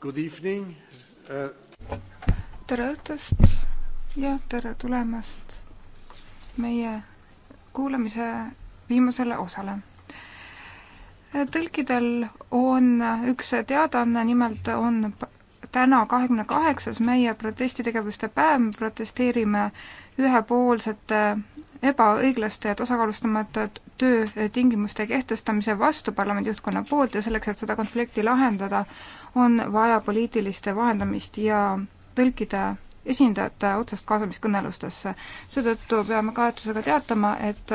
Good evening uh.... tere õhtust ja tere tulemast meie kuulamise viimasele osale. tõlkidel on üks teadaanne, nimelt on täna, kahekümne kaheksas meie protestitegevuste päev, me protesteerime ühepoolsete ebaõiglaste ja tasakaalustamata töötingimuste kehtestamise vastu parlamendi juhtkonna poolt ja selleks, et seda konflikti lahendada, on vaja poliitiliste vahendamist ja tõlkide esindajate otsest kaasamist kõnelustesse. seetõttu peame kahetsusega teatama, et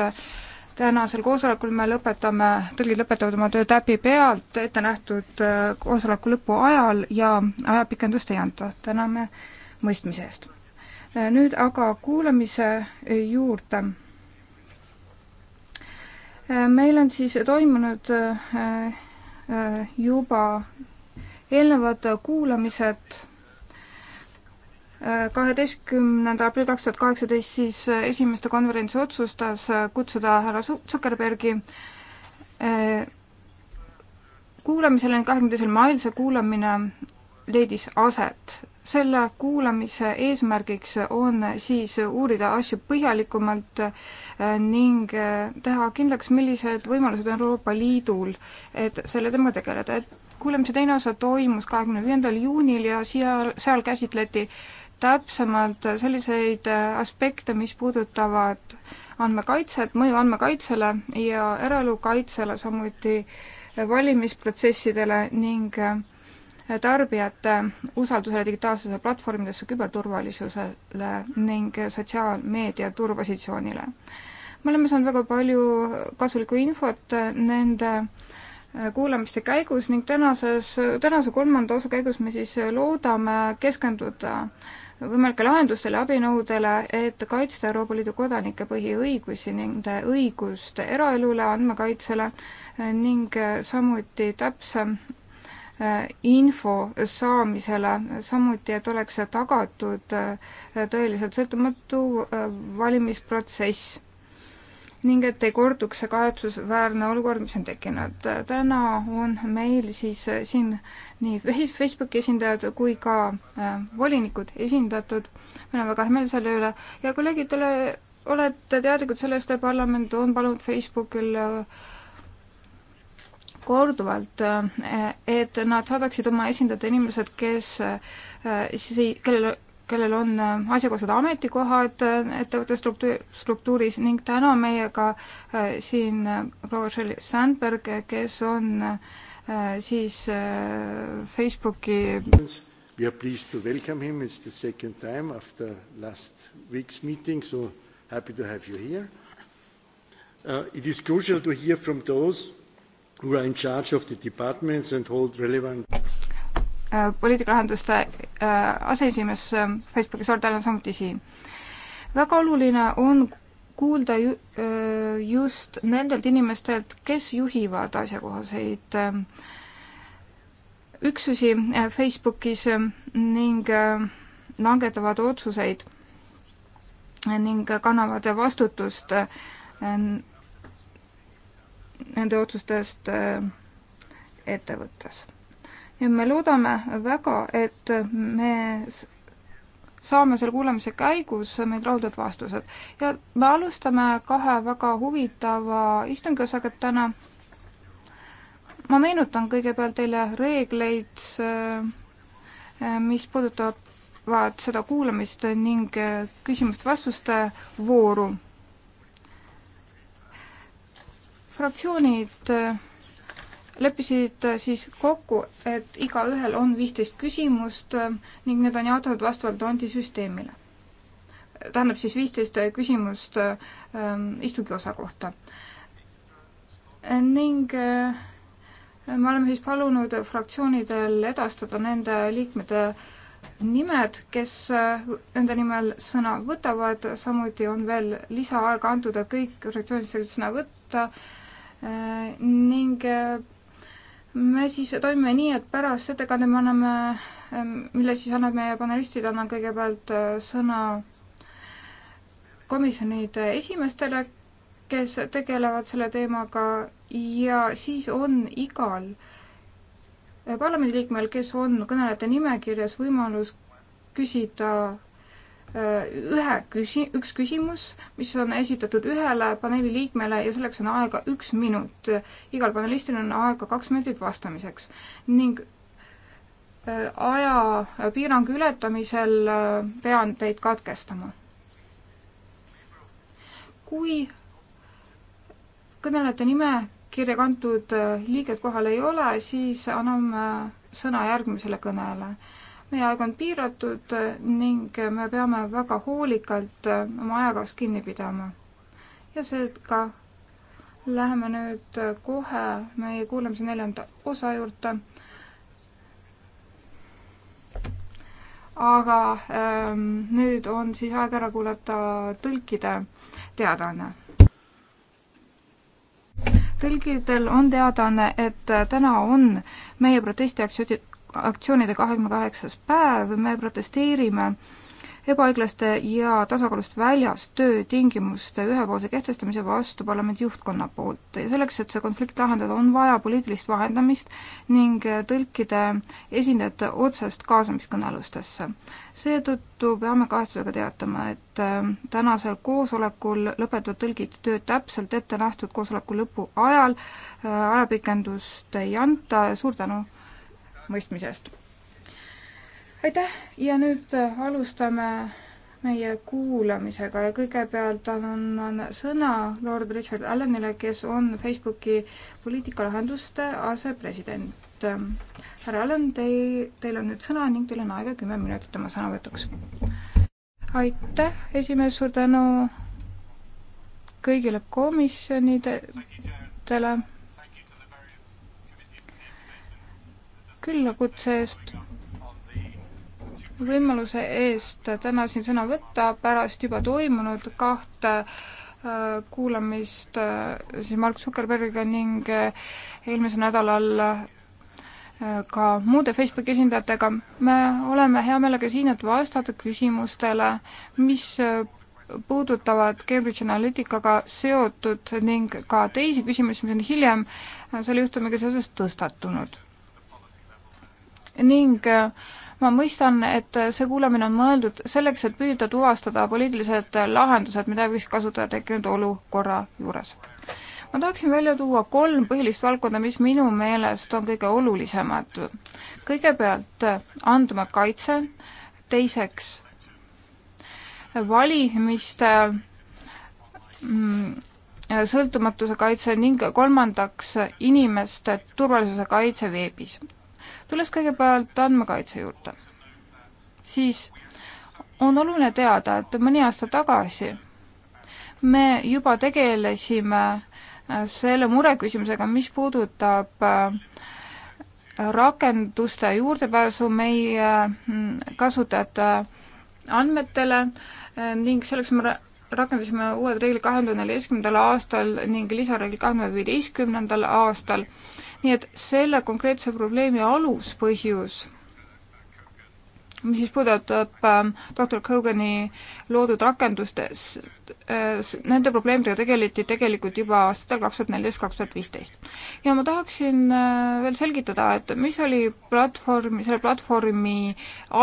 tänasel koosolekul me lõpetame, tõlgid lõpetavad oma töö täpi pealt ette nähtud äh, koosoleku lõpu ajal ja ajapikendust ei anta. täname mõistmise eest. Äh, nüüd aga kuulamise juurde meil on siis toimunud äh, äh, juba eelnevad kuulamised äh, kaheteistkümnenda aprill kaks tuhat kaheksateist siis esimeste konverents otsustas kutsuda härra Zuckerbergi kuulamisele kahekümne teisel mail see kuulamine leidis aset. selle kuulamise eesmärgiks on siis uurida asju põhjalikumalt äh, Äh, ning äh, teha kindlaks, millised võimalused on Euroopa Liidul, et selle teemaga tegeleda, et kuulamise teine osa toimus kahekümne viiendal juunil ja siia, seal käsitleti täpsemalt selliseid äh, aspekte, mis puudutavad andmekaitset, mõju andmekaitsele ja eraelu kaitsele, samuti valimisprotsessidele ning äh, tarbijate usaldusele digitaalsuse platvormidesse, küberturvalisusele ning sotsiaalmeedia turupositsioonile. me oleme saanud väga palju kasulikku infot nende kuulamiste käigus ning tänases, tänase kolmanda osa käigus me siis loodame keskenduda võimalikele lahendustele ja abinõudele, et kaitsta Euroopa Liidu kodanike põhiõigusi, nende õigust eraelule, andmekaitsele ning samuti täpsem Äh, info saamisele, samuti, et oleks tagatud äh, tõeliselt sõltumatu äh, valimisprotsess ning et ei korduks see kahetsusväärne olukord, mis on tekkinud. täna on meil siis siin nii Facebooki esindajad kui ka volinikud esindatud. meil on väga hea meel selle üle ja kolleegid, te olete teadlikud sellest, et parlament on palunud Facebookil äh, korduvalt, äh, et nad saadaksid oma esindajate inimesed, kes äh, siis, kellel, kellel on äh, asjakohased ametikohad ettevõtte struktuur, struktuuris ning täna meiega siin proua Shirley Sandberg, kes on siis Facebooki We are pleased to welcome him. It's the second time after last week's meeting, so happy to have you here. Uh, it is crucial to hear from those who are in charge of the departments and hold relevant äh, poliitikalahenduste äh, aseesimees äh, Facebookis, Ordal on samuti siin. väga oluline on kuulda ju, just nendelt inimestelt, kes juhivad asjakohaseid üksusi Facebookis ning langetavad otsuseid ning kannavad vastutust nende otsustest äh, ettevõttes. ja me loodame väga, et me saame selle kuulamise käigus meid rahuldavad vastused. ja me alustame kahe väga huvitava istungiosaga täna. ma meenutan kõigepealt teile reegleid, äh, mis puudutavad seda kuulamist ning äh, küsimuste-vastuste vooru fraktsioonid äh, leppisid äh, siis kokku, et igaühel on viisteist küsimust äh, ning need on jaotatud vastavalt tondisüsteemile. tähendab siis viisteist küsimust ähm, istungiosa kohta. ning me oleme siis palunud fraktsioonidel edastada nende liikmete nimed, kes nende nimel sõna võtavad, samuti on veel lisaaega antud, et kõik fraktsioonid saaksid sõna võtta ning eh, me siis toimime nii, et pärast ettekande me anname, eh, mille siis annab meie panelistid, annan kõigepealt eh, sõna komisjonide esimeestele, kes tegelevad selle teemaga ja siis on igal parlamendiliikmel, kes on kõnelejate nimekirjas, võimalus küsida ühe küsi-, üks küsimus, mis on esitatud ühele paneeli liikmele ja selleks on aega üks minut. igal panelistil on aega kaks minutit vastamiseks ning äh, ajapiirangu ületamisel äh, pean teid katkestama. kui kõnelejate nimekirja kantud äh, liiget kohal ei ole, siis anname sõna järgmisele kõnele meie aeg on piiratud ning me peame väga hoolikalt oma ajakavast kinni pidama. ja seega läheme nüüd kohe meie kuulamise neljanda osa juurde. aga ähm, nüüd on siis aeg ära kuulata tõlkide teadaanne tõlgidel on teadaanne, et täna on meie protestiaktsioonid aktsioonide kahekümne kaheksas päev, me protesteerime ebaõiglaste ja tasakaalust väljas töötingimuste ühepoolse kehtestamise vastu parlamendi juhtkonna poolt ja selleks, et see konflikt lahendada, on vaja poliitilist vahendamist ning tõlkide esindajate otsest kaasamist kõnealustesse. seetõttu peame kahetsusega teatama, et ähm, tänasel koosolekul lõpetavad tõlgid töö täpselt ette nähtud koosoleku lõpu ajal, äh, ajapikendust ei anta, suur tänu mõistmisest. aitäh ja nüüd äh, alustame meie kuulamisega ja kõigepealt annan sõna Lord Richard Allanile, kes on Facebooki poliitikalahenduste asepresident. Ähm, härra Allan, teil, teil on nüüd sõna ning teil on aega kümme minutit oma sõnavõtuks. aitäh, esimees, suur tänu kõigile komisjonidele küllakutse eest, võimaluse eest täna siin sõna võtta pärast juba toimunud kahte äh, kuulamist äh, siis Mark Zuckerbergiga ning äh, eelmisel nädalal ka muude Facebooki esindajatega. me oleme hea meelega siin, et vastata küsimustele, mis puudutavad Cambridge Analyticaga seotud ning ka teisi küsimusi, mis on hiljem selle juhtumiga seoses tõstatunud ning äh, ma mõistan, et see kuulamine on mõeldud selleks, et püüda tuvastada poliitilised lahendused, mida võiks kasutada tekkinud olukorra juures. ma tahaksin välja tuua kolm põhilist valdkonda, mis minu meelest on kõige olulisemad. kõigepealt äh, andmekaitse, teiseks valimiste mm, sõltumatuse kaitse ning kolmandaks inimeste turvalisuse kaitse veebis tulles kõigepealt andmekaitse juurde, siis on oluline teada, et mõni aasta tagasi me juba tegelesime äh, selle mureküsimusega, mis puudutab äh, rakenduste juurdepääsu meie mm, kasutajate andmetele äh, ning selleks me rakendasime uued reeglid kahe tuhande neljateistkümnendal aastal ning lisareeglid kahe tuhande viieteistkümnendal aastal nii et selle konkreetse probleemi aluspõhjus, mis siis puudutab ähm, doktor Kogani loodud rakendustes, äh, nende probleemidega tegeleti tegelikult juba aastatel kaks tuhat neliteist, kaks tuhat viisteist. ja ma tahaksin äh, veel selgitada, et mis oli platvormi, selle platvormi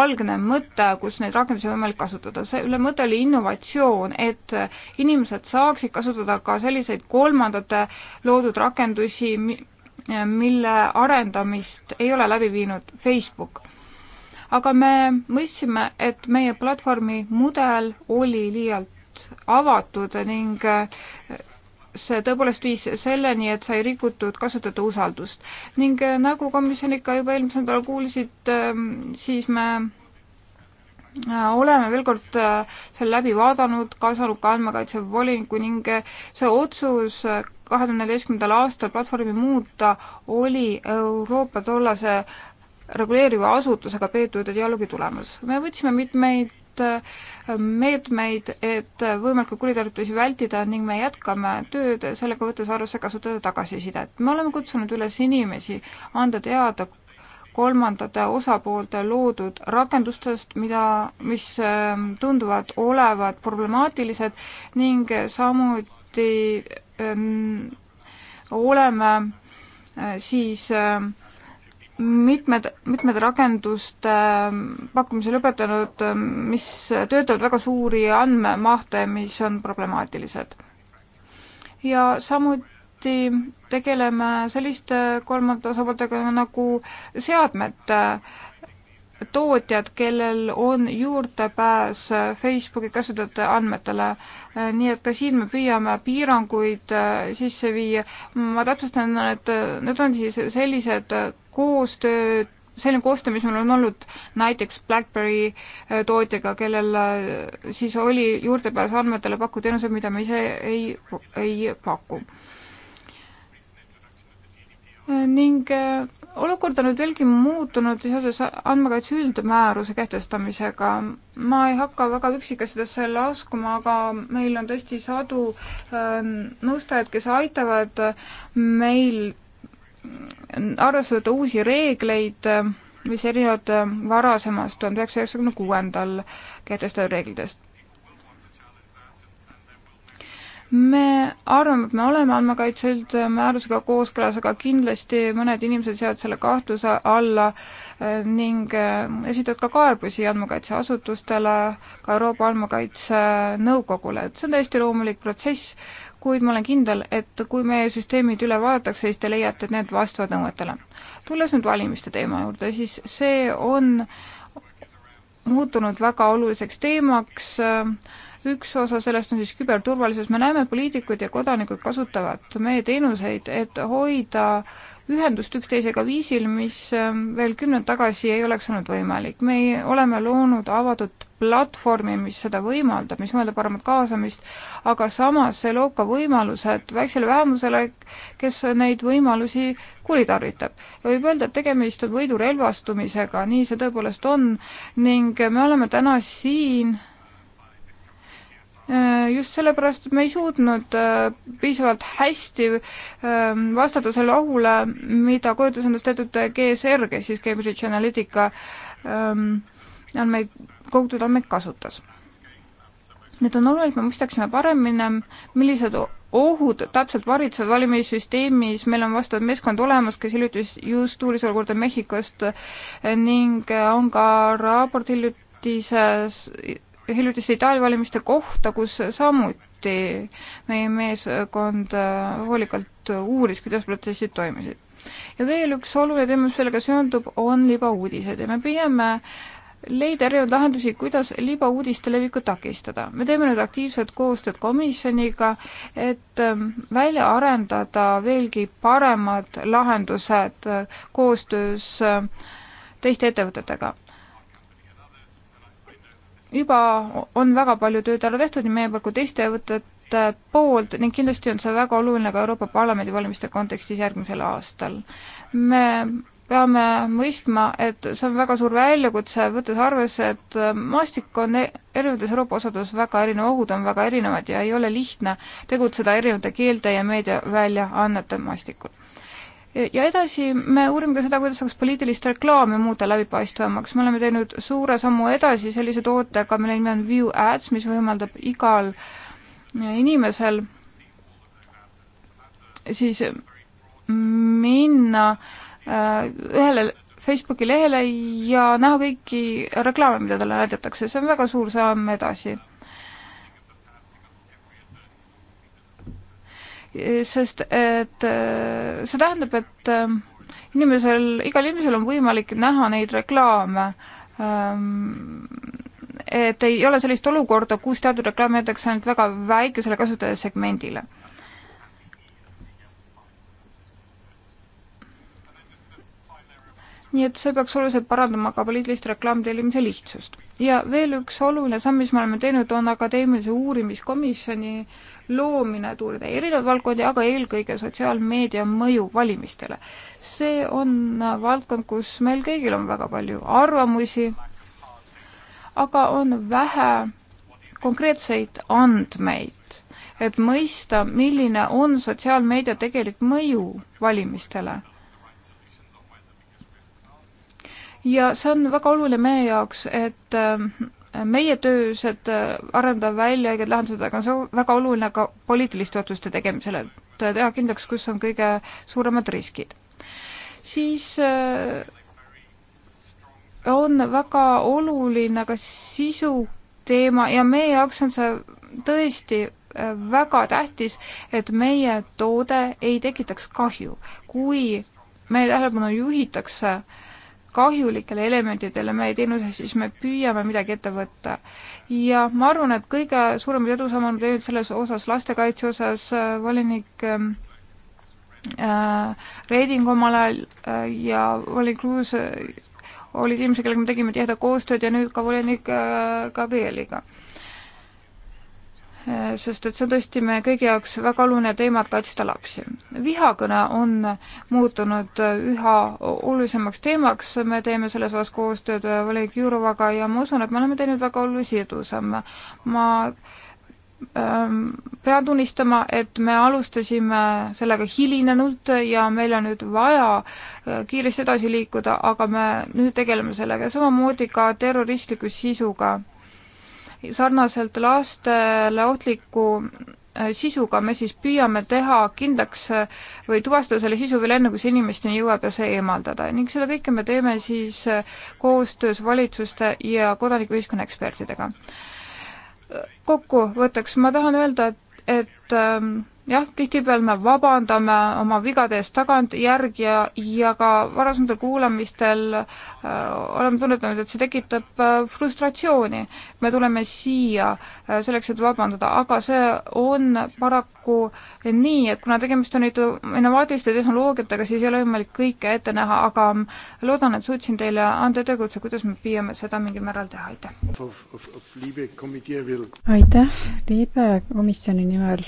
algne mõte, kus neid rakendusi on võimalik kasutada. selle mõte oli innovatsioon, et äh, inimesed saaksid kasutada ka selliseid kolmandate loodud rakendusi, mille arendamist ei ole läbi viinud Facebook. aga me mõistsime, et meie platvormi mudel oli liialt avatud ning eh, see tõepoolest viis selleni, et sai rikutud kasutajate usaldust. ning eh, nagu komisjon ikka juba eelmisel nädalal kuulsid, eh, siis me Äh, oleme veel kord äh, selle läbi vaadanud, kaasanud ka andmekaitsevoliniku ning äh, see otsus kahe tuhande neljateistkümnendal aastal platvormi muuta oli Euroopa tollase reguleeriva asutusega peetud dialoogi tulemus. me võtsime mitmeid meetmeid, et võimalikke kuritarvitusi vältida ning me jätkame tööd sellega, võttes arvesse kasutada tagasisidet. me oleme kutsunud üles inimesi anda teada, kolmandate osapoolte loodud rakendustest, mida, mis ähm, tunduvad olevat problemaatilised ning samuti ähm, oleme äh, siis ähm, mitmed, mitmed rakenduste pakkumise lõpetanud, mis töötavad väga suuri andmemahte, mis on problemaatilised. ja samuti samuti tegeleme selliste kolmandate osapooltega nagu seadmete tootjad, kellel on juurdepääs Facebooki kasutajate andmetele. nii et ka siin me püüame piiranguid äh, sisse viia. ma täpsustan, et äh, need on siis sellised koostööd, selline koostöö, mis meil on olnud näiteks BlackBerry äh, tootjaga, kellel siis oli juurdepääs andmetele pakkuda teenuseid, mida me ise ei, ei paku ning äh, olukord on nüüd veelgi muutunud seoses andmekaitse üldmääruse kehtestamisega. ma ei hakka väga üksikasjadesse laskuma, aga meil on tõesti sadu ähm, nõustajaid, kes aitavad meil arvesse võtta uusi reegleid, mis erinevad äh, varasemast tuhande üheksasaja üheksakümne kuuendal kehtestatud reeglitest me arvame, et me oleme andmekaitse üldmäärusega kooskõlas, aga kindlasti mõned inimesed seavad selle kahtluse alla eh, ning eh, esitavad ka kaebusi andmekaitseasutustele, ka Euroopa Andmekaitse Nõukogule, et see on täiesti loomulik protsess, kuid ma olen kindel, et kui meie süsteemid üle vaadatakse, siis te leiate, et need vastavad nõuetele. tulles nüüd valimiste teema juurde, siis see on muutunud väga oluliseks teemaks äh, üks osa sellest on siis küberturvalisus, me näeme, poliitikud ja kodanikud kasutavad meie teenuseid, et hoida ühendust üksteisega viisil, mis ähm, veel kümnend tagasi ei oleks olnud võimalik. me ei, oleme loonud avatud platvormi, mis seda võimaldab, mis mõeldab paremat kaasamist, aga samas see loob ka võimalused väiksele vähemusele, kes neid võimalusi kuritarvitab. võib öelda, et tegemist on võidurelvastumisega, nii see tõepoolest on ning me oleme täna siin Äh, just sellepärast, et me ei suutnud äh, piisavalt hästi ähm, vastata selle ohule, mida kujutas endast teatud äh, GSR, kes siis Cambridge Analytica ähm, andmeid, kogutud andmeid kasutas. nüüd on oluline, et me mõistaksime paremini, millised ohud täpselt varitsevad valimissüsteemis, meil on vastav meeskond olemas, kes hiljuti just uuris olukorda Mehhikost ning on ka raport hiljutises hiljutiste Itaalia valimiste kohta, kus samuti meie meeskond äh, hoolikalt uuris, kuidas protsessid toimisid. ja veel üks oluline teema, mis sellega seondub, on libauudised ja me püüame leida erinevaid lahendusi, kuidas libauudiste levikut takistada. me teeme nüüd aktiivset koostööd komisjoniga, et ähm, välja arendada veelgi paremad lahendused äh, koostöös äh, teiste ettevõtetega juba on väga palju tööd ära tehtud nii meie poolt kui teiste ettevõtete poolt ning kindlasti on see väga oluline ka Euroopa Parlamendi valimiste kontekstis järgmisel aastal. me peame mõistma, et see on väga suur väljakutse, võttes arvesse, et maastik on e-, erinevates Euroopa osades väga erinev, ohud on väga erinevad ja ei ole lihtne tegutseda erinevate keelte ja meediaväljaannete maastikul ja edasi me uurime ka seda, kuidas saaks poliitilist reklaami muuta läbipaistvamaks. me oleme teinud suure sammu edasi sellise tootega, mille nimi on View Ads, mis võimaldab igal inimesel siis minna äh, ühele Facebooki lehele ja näha kõiki reklaame, mida talle näidatakse. see on väga suur samm edasi sest et äh, see tähendab, et ähm, inimesel, igal inimesel on võimalik näha neid reklaame. Ähm, et ei ole sellist olukorda, kus teatud reklaam jäetakse ainult väga väikesele kasutajasegmendile. nii et see peaks oluliselt parandama ka poliitilist reklaami tellimise lihtsust. ja veel üks oluline samm, mis me oleme teinud, on akadeemilise uurimiskomisjoni äh, loomine, et uurida erinevaid valdkondi, aga eelkõige sotsiaalmeedia mõju valimistele. see on valdkond, kus meil kõigil on väga palju arvamusi, aga on vähe konkreetseid andmeid, et mõista, milline on sotsiaalmeedia tegelik mõju valimistele ja see on väga oluline meie jaoks, et meie töös, et äh, arendada välja õiged lahendused, aga see on väga oluline ka poliitiliste otsuste tegemisel, et äh, teha kindlaks, kus on kõige suuremad riskid. siis äh, on väga oluline ka sisu teema ja meie jaoks on see tõesti väga tähtis, et meie toode ei tekitaks kahju, kui meie tähelepanu juhitakse äh, kahjulikele elementidele me ei teinud, siis me püüame midagi ette võtta. ja ma arvan, et kõige suuremad edusamm on teinud selles osas, lastekaitse osas äh, volinik ähm, äh, Reiding omal ajal äh, ja volinik Kruus äh, olid inimesed, kellega me tegime tihedat koostööd ja nüüd ka volinik äh, Gabrieliga äh, sest et see on tõesti meie kõigi jaoks väga oluline teema, et kaitsta lapsi. vihakõne on muutunud üha olulisemaks teemaks, me teeme selles osas koostööd Oleg Jurovaga ja ma usun, et me oleme teinud väga olulisi edusamme. ma ähm, pean tunnistama, et me alustasime sellega hilinenult ja meil on nüüd vaja äh, kiiresti edasi liikuda, aga me nüüd tegeleme sellega, samamoodi ka terroristliku sisuga sarnaselt lastele ohtliku äh, sisuga me siis püüame teha kindlaks äh, või tuvastada selle sisu veel enne, kui see inimesteni jõuab ja see eemaldada ning seda kõike me teeme siis äh, koostöös valitsuste ja kodanikuühiskonna ekspertidega. kokkuvõtteks ma tahan öelda, et, et ähm, jah, tihtipeale me vabandame oma vigade eest tagantjärgi ja, ja ka varasematel kuulamistel äh, oleme tunnetanud, et see tekitab äh, frustratsiooni. me tuleme siia äh, selleks, et vabandada, aga see on paraku nii, et kuna tegemist on innovaatiliste tehnoloogiatega, siis ei ole võimalik kõike ette näha, aga mm, loodan, et suutsin teile anda tegutse, kuidas me püüame seda mingil määral teha, aitäh! aitäh, Liibe komisjoni nimel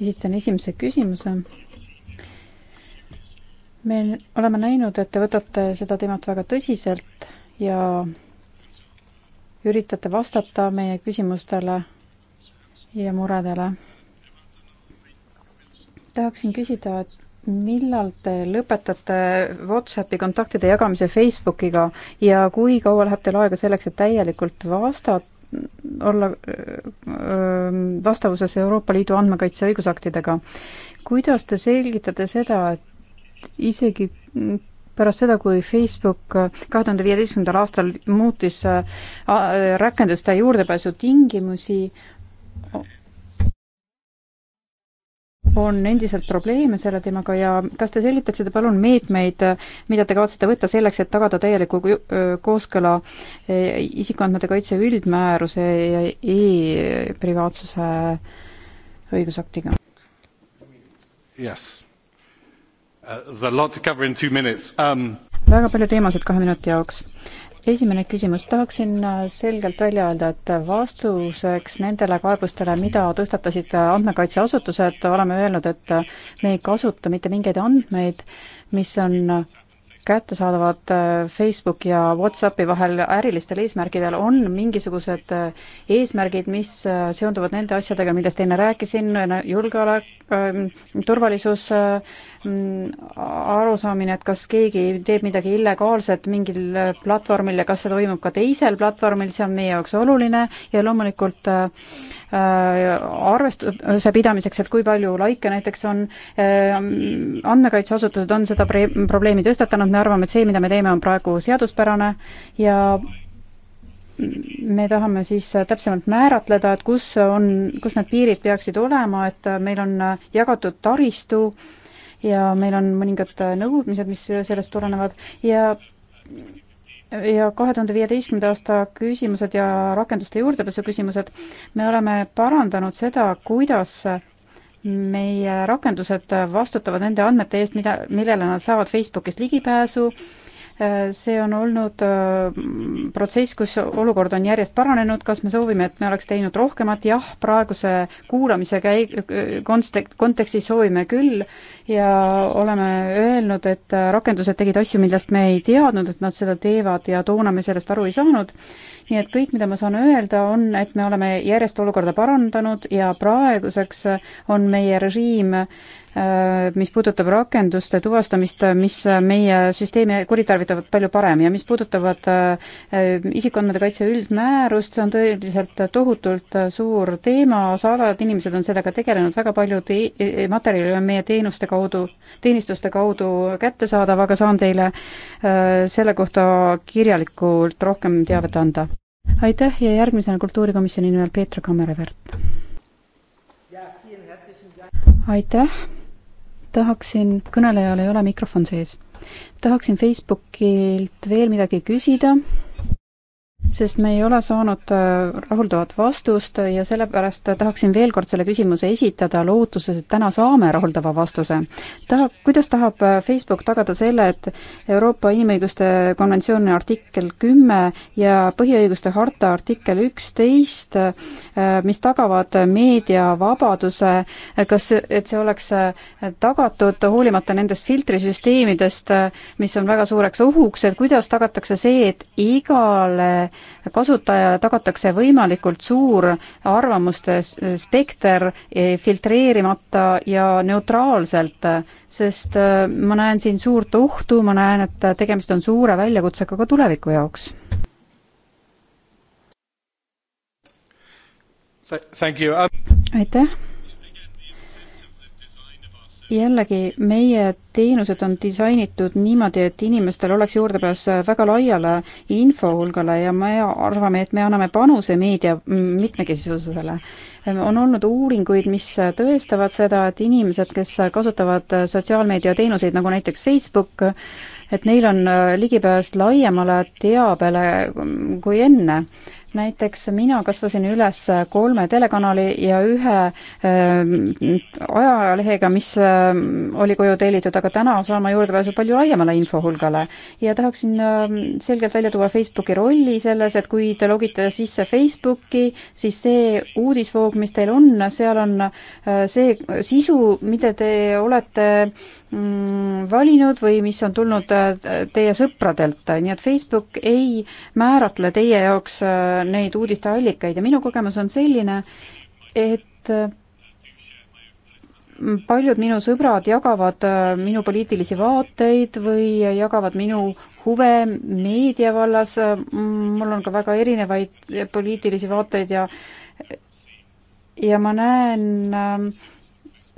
esitan esimese küsimuse. me oleme näinud, et te võtate seda teemat väga tõsiselt ja üritate vastata meie küsimustele ja muredele. tahaksin küsida, et millal te lõpetate Whatsappi kontaktide jagamise Facebookiga ja kui kaua läheb teil aega selleks, et täielikult vastata olla vastavuses Euroopa Liidu andmekaitse õigusaktidega. kuidas te selgitate seda, et isegi pärast seda, kui Facebook kahe tuhande viieteistkümnendal aastal muutis äh, äh, rakenduste juurdepääsu tingimusi, on endiselt probleeme selle teemaga ja kas te selgitaksite palun meetmeid, mida te kavatsete võtta selleks, et tagada täieliku kooskõla e, isikuandmete kaitse üldmääruse ja e-privaatsuse õigusaktiga? Yes. Uh, there's a lot to cover in two minutes um.... väga palju teemasid kahe minuti jaoks esimene küsimus, tahaksin äh, selgelt välja öelda, et vastuseks nendele kaebustele, mida tõstatasid andmekaitseasutused, oleme öelnud, et me ei kasuta mitte mingeid andmeid, mis on kättesaadavad äh, Facebooki ja Whatsappi vahel ärilistel eesmärkidel, on mingisugused äh, eesmärgid, mis äh, seonduvad nende asjadega, millest enne rääkisin, julgeolek, ähm, turvalisus, mm, arusaamine, et kas keegi teeb midagi illegaalset mingil platvormil ja kas see toimub ka teisel platvormil, see on meie jaoks oluline ja loomulikult arvestuse pidamiseks, et kui palju laike näiteks on, mm, andmekaitseasutused on seda pre-, probleemi tõstatanud, me arvame, et see, mida me teeme, on praegu seaduspärane ja me tahame siis täpsemalt määratleda, et kus on, kus need piirid peaksid olema, et meil on jagatud taristu ja meil on mõningad nõudmised, mis sellest tulenevad ja ja kahe tuhande viieteistkümnenda aasta küsimused ja rakenduste juurdepääsu küsimused, me oleme parandanud seda, kuidas meie rakendused vastutavad nende andmete eest, mida, millele nad saavad Facebookist ligipääsu, see on olnud mm, protsess, kus olukord on järjest paranenud, kas me soovime, et me oleks teinud rohkemat, jah, praeguse kuulamise käi-, kontekst, kontekstis soovime küll ja oleme öelnud, et rakendused tegid asju, millest me ei teadnud, et nad seda teevad ja toona me sellest aru ei saanud nii et kõik, mida ma saan öelda, on, et me oleme järjest olukorda parandanud ja praeguseks on meie režiim äh, Äh, mis puudutab rakenduste tuvastamist, mis meie süsteemi kuritarvitavad palju parem ja mis puudutavad äh, isikuandmete kaitse üldmäärust, see on tõeliselt tohutult suur teema, sadad inimesed on sellega tegelenud, väga palju te-, e-, e-, materjali on meie teenuste kaudu, teenistuste kaudu kättesaadav, aga saan teile äh, selle kohta kirjalikult rohkem teavet anda. aitäh ja järgmisena kultuurikomisjoni nimel Peeter Kammerevert. aitäh tahaksin, kõnelejal ei ole mikrofon sees, tahaksin Facebookilt veel midagi küsida sest me ei ole saanud äh, rahuldavat vastust ja sellepärast tahaksin veel kord selle küsimuse esitada lootuses, et täna saame rahuldava vastuse. tahab, kuidas tahab äh, Facebook tagada selle, et Euroopa Inimõiguste konventsiooni artikkel kümme ja põhiõiguste harta artikkel üksteist, äh, mis tagavad meediavabaduse, kas, et see oleks tagatud hoolimata nendest filtrisüsteemidest, mis on väga suureks ohuks, et kuidas tagatakse see, et igale kasutajale tagatakse võimalikult suur arvamuste spekter e, filtreerimata ja neutraalselt, sest e, ma näen siin suurt ohtu, ma näen, et tegemist on suure väljakutsega ka tuleviku jaoks um aitäh! jällegi, meie teenused on disainitud niimoodi, et inimestel oleks juurdepääs väga laiale infohulgale ja me arvame, et me anname panuse meedia mitmekesisusele. on olnud uuringuid, mis tõestavad seda, et inimesed, kes kasutavad sotsiaalmeediateenuseid, nagu näiteks Facebook, et neil on ligipääs laiemale teabele kui enne näiteks mina kasvasin üles kolme telekanali ja ühe äh, ajalehega, mis äh, oli koju tellitud, aga täna saan ma juurdepääsu palju laiemale infohulgale. ja tahaksin äh, selgelt välja tuua Facebooki rolli selles, et kui te logite sisse Facebooki, siis see uudisvoog, mis teil on, seal on äh, see sisu, mida te olete äh, Mm, valinud või mis on tulnud äh, teie sõpradelt, nii et Facebook ei määratle teie jaoks äh, neid uudisteallikaid ja minu kogemus on selline, et äh, paljud minu sõbrad jagavad minu poliitilisi vaateid või jagavad minu huve meedia vallas, mul on ka väga erinevaid poliitilisi vaateid ja ja ma näen äh,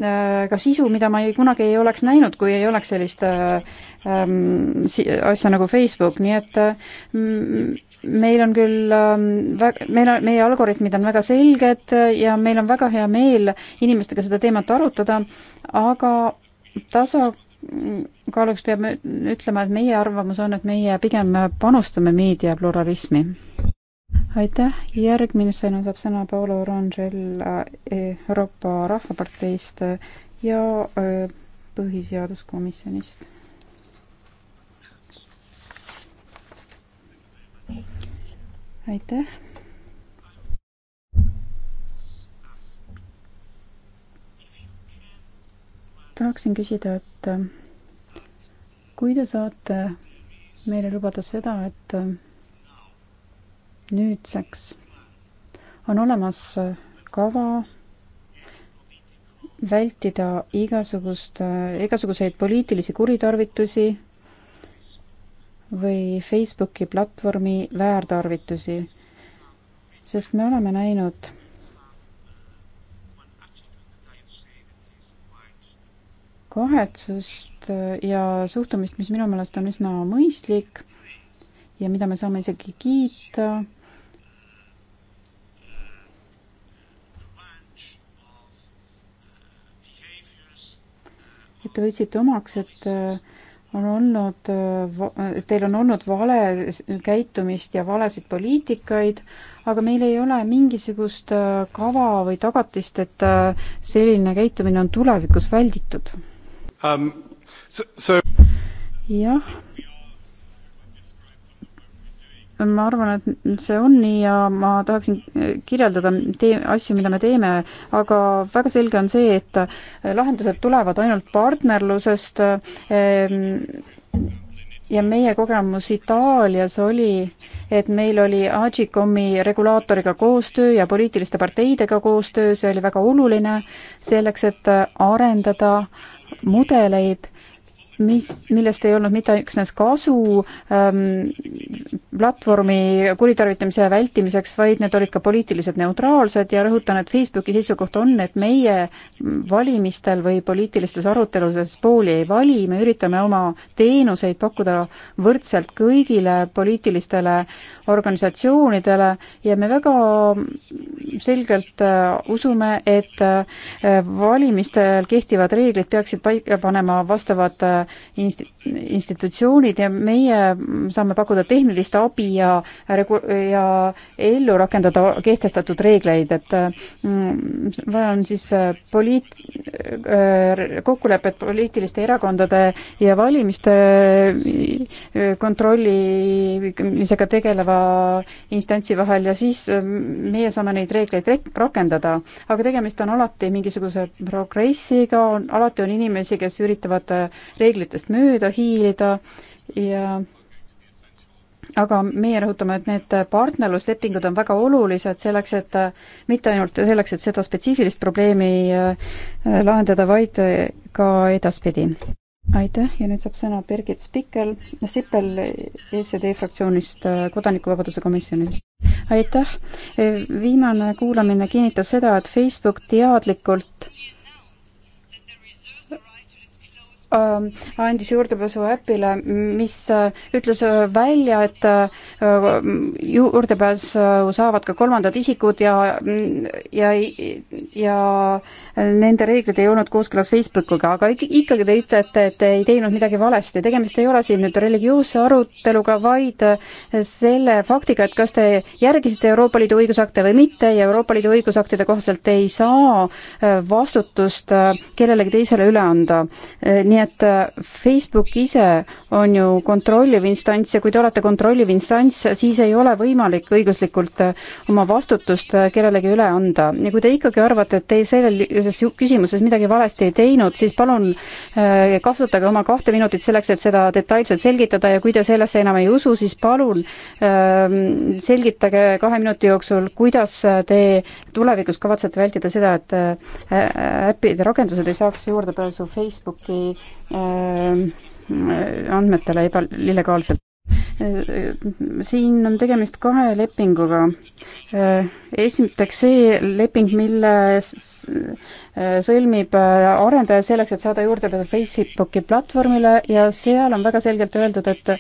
Äh, ka sisu, mida ma ei, kunagi ei oleks näinud, kui ei oleks sellist äh, ähm, si asja nagu Facebook, nii et äh, meil on küll äh,, meil on, meie algoritmid on väga selged ja meil on väga hea meel inimestega seda teemat arutada, aga tasakaaluks peab ütlema, et meie arvamus on, et meie pigem panustame meediapluralismi aitäh, järgmisena saab sõna Paolo Rangel äh, e, Euroopa Rahvaparteist äh, ja äh, Põhiseaduskomisjonist. aitäh. tahaksin küsida, et kui te saate meile lubada seda, et nüüdseks on olemas kava vältida igasugust, igasuguseid poliitilisi kuritarvitusi või Facebooki platvormi väärtarvitusi, sest me oleme näinud kahetsust ja suhtumist, mis minu meelest on üsna mõistlik ja mida me saame isegi kiita et te võtsite omaks, et äh, on olnud, et äh, äh, teil on olnud vale käitumist ja valesid poliitikaid, aga meil ei ole mingisugust kava või tagatist, et selline käitumine on tulevikus välditud um,. So... jah ma arvan, et see on nii ja ma tahaksin kirjeldada tee-, asju, mida me teeme, aga väga selge on see, et äh, lahendused tulevad ainult partnerlusest ehm, ja meie kogemus Itaalias oli, et meil oli Agikomi regulaatoriga koostöö ja poliitiliste parteidega koostöö, see oli väga oluline selleks, et äh, arendada mudeleid mis, millest ei olnud mitte üksnes kasu ähm, platvormi kuritarvitamise vältimiseks, vaid need olid ka poliitiliselt neutraalsed ja rõhutan, et Facebooki seisukoht on, et meie valimistel või poliitilistes aruteludes pooli ei vali, me üritame oma teenuseid pakkuda võrdselt kõigile poliitilistele organisatsioonidele ja me väga selgelt äh, usume, et äh, valimistel kehtivad reeglid peaksid paika panema vastavad äh, inst-, institutsioonid ja meie saame pakkuda tehnilist abi ja regu-, ja ellu rakendada kehtestatud reegleid, et mm, vaja on siis äh, poliit-, äh, kokkulepet poliitiliste erakondade ja valimiste äh, kontrollimisega tegeleva instantsi vahel ja siis meie saame neid reegleid rakendada. aga tegemist on alati mingisuguse progressiga, on, alati on inimesi, kes üritavad reegleid reeglitest mööda hiilida ja aga meie rõhutame, et need partnerluslepingud on väga olulised selleks, et mitte ainult selleks, et seda spetsiifilist probleemi äh, lahendada, vaid äh, ka edaspidi. aitäh ja nüüd saab sõna Birgit Spikel, Sipel ECD fraktsioonist äh, Kodanikuvabaduse komisjonist. aitäh, viimane kuulamine kinnitas seda, et Facebook teadlikult Äh, andis juurdepääsu äpile, mis äh, ütles äh, välja, et juurdepääs saavad ka kolmandad isikud ja, ja, ja nende reeglid ei olnud kooskõlas Facebookiga, aga ikkagi te ütlete, et te ei teinud midagi valesti, tegemist ei ole siin nüüd religioosse aruteluga, vaid selle faktiga, et kas te järgisite Euroopa Liidu õigusakte või mitte ja Euroopa Liidu õigusaktide kohaselt ei saa vastutust kellelegi teisele üle anda. nii nii et äh, Facebook ise on ju kontrolliv instants ja kui te olete kontrolliv instants, siis ei ole võimalik õiguslikult äh, oma vastutust äh, kellelegi üle anda. ja kui te ikkagi arvate, et te selles küsimuses midagi valesti ei teinud, siis palun kasutage oma kahte minutit selleks, et seda detailselt selgitada ja kui te sellesse enam ei usu, siis palun ähm, selgitage kahe minuti jooksul, kuidas te tulevikus kavatsete vältida seda, et äppide rakendused ei saaks juurdepääsu Facebooki Äh, andmetele eba, illegaalselt. siin on tegemist kahe lepinguga. Äh, esiteks see leping, mille äh, sõlmib arendaja selleks, et saada juurdepääsu Facebooki platvormile ja seal on väga selgelt öeldud, et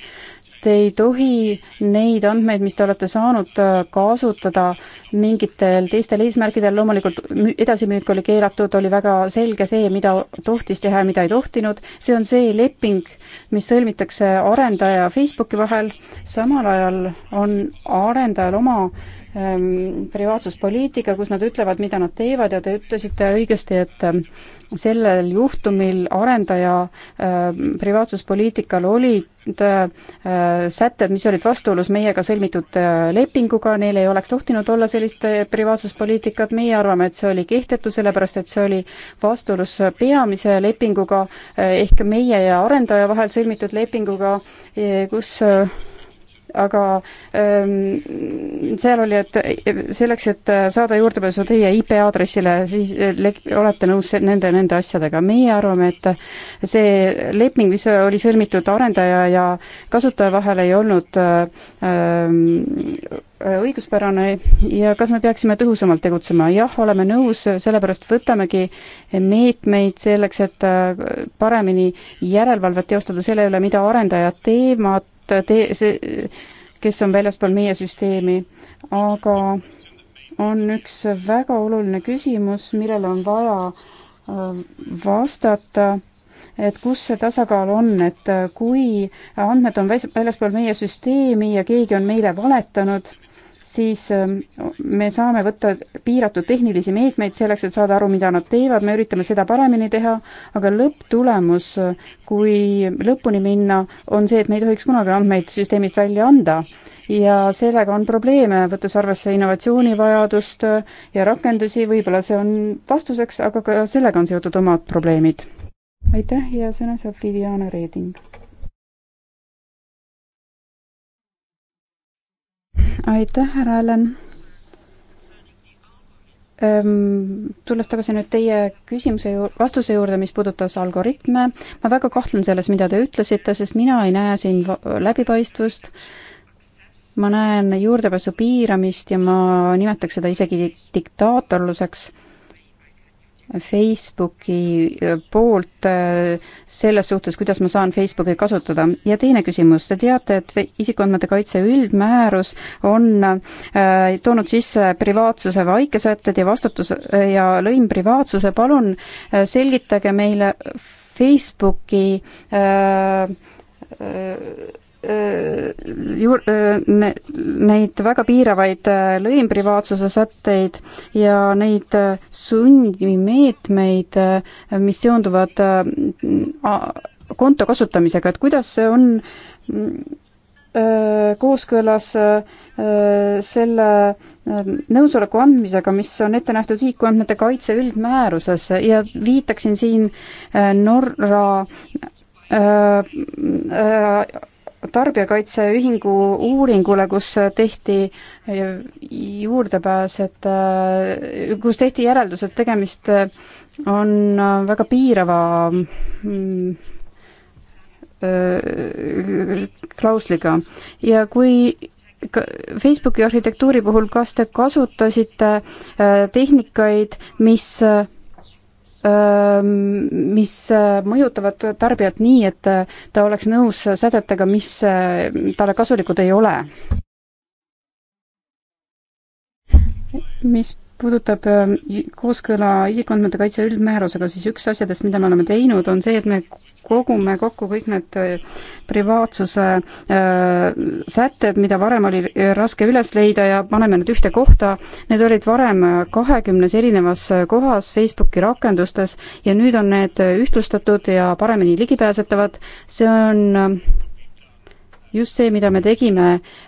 te ei tohi neid andmeid, mis te olete saanud, kasutada mingitel teistel eesmärkidel, loomulikult edasimüük oli keelatud, oli väga selge see, mida tohtis teha ja mida ei tohtinud, see on see leping, mis sõlmitakse arendaja ja Facebooki vahel, samal ajal on arendajal oma Ähm, privaatsuspoliitika, kus nad ütlevad, mida nad teevad ja te ütlesite õigesti, et ähm, sellel juhtumil arendaja ähm, privaatsuspoliitikal olid äh, sätted, mis olid vastuolus meiega sõlmitud äh, lepinguga, neil ei oleks tohtinud olla sellist äh, privaatsuspoliitikat, meie arvame, et see oli kehtetu, sellepärast et see oli vastuolus peamise lepinguga ehk meie ja arendaja vahel sõlmitud lepinguga, kus aga ähm, seal oli, et selleks, et äh, saada juurdepääsu teie IP aadressile, siis äh, olete nõus nende, nende asjadega. meie arvame, et see leping, mis oli sõlmitud arendaja ja kasutaja vahel, ei olnud äh, ähm, õiguspärane ja kas me peaksime tõhusamalt tegutsema? jah, oleme nõus, sellepärast võtamegi meetmeid selleks, et paremini järelevalvet teostada selle üle, mida arendajad teevad, te-, see, kes on väljaspool meie süsteemi, aga on üks väga oluline küsimus, millele on vaja äh, vastata, et kus see tasakaal on, et äh, kui andmed on väljaspool meie süsteemi ja keegi on meile valetanud, siis ähm, me saame võtta piiratud tehnilisi meetmeid selleks, et saada aru, mida nad teevad, me üritame seda paremini teha, aga lõpptulemus, kui lõpuni minna, on see, et me ei tohiks kunagi andmeid süsteemist välja anda. ja sellega on probleeme, võttes arvesse innovatsioonivajadust ja rakendusi, võib-olla see on vastuseks, aga ka sellega on seotud omad probleemid. aitäh ja sõna saab Viviana Reeding aitäh, härra Allan. Tulles tagasi nüüd teie küsimuse ju-, vastuse juurde, mis puudutas algoritme, ma väga kahtlen selles, mida te ütlesite, sest mina ei näe siin läbipaistvust, ma näen juurdepääsu piiramist ja ma nimetaks seda isegi diktaatorluseks Facebooki äh, poolt äh, selles suhtes, kuidas ma saan Facebooki kasutada. ja teine küsimus, te teate, et isikuandmete kaitse üldmäärus on äh, toonud sisse privaatsuse vaikesätted ja vastutus ja lõim privaatsuse, palun selgitage meile Facebooki äh, äh, Äh, ju-, äh, ne-, neid väga piiravaid äh, lõimprivaatsuse sätteid ja neid sunnimeetmeid, mis seonduvad konto kasutamisega, et kuidas see on kooskõlas selle nõusoleku andmisega, mis on ette nähtud isikuandmete kaitse üldmääruses ja viitaksin siin Norra tarbijakaitseühingu uuringule, kus tehti eh, juurdepääs, et eh, kus tehti järeldus, et tegemist eh, on väga piirava mm, klausliga ja kui Facebooki arhitektuuri puhul, kas te kasutasite tehnikaid, mis mis äh, mõjutavad tarbijat nii, et äh, ta oleks nõus sädetega, mis äh, talle kasulikud ei ole. mis puudutab kooskõla isikuandmete kaitse üldmäärusega, siis üks asjadest, mida me oleme teinud, on see, et me kogume kokku kõik need äh, privaatsuse äh, sätted, mida varem oli äh, raske üles leida ja paneme need ühte kohta. Need olid varem äh, kahekümnes erinevas kohas Facebooki rakendustes ja nüüd on need ühtlustatud ja paremini ligipääsetavad. see on just see, mida me tegime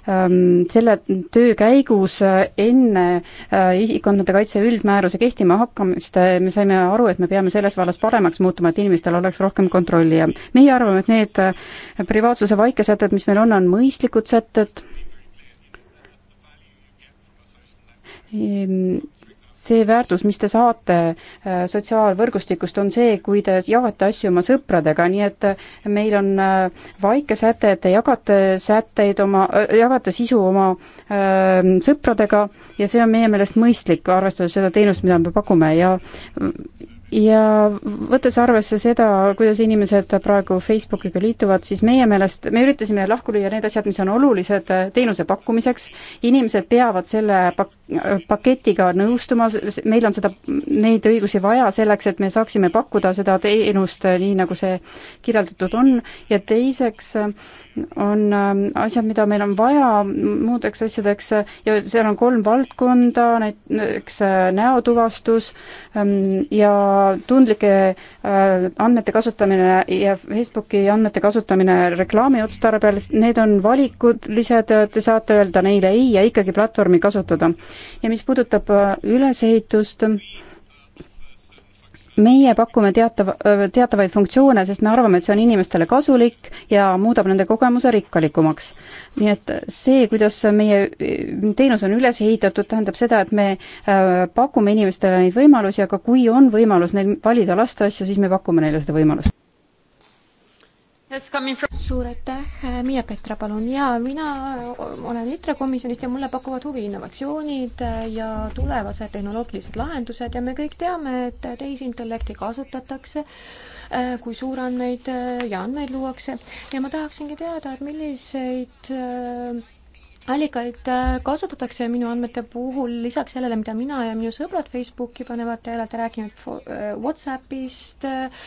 ähm, selle töö käigus äh, enne äh, isikuandmete kaitse üldmääruse kehtima hakkamist, äh, me saime aru, et me peame selles vallas paremaks muutuma, et inimestel oleks rohkem kontrolli ja meie arvame, et need privaatsuse vaikesätted, mis meil on, on mõistlikud sätted, ehm, see väärtus, mis te saate äh, sotsiaalvõrgustikust, on see, kui te jagate asju oma sõpradega, nii et äh, meil on äh, vaikesäte, te jagate sätteid oma, jagate sisu oma öö, ähm, sõpradega ja see on meie meelest mõistlik, arvestades seda teenust, mida me pakume ja ja võttes arvesse seda, kuidas inimesed praegu Facebookiga liituvad, siis meie meelest, me üritasime lahku lüüa need asjad, mis on olulised teenuse pakkumiseks, inimesed peavad selle pak-, paketiga nõustuma, meil on seda, neid õigusi vaja selleks, et me saaksime pakkuda seda teenust eh, nii, nagu see kirjeldatud on, ja teiseks eh, on eh, asjad, mida meil on vaja muudeks asjadeks ja seal on kolm valdkonda, näiteks näotuvastus ehm, ja tundlike andmete kasutamine ja Facebooki andmete kasutamine reklaami otstarbel, need on valikulised, te saate öelda neile ei ja ikkagi platvormi kasutada ja mis puudutab äh, ülesehitust, meie pakume teatav, äh, teatavaid funktsioone, sest me arvame, et see on inimestele kasulik ja muudab nende kogemuse rikkalikumaks. nii et see, kuidas meie äh, teenus on üles ehitatud, tähendab seda, et me pakume inimestele neid võimalusi, aga kui on võimalus neil valida lasteasju, siis me pakume neile seda võimalust suur aitäh, Miia Petra, palun. ja mina olen ITRE komisjonist ja mulle pakuvad huvi innovatsioonid ja tulevased tehnoloogilised lahendused ja me kõik teame, et tehisintellekti kasutatakse, kui suurandmeid ja andmeid luuakse ja ma tahaksingi teada, et milliseid allikaid äh, kasutatakse minu andmete puhul lisaks sellele, mida mina ja minu sõbrad Facebooki panevad, te olete rääkinud äh, Whatsappist äh,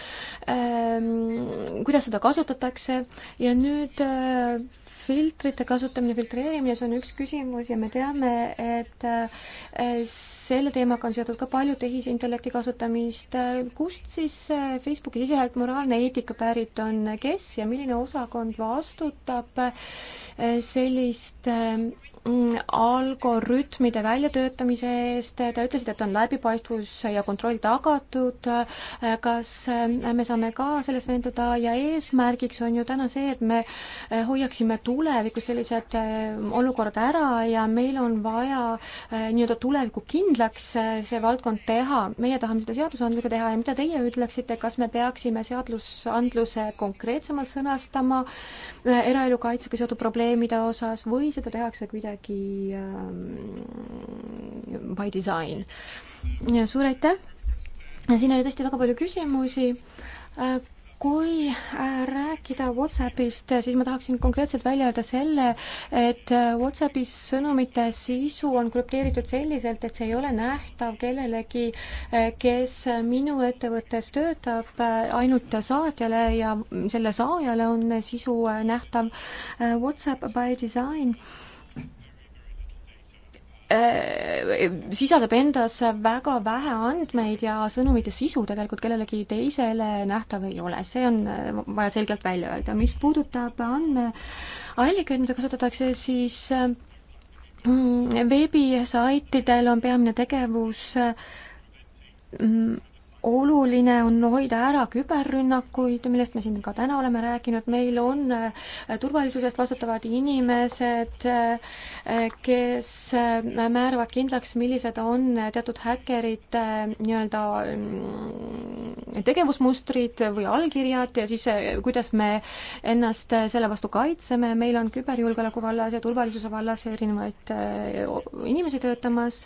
ähm,, kuidas seda kasutatakse ja nüüd äh, filtrite kasutamine, filtreerimine, see on üks küsimus ja me teame, et äh, selle teemaga on seotud ka palju tehisintellekti kasutamist. kust siis äh, Facebooki sisehäält moraalne eetika pärit on, kes ja milline osakond vastutab äh, selliste Mm, algorütmide väljatöötamise eest, te ütlesite, et on läbipaistvus ja kontroll tagatud, kas me saame ka selles veenduda ja eesmärgiks on ju täna see, et me hoiaksime tulevikus sellised äh, olukorrad ära ja meil on vaja äh, nii-öelda tulevikku kindlaks äh, see valdkond teha, meie tahame seda seadusandlusega teha ja mida teie ütleksite, kas me peaksime seadusandluse konkreetsemalt sõnastama eraelu kaitsega seotud probleemide osas või seda tehakse kuidagi kuidagi ähm, by design. suur aitäh! siin oli tõesti väga palju küsimusi äh, kui äh, rääkida Whatsappist, siis ma tahaksin konkreetselt välja öelda selle, et äh, Whatsappi sõnumite sisu on krüpteeritud selliselt, et see ei ole nähtav kellelegi, kes minu ettevõttes töötab, ainult saatjale ja selle saajale on sisu nähtav. Whatsapp by design Äh, sisaldab endas väga vähe andmeid ja sõnumite sisu tegelikult kellelegi teisele nähtav ei ole, see on äh, vaja selgelt välja öelda. mis puudutab andmeallikaid, mida kasutatakse, siis äh, mm, veebisaitidel on peamine tegevus mm, oluline on hoida ära küberrünnakuid, millest me siin ka täna oleme rääkinud, meil on äh, turvalisusest vastutavad inimesed, äh, kes äh, määravad kindlaks, millised on teatud häkkerite nii-öelda mm, tegevusmustrid või allkirjad ja siis kuidas me ennast selle vastu kaitseme, meil on küberjulgeoleku vallas ja turvalisuse vallas erinevaid inimesi töötamas,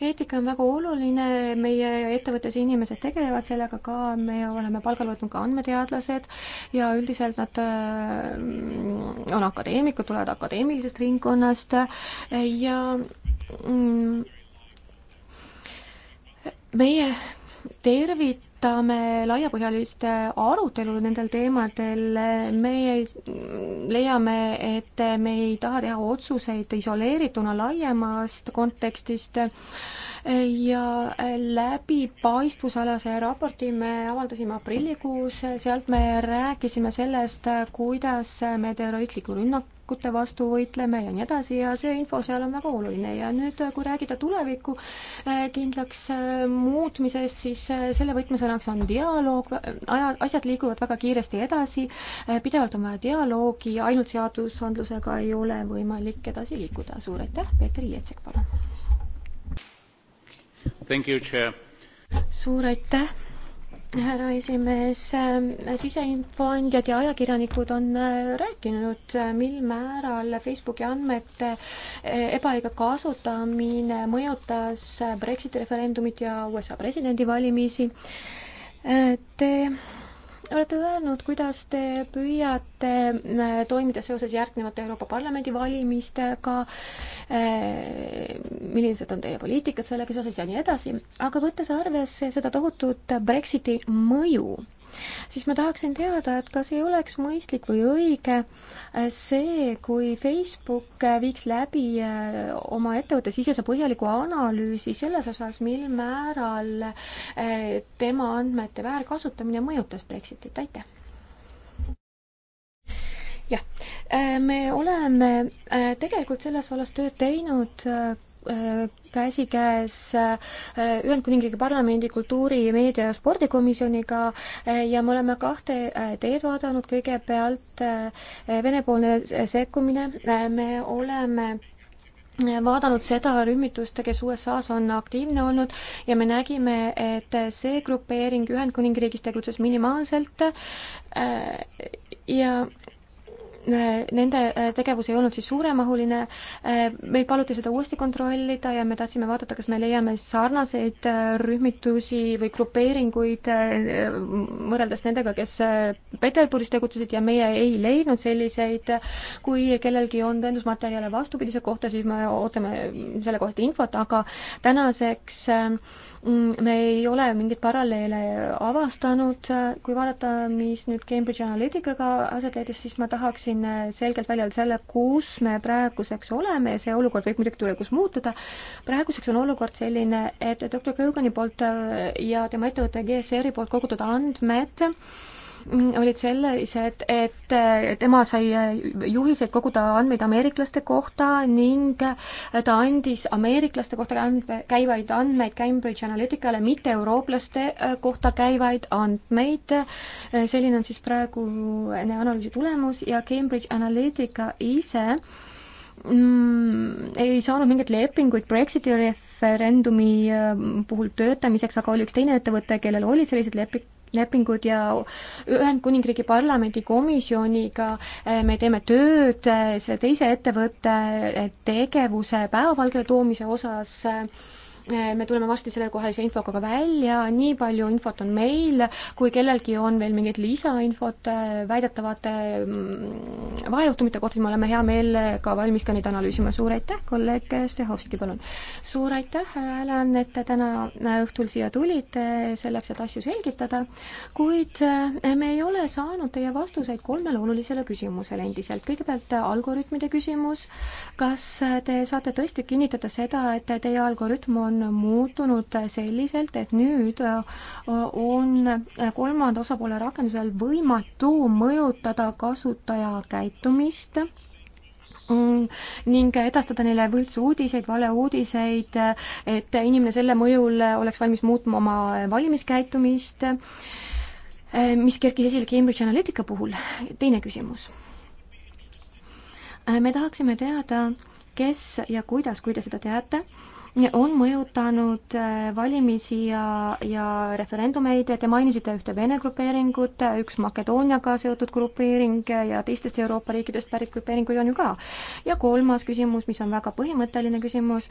eetika on väga oluline, meie ettevõttes inimesed tegelevad sellega ka, me oleme palgale võtnud ka andmeteadlased ja üldiselt nad äh, on akadeemikud, tulevad akadeemilisest ringkonnast äh, ja mm, meie tervitame laiapõhjalist arutelu nendel teemadel, meie leiame, et me ei taha teha otsuseid isoleerituna laiemast kontekstist ja läbipaistvusalase raporti me avaldasime aprillikuus, sealt me rääkisime sellest, kuidas me terroristliku rünnaku rünnakute vastu võitleme ja nii edasi ja see info seal on väga oluline ja nüüd, kui rääkida tuleviku eh, kindlaks eh, muutmisest, siis eh, selle võtmesõnaks on dialoog, aja, asjad liiguvad väga kiiresti edasi, pidevalt on vaja dialoogi, ainult seadusandlusega ei ole võimalik edasi liikuda. suur aitäh, Peeter Ietsek, palun! suur aitäh, härra esimees. siseinfoandjad ja ajakirjanikud on äh, rääkinud, äh, mil määral Facebooki andmete äh, ebaõige kasutamine mõjutas Brexiti referendumit ja USA presidendivalimisi. Te olete öelnud, kuidas te püüate äh, toimida seoses järgnevate Euroopa Parlamendi valimistega, äh, millised on teie poliitikad sellega seoses ja nii edasi, aga võttes arvesse seda tohutut Brexiti mõju, siis ma tahaksin teada, et kas ei oleks mõistlik või õige äh, see, kui Facebook äh, viiks läbi äh, oma ettevõtte sisese põhjaliku analüüsi selles osas, mil määral tema andmete väärkasutamine mõjutas Brexitit, aitäh jah, äh, me oleme äh, tegelikult selles vallas tööd teinud äh, käsikäes Ühendkuningriigi parlamendi kultuuri, meedia ja spordikomisjoniga ja me oleme kahte teed vaadanud, kõigepealt Vene-poolne sekkumine, me oleme vaadanud seda rühmitust, kes USA-s on aktiivne olnud ja me nägime, et see grupeering Ühendkuningriigis tegutses minimaalselt ja Äh, nende äh, tegevus ei olnud siis suuremahuline, äh, meil paluti seda uuesti kontrollida ja me tahtsime vaadata, kas me leiame sarnaseid rühmitusi või grupeeringuid võrreldes nendega, kes Peterburis tegutsesid ja meie ei leidnud selliseid. kui kellelgi on tõendusmaterjale vastupidise kohta, siis me ootame selle kohta infot, aga tänaseks Mm, me ei ole mingeid paralleele avastanud, kui vaadata, mis nüüd Cambridge Analyticaga aset leidis, siis ma tahaksin selgelt välja öelda selle, kus me praeguseks oleme ja see olukord võib muidugi tulevikus muutuda. praeguseks on olukord selline, et doktor Kõugani poolt ja tema ettevõtte GSR-i poolt kogutud andmed et Mm, olid sellised, et äh, tema sai äh, juhiseid koguda andmeid ameeriklaste kohta ning äh, ta andis ameeriklaste kohta andme, käivaid andmeid Cambridge Analyticale, mitte eurooplaste kohta käivaid andmeid. selline on siis praegune analüüsi tulemus ja Cambridge Analytica ise mm, ei saanud mingeid lepinguid Brexiti ref-, referendumi äh, puhul töötamiseks, aga oli üks teine ettevõte, kellel olid sellised lepi-, lepingud ja Ühendkuningriigi parlamendi komisjoniga äh, me teeme tööd äh, selle teise ettevõtte tegevuse päevavalgele toomise osas Eh, me tuleme varsti sellekohase infoga ka välja, nii palju infot on meil, kui kellelgi on veel mingit lisainfot eh, väidetavate mm, vahejuhtumite kohta, siis me oleme hea meelega valmis ka neid analüüsima. suur aitäh, kolleeg Stehovski, palun! suur aitäh, härra Alan, et te täna äh, õhtul siia tulite selleks, et asju selgitada, kuid äh, me ei ole saanud teie vastuseid kolmele olulisele küsimusele endiselt. kõigepealt äh, algoritmide küsimus, kas te saate tõesti kinnitada seda, et teie algoritm on on muutunud selliselt, et nüüd äh, on kolmanda osapoole rakendusel võimatu mõjutada kasutaja käitumist mm, ning edastada neile võltsuudiseid, valeuudiseid, et inimene selle mõjul oleks valmis muutma oma valimiskäitumist, äh, mis kerkis esile Cambridge Analytica puhul. teine küsimus. Äh, me tahaksime teada, kes ja kuidas, kui te seda teate, on mõjutanud äh, valimisi ja, ja referendumeid, te mainisite ühte Vene grupeeringut, äh, üks Makedooniaga seotud grupeering äh, ja teistest Euroopa riikidest pärit grupeeringuid on ju ka. ja kolmas küsimus, mis on väga põhimõtteline küsimus,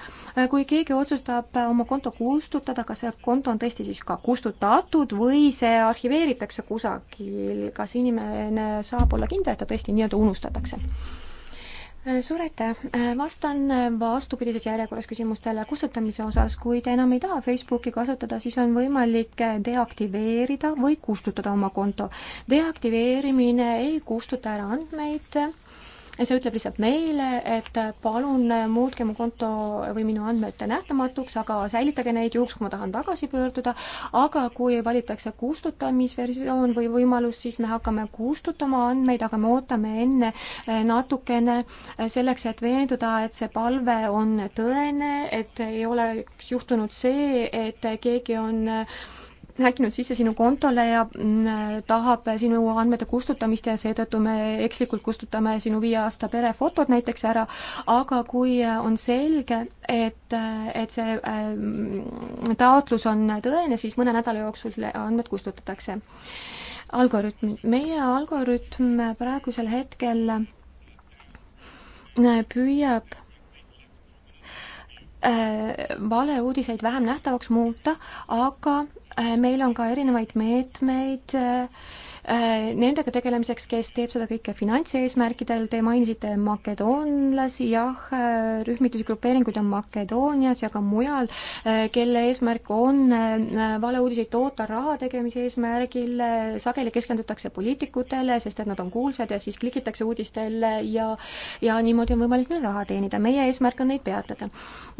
kui keegi otsustab oma konto kustutada, kas see konto on tõesti siis ka kustutatud või see arhiveeritakse kusagil, kas inimene saab olla kindel, et ta tõesti nii-öelda unustatakse? Äh, suur aitäh, äh, vastan äh, vastupidises järjekorras küsimustele kustutamise osas, kui te enam ei taha Facebooki kasutada, siis on võimalik deaktiveerida või kustutada oma konto. deaktiveerimine ei kustuta ära andmeid see ütleb lihtsalt meile, et palun muutke mu konto või minu andmed nähtamatuks, aga säilitage neid juhuks, kui ma tahan tagasi pöörduda, aga kui valitakse kustutamisversioon või võimalus, siis me hakkame kustutama andmeid, aga me ootame enne eh, natukene eh, selleks, et veenduda, et see palve on tõene, et ei oleks juhtunud see, et keegi on äh, häkinud sisse sinu kontole ja mm, tahab sinu andmete kustutamist ja seetõttu me ekslikult kustutame sinu viie aasta perefotod näiteks ära, aga kui on selge, et, et see mm, taotlus on tõene, siis mõne nädala jooksul andmed kustutatakse. Algorütm, meie algorütm praegusel hetkel äh, püüab äh, valeuudiseid vähem nähtavaks muuta, aga Äh, meil on ka erinevaid meetmeid meet, äh, Äh, nendega tegelemiseks, kes teeb seda kõike finantseesmärkidel, te mainisite makedoonlasi, jah, äh, rühmitusi, grupeeringuid on Makedoonias ja ka mujal, äh, kelle eesmärk on valeuudiseid toota raha tegemise eesmärgil, sageli keskendutakse poliitikutele, sest et nad on kuulsad ja siis klikitakse uudistele ja ja niimoodi on võimalik neil raha teenida, meie eesmärk on neid peatada.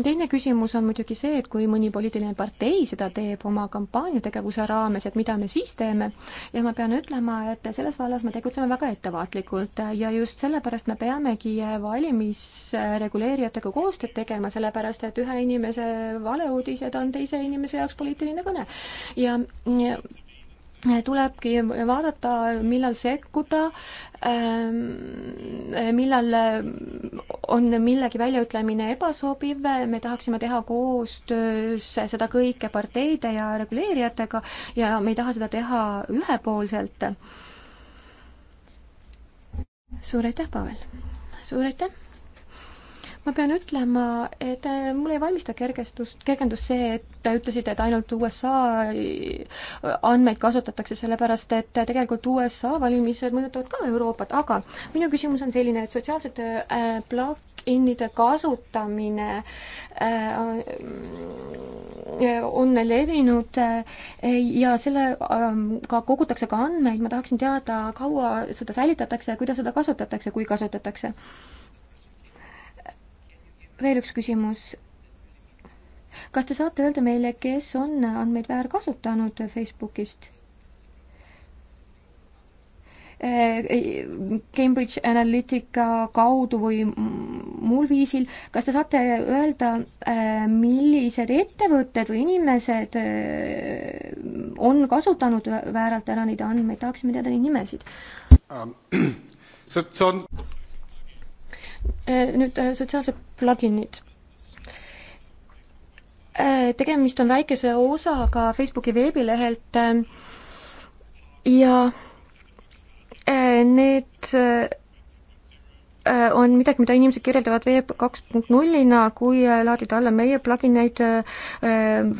teine küsimus on muidugi see, et kui mõni poliitiline partei seda teeb oma kampaaniategevuse raames, et mida me siis teeme ja ma pean ütlema, nägema, et selles vallas me tegutseme väga ettevaatlikult ja just sellepärast me peamegi valimisreguleerijatega koostööd tegema, sellepärast et ühe inimese valeuudised on teise inimese jaoks poliitiline kõne. ja, ja tulebki vaadata, millal sekkuda, ähm, millal äh, on millegi väljaütlemine ebasobiv, me tahaksime teha koostöös seda kõike parteide ja reguleerijatega ja me ei taha seda teha ühepoolselt. suur aitäh, Pavel! suur aitäh! ma pean ütlema, et äh, mul ei valmista kergestust, kergendust see, et te ütlesite, et ainult USA äh, andmeid kasutatakse, sellepärast et äh, tegelikult USA valimised mõjutavad ka Euroopat, aga minu küsimus on selline, et sotsiaalsete äh, plug-in'ide kasutamine äh, on levinud äh, ja sellega ähm, kogutakse ka andmeid, ma tahaksin teada, kaua seda säilitatakse ja kuidas seda kasutatakse, kui kasutatakse veel üks küsimus. kas te saate öelda meile, kes on andmeid väärkasutanud Facebookist? Äh, Cambridge Analytica kaudu või muul viisil, kas te saate öelda, äh, millised ettevõtted või inimesed äh, on kasutanud vääralt ära neid andmeid, tahaksime teada neid nimesid um,? see on Äh, nüüd äh, sotsiaalsed pluginid äh, tegemist on väikese osaga Facebooki veebilehelt ja need on midagi, mida inimesed kirjeldavad veeb kaks punkt nullina, kui laadida alla meie plugineid,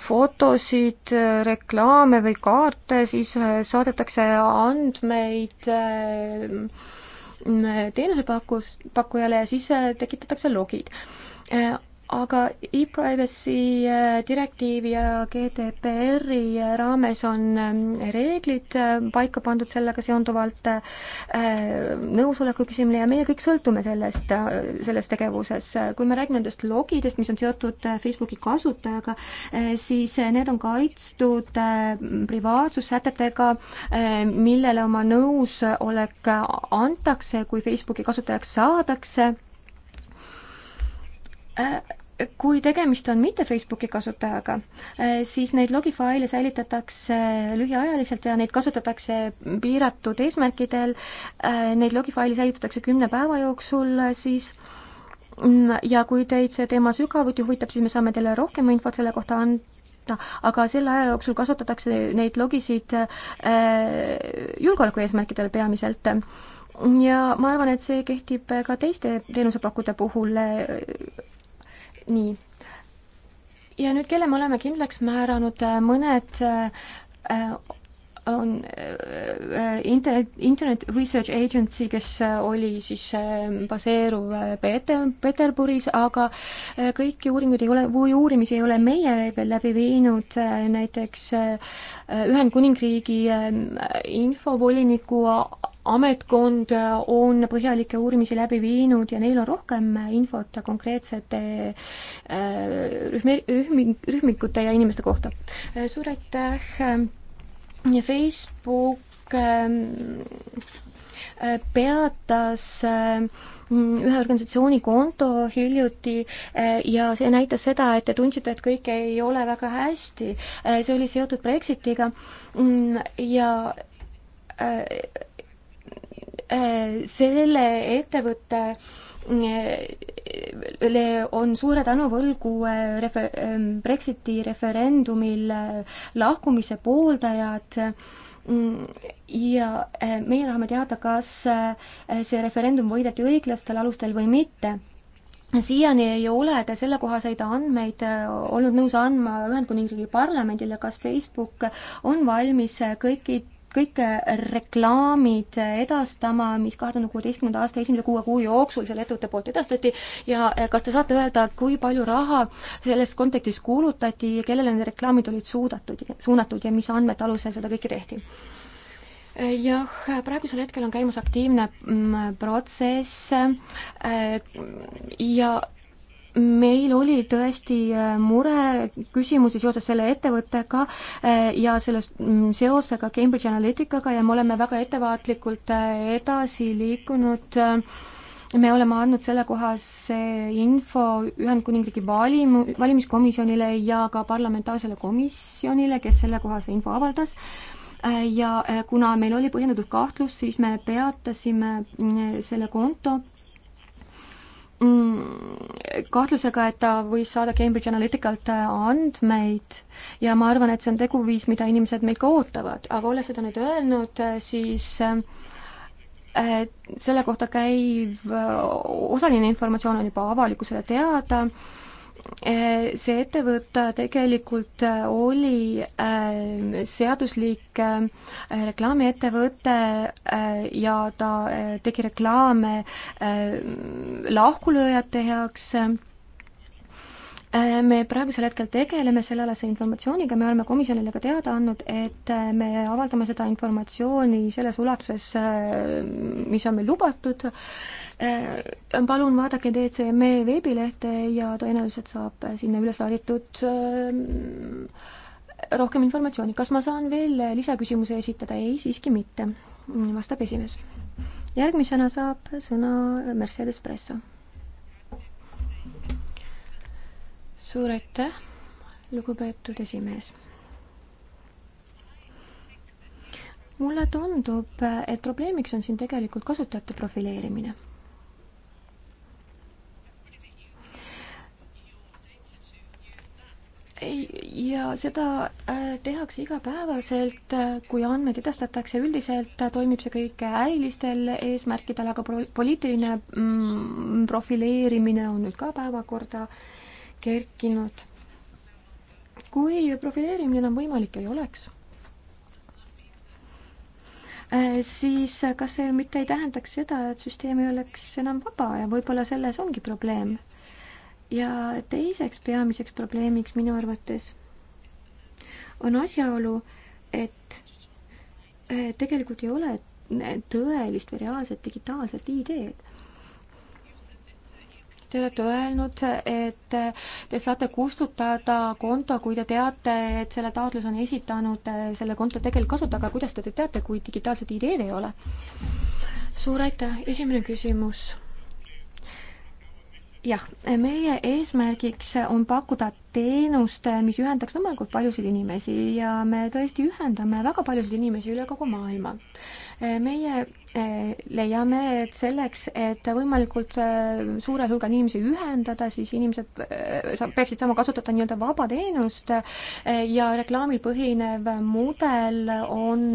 fotosid, reklaame või kaarte, siis saadetakse andmeid äh, teenusepakkust, pakkujale ja siis äh, tekitatakse logid äh, aga e-privacy äh, direktiivi ja GDPR-i äh, raames on ähm, reeglid äh, paika pandud sellega seonduvalt, nõusoleku küsimine ja meie kõik sõltume sellest, selles tegevuses. kui me räägime nendest logidest, mis on seotud Facebooki kasutajaga, siis need on kaitstud privaatsussätetega, millele oma nõusolek antakse, kui Facebooki kasutajaks saadakse Äh, kui tegemist on mitte Facebooki kasutajaga, äh, siis neid logifaile säilitatakse lühiajaliselt ja neid kasutatakse piiratud eesmärkidel, äh, neid logifaile säilitatakse kümne päeva jooksul siis mm, ja kui teid see teema sügavuti huvitab, siis me saame teile rohkem infot selle kohta anda, aga selle aja jooksul kasutatakse neid logisid julgeoleku eesmärkidel peamiselt ja ma arvan, et see kehtib ka teiste teenusepakkujate puhul, nii. ja nüüd, kelle me oleme kindlaks määranud, äh, mõned äh, on äh, internet, Internet Research Agency, kes oli siis baseeruv Peter, Peterburis, aga kõiki uuringuid ei ole, või uurimisi ei ole meie veel läbi viinud, näiteks Ühendkuningriigi infovoliniku ametkond on põhjalikke uurimisi läbi viinud ja neil on rohkem infot konkreetsete äh, rühmi, rühmi, rühmikute ja inimeste kohta. Äh, suur aitäh, äh, Facebook peatas ühe organisatsiooni konto hiljuti ja see näitas seda, et te tundsite, et kõik ei ole väga hästi. see oli seotud Brexitiga mm, ja selle ettevõtte le on suure tänu võlgu äh, refe-, ähm, Brexiti referendumil äh, lahkumise pooldajad mm, ja äh, meie tahame teada, kas see referendum võideti õiglastel alustel või mitte. siiani ei ole te sellekohaseid andmeid olnud nõus andma Ühendkuningriigi parlamendile, kas Facebook on valmis kõikid kõik äh, reklaamid äh, edastama, mis kahe tuhande kuueteistkümnenda aasta esimese kuue kuu jooksul selle ettevõtte poolt edastati ja äh, kas te saate öelda, kui palju raha selles kontekstis kulutati ja kellele need reklaamid olid suudatud, suunatud ja mis andmete alusel seda kõike tehti? jah, praegusel hetkel on käimas aktiivne mm, protsess ja meil oli tõesti äh, mure, küsimusi seoses selle ettevõttega äh, ja selle mm, seosega Cambridge Analyticaga ja me oleme väga ettevaatlikult äh, edasi liikunud. me oleme andnud sellekohase info Ühendkuningriigi valim-, valimiskomisjonile ja ka parlamentaarsele komisjonile, kes sellekohase info avaldas ja kuna meil oli põhjendatud kahtlus, siis me peatasime mm, selle konto Mm, kahtlusega, et ta võis saada Cambridge Analyticalt äh, andmeid ja ma arvan, et see on teguviis, mida inimesed meilt ka ootavad, aga olles seda nüüd öelnud, äh, siis äh, selle kohta käiv osaline informatsioon on juba avalikkusele teada see ettevõte tegelikult äh, oli äh, seaduslik äh, reklaamiettevõte ja ta tegi reklaame lahkulööjate heaks me praegusel hetkel tegeleme sellealase informatsiooniga, me oleme komisjonile ka teada andnud, et me avaldame seda informatsiooni selles ulatuses, mis on meil lubatud Äh, palun vaadake DCME veebilehte ja tõenäoliselt saab sinna üles laaditud ähm, rohkem informatsiooni. kas ma saan veel lisaküsimuse esitada? ei, siiski mitte, vastab esimees. järgmisena saab sõna Mercedes Presso. suur aitäh, lugupeetud esimees. mulle tundub, et probleemiks on siin tegelikult kasutajate profileerimine ja seda äh, tehakse igapäevaselt, äh, kui andmeid edastatakse, üldiselt äh, toimib see kõik ärilistel eesmärkidel, aga pro-, poliitiline mm, profileerimine on nüüd ka päevakorda kerkinud. kui profileerimine enam võimalik ei oleks, siis kas see mitte ei tähendaks seda, et süsteem ei oleks enam vaba ja võib-olla selles ongi probleem ja teiseks peamiseks probleemiks minu arvates on asjaolu, et äh, tegelikult ei ole tõelist või reaalset digitaalset ID-d Te olete öelnud, et te saate kustutada konto, kui te teate, et selle taotluse on esitanud äh, selle konto tegelik kasutaja, aga kuidas te teate, kui digitaalset ID-d ei ole? suur aitäh, esimene küsimus jah, meie eesmärgiks on pakkuda teenust, mis ühendaks võimalikult paljusid inimesi ja me tõesti ühendame väga paljusid inimesi üle kogu maailma. meie eh, leiame, et selleks, et võimalikult eh, suurel hulgal inimesi ühendada, siis inimesed eh, peaksid saama kasutada nii-öelda vaba teenust ja reklaamil põhinev mudel on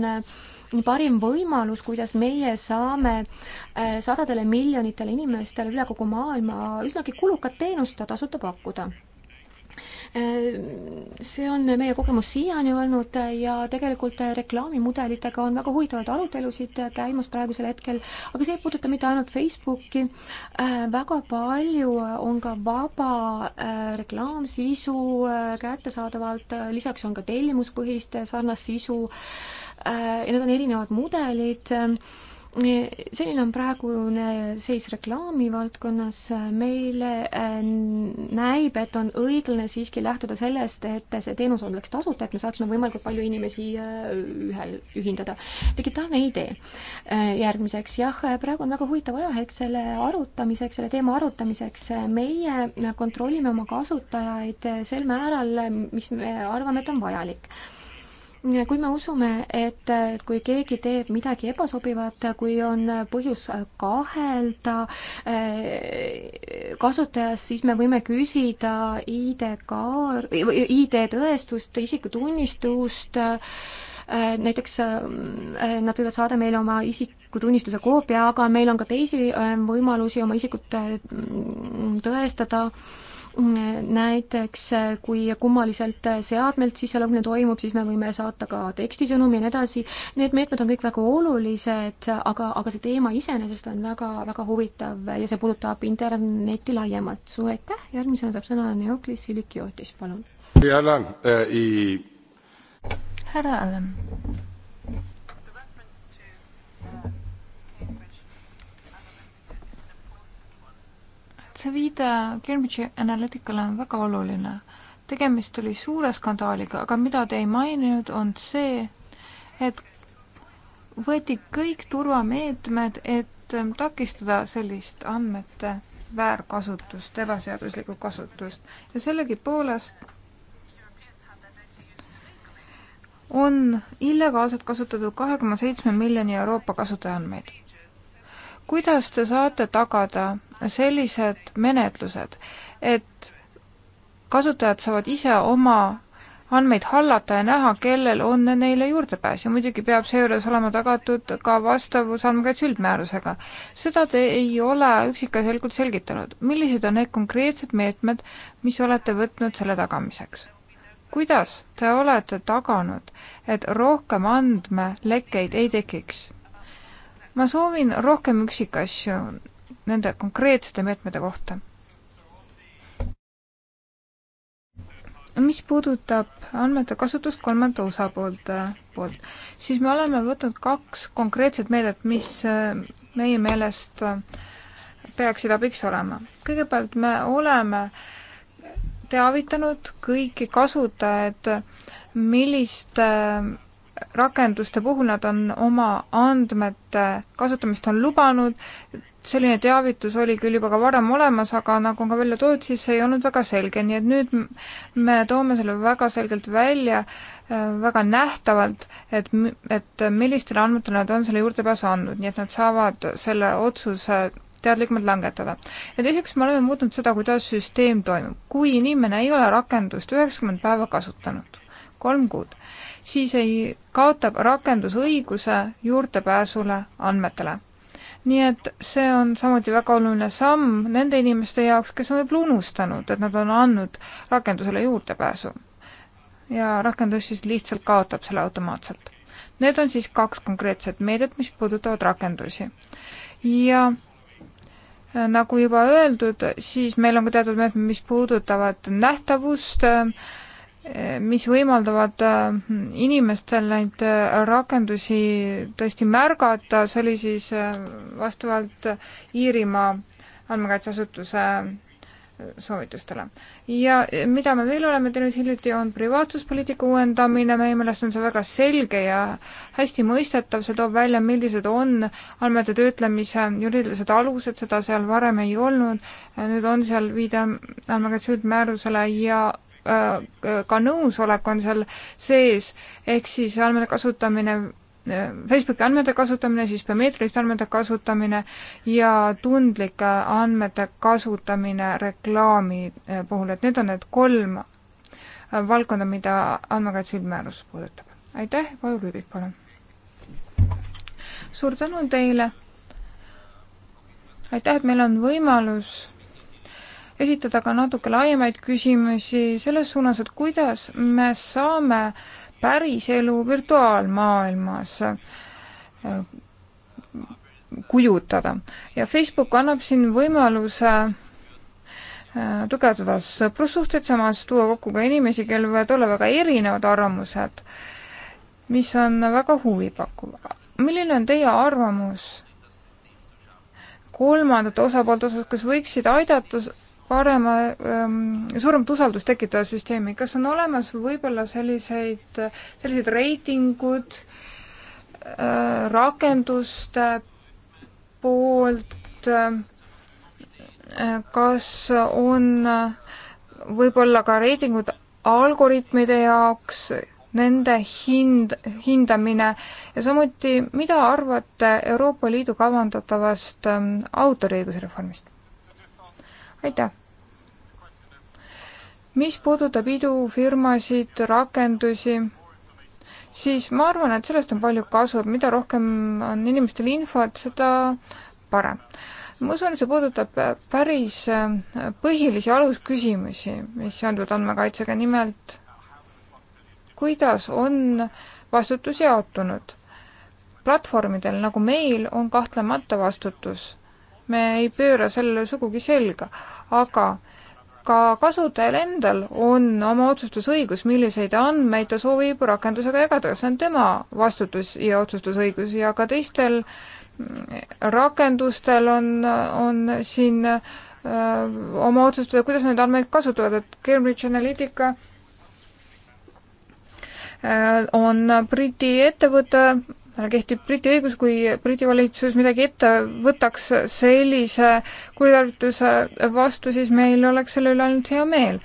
parim võimalus, kuidas meie saame äh, sadadele miljonitele inimestele üle kogu maailma üsnagi kulukat teenust tasuta pakkuda. Äh, see on meie kogemus siiani olnud äh, ja tegelikult äh, reklaamimudelitega on väga huvitavaid arutelusid käimas praegusel hetkel, aga see ei puuduta mitte ainult Facebooki, väga palju on ka vaba reklaamsisu kättesaadavalt, lisaks on ka tellimuspõhist sarnast sisu ja need on erinevad mudelid selline on praegune seis reklaami valdkonnas, meile äh, näib, et on õiglane siiski lähtuda sellest, et see teenus oleks tasuta, et me saaksime võimalikult palju inimesi äh, ühe, ühindada. digitaalne idee äh, järgmiseks, jah, praegu on väga huvitav ajahetk selle arutamiseks, selle teema arutamiseks, meie kontrollime oma kasutajaid sel määral, mis me arvame, et on vajalik kui me usume, et äh, kui keegi teeb midagi ebasobivat, kui on äh, põhjus äh, kahelda kasutajas, siis me võime küsida ID-kaar-, ID-tõestust, isikutunnistust, näiteks nad võivad saada meile oma isikutunnistuse koopia, aga meil on ka teisi võimalusi oma isikut mm, tõestada näiteks kui kummaliselt seadmelt sisselõgne toimub, siis me võime saata ka tekstisõnumi ja nii edasi, need meetmed on kõik väga olulised, aga, aga see teema iseenesest on väga, väga huvitav ja see puudutab internetti laiemalt. suur aitäh, järgmisena saab sõna Neoklis Silikiotis, palun. härra Allan. Äh, härra Allan see viide Cambridge Analyticale on väga oluline. tegemist oli suure skandaaliga, aga mida te ei maininud, on see, et võeti kõik turvameetmed, et takistada sellist andmete väärkasutust, ebaseaduslikku kasutust ja sellegipoolest on illegaalselt kasutatud kahe koma seitsme miljoni Euroopa kasutajaandmeid kuidas te saate tagada sellised menetlused, et kasutajad saavad ise oma andmeid hallata ja näha, kellel on neile juurdepääs ja muidugi peab seejuures olema tagatud ka vastavus andmekaitse üldmäärusega. seda te ei ole üksikasjalikult selgitanud. millised on need konkreetsed meetmed, mis olete võtnud selle tagamiseks? kuidas te olete taganud, et rohkem andmelekkeid ei tekiks? ma soovin rohkem üksikasju nende konkreetsete meetmete kohta. mis puudutab andmete kasutust kolmanda osapoolte poolt, siis me oleme võtnud kaks konkreetset meedet, mis äh, meie meelest äh, peaksid abiks olema. kõigepealt me oleme teavitanud kõiki kasutajaid, milliste rakenduste puhul nad on oma andmete kasutamist on lubanud, selline teavitus oli küll juba ka varem olemas, aga nagu on ka välja toodud, siis see ei olnud väga selge, nii et nüüd me toome selle väga selgelt välja, äh, väga nähtavalt, et, et millistele andmetele nad on selle juurdepääsu andnud, nii et nad saavad selle otsuse teadlikumalt langetada. ja teiseks me oleme muutnud seda, kuidas süsteem toimub. kui inimene ei ole rakendust üheksakümmend päeva kasutanud, kolm kuud, siis ei kaota rakendusõiguse juurdepääsule andmetele. nii et see on samuti väga oluline samm nende inimeste jaoks, kes on võib-olla unustanud, et nad on andnud rakendusele juurdepääsu. ja rakendus siis lihtsalt kaotab selle automaatselt. Need on siis kaks konkreetset meedet, mis puudutavad rakendusi. ja äh, nagu juba öeldud, siis meil on ka teatud meetmed, mis puudutavad nähtavust äh,, mis võimaldavad äh, inimestel neid äh, rakendusi tõesti märgata, see oli siis äh, vastavalt Iirimaa andmekaitseasutuse soovitustele. ja mida me veel oleme teinud hiljuti, on privaatsuspoliitika uuendamine, meie meelest on see väga selge ja hästi mõistetav, see toob välja, millised on andmete töötlemise juriidilised alused, seda seal varem ei olnud, nüüd on seal viide andmekaitse üldmäärusele ja Äh, äh, ka nõusolek on seal sees, ehk siis andmete kasutamine äh, Facebooki andmete kasutamine, siis biomeetriliste andmete kasutamine ja tundlike andmete kasutamine reklaami puhul, et need on need kolm valdkonda, mida andmekaitse üldmäärus puudutab. aitäh, Vaju Lüübik, palun! suur tänu teile! aitäh, et meil on võimalus esitada ka natuke laiemaid küsimusi selles suunas, et kuidas me saame päriselu virtuaalmaailmas äh, kujutada. ja Facebook annab siin võimaluse äh, tugevdada sõprussuhteid, samas tuua kokku ka inimesi, kellel võivad olla väga erinevad arvamused, mis on väga huvipakkuv. milline on teie arvamus kolmandate osapoolte osas, kas võiksid aidata parema ähm,, suuremat usaldust tekitada süsteemi, kas on olemas võib-olla selliseid, sellised reitingud äh, rakenduste poolt äh,, kas on äh, võib-olla ka reitingud algoritmide jaoks, nende hind, hindamine ja samuti, mida arvate Euroopa Liidu kavandatavast ähm, autoriõiguse reformist? aitäh! mis puudutab idufirmasid, rakendusi, siis ma arvan, et sellest on palju kasu, et mida rohkem on inimestel infot, seda parem. ma usun, see puudutab päris äh, põhilisi alusküsimusi, mis seonduvad andmekaitsega, nimelt kuidas on vastutus jaotunud. platvormidel nagu meil on kahtlemata vastutus me ei pööra sellele sugugi selga, aga ka kasutajal endal on oma otsustusõigus, milliseid andmeid ta soovib rakendusega jagada, see on tema vastutus ja otsustusõigus ja ka teistel mm, rakendustel on, on siin öö, äh, oma otsustada, kuidas neid andmeid kasutavad, et Cambridge Analytica öö, Äh, on Briti ettevõte, kehtib Briti õigus, kui Briti valitsus midagi ette võtaks sellise kuritarvituse vastu, siis meil oleks selle üle ainult hea meel.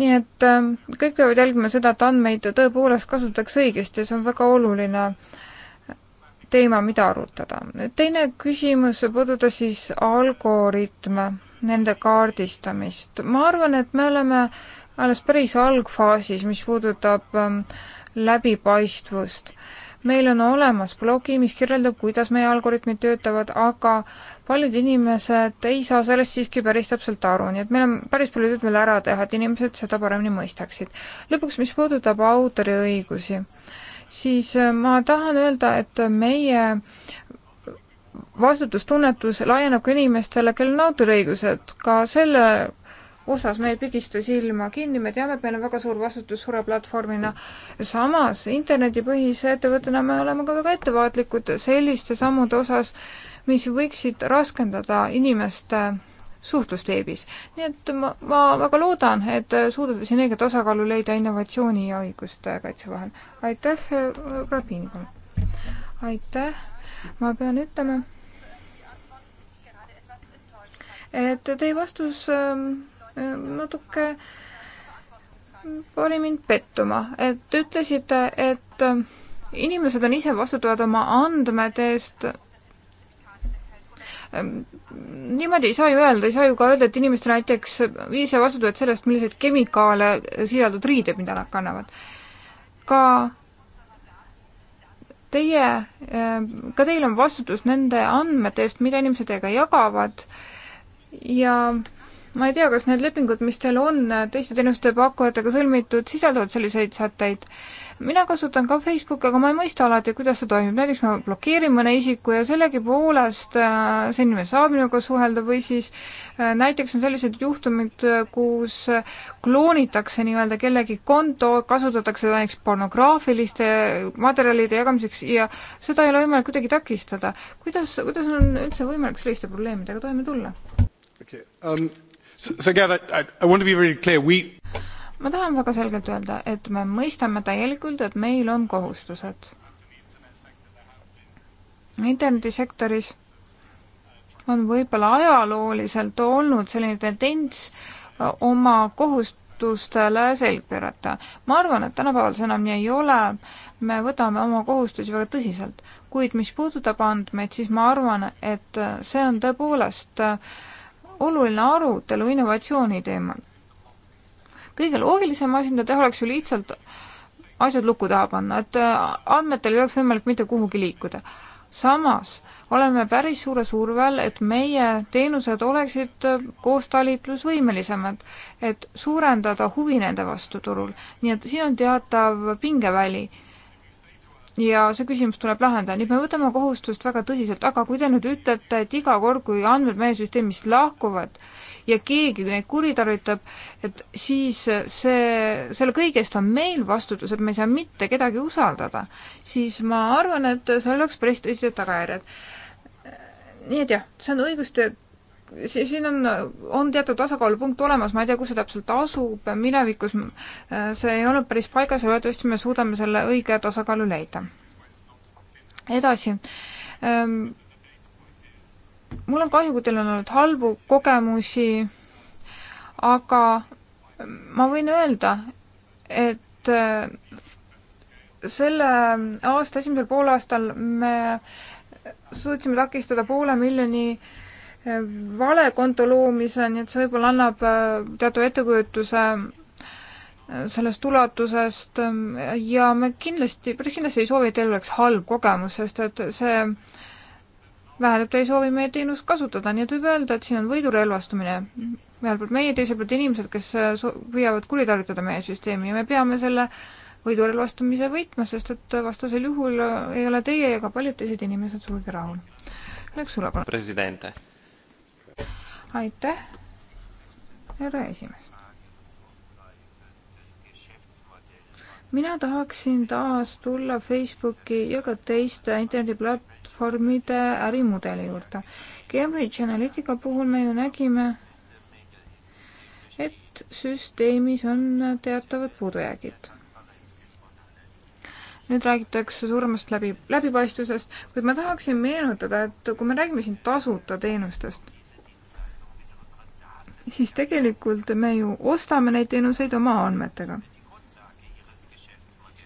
nii et äh, kõik peavad jälgima seda, et andmeid tõepoolest kasutatakse õigesti ja see on väga oluline teema, mida arutada. teine küsimus puudutas siis algoritme, nende kaardistamist. ma arvan, et me oleme äh, alles päris algfaasis, mis puudutab ähm, läbipaistvust. meil on olemas blogi, mis kirjeldab, kuidas meie algoritmid töötavad, aga paljud inimesed ei saa sellest siiski päris täpselt aru, nii et meil on päris palju tööd veel ära teha, et inimesed seda paremini mõistaksid. lõpuks, mis puudutab autoriõigusi, siis äh, ma tahan öelda, et meie vastutustunnetus laieneb ka inimestele, kellel on autoriõigused, ka selle osas me ei pigista silma kinni, me teame, et meil on väga suur vastutus suure platvormina. samas internetipõhise ettevõttena me oleme ka väga ettevaatlikud selliste sammude osas, mis võiksid raskendada inimeste suhtlust veebis. nii et ma, ma väga loodan, et suudate siin õige tasakaalu leida innovatsiooni ja õiguste kaitse vahel. aitäh, Rabin, palun. aitäh, ma pean ütlema, et teie vastus ähm, natuke pani mind pettuma, et ütlesite, et inimesed on ise vastutavad oma andmete eest. niimoodi ei saa ju öelda, ei saa ju ka öelda, et inimesed on näiteks ise vastutavad sellest, milliseid kemikaale sisaldavad riided, mida nad kannavad. ka teie, ka teil on vastutus nende andmete eest, mida inimesed teiega jagavad ja ma ei tea, kas need lepingud, mis teil on äh, teiste teenuste pakkujatega sõlmitud, sisaldavad selliseid sätteid. mina kasutan ka Facebooki, aga ma ei mõista alati, kuidas see toimib, näiteks ma blokeerin mõne isiku ja sellegipoolest äh, see inimene saab minuga suhelda või siis äh, näiteks on sellised juhtumid, kus kloonitakse nii-öelda kellegi konto, kasutatakse näiteks pornograafiliste materjalide jagamiseks ja seda ei ole võimalik kuidagi takistada. kuidas, kuidas on üldse võimalik selliste probleemidega toime tulla? Okay. Um, So again, I, I want to be very clear, we ma tahan väga selgelt öelda, et me mõistame täielikult, et meil on kohustused. internetisektoris on võib-olla ajalooliselt olnud selline tendents äh, oma kohustustele selg pöörata. ma arvan, et tänapäeval see enam nii ei ole, me võtame oma kohustusi väga tõsiselt, kuid mis puudutab andmeid, siis ma arvan, et äh, see on tõepoolest äh, oluline arutelu innovatsiooni teemal. kõige loogilisem asi, mida teha, oleks ju lihtsalt asjad lukku taha panna, et äh, andmetel ei oleks võimalik mitte kuhugi liikuda. samas oleme päris suure surve all, et meie teenused oleksid äh, koostalitlusvõimelisemad, et suurendada huvi nende vastu turul. nii et siin on teatav pingeväli ja see küsimus tuleb lahendada. nüüd me võtame kohustust väga tõsiselt, aga kui te nüüd ütlete, et iga kord, kui andmed meie süsteemist lahkuvad ja keegi neid kuritarvitab, et siis see, selle kõige eest on meil vastutus, et me ei saa mitte kedagi usaldada, siis ma arvan, et seal oleks päris tõsised tagajärjed. nii et jah, see on õiguste siin on, on teatud tasakaalupunkt olemas, ma ei tea, kus see täpselt asub, minevikus äh, see ei olnud päris paigas ja loodetavasti me suudame selle õige tasakaalu leida. edasi ähm,. mul on kahju, kui teil on olnud halbu kogemusi, aga ähm, ma võin öelda, et äh, selle aasta esimesel poolaastal me suutsime takistada poole miljoni äh, valekonto loomise, nii et see võib-olla annab äh, teatud ettekujutuse äh, sellest ulatusest ja me kindlasti, päris kindlasti ei soovi, et teil oleks halb kogemus, sest et see vähendab teie soovi meie teenust kasutada, nii et võib öelda, et siin on võidurelvastumine. ühelt poolt meie, teiselt poolt inimesed, kes äh, püüavad kuritarvitada meie süsteemi ja me peame selle võidurelvastumise võitma, sest et vastasel juhul ei ole teie ega paljud teised inimesed sugugi rahul. Läks sulle palun. president aitäh, härra esimees. mina tahaksin taas tulla Facebooki ja ka teiste internetiplatvormide ärimudeli juurde. Cambridge Analytica puhul me ju nägime, et süsteemis on teatavad puudujäägid. nüüd räägitakse suuremast läbi, läbipaistvusest, kuid ma tahaksin meenutada, et kui me räägime siin tasuta teenustest, siis tegelikult me ju ostame neid teenuseid oma andmetega.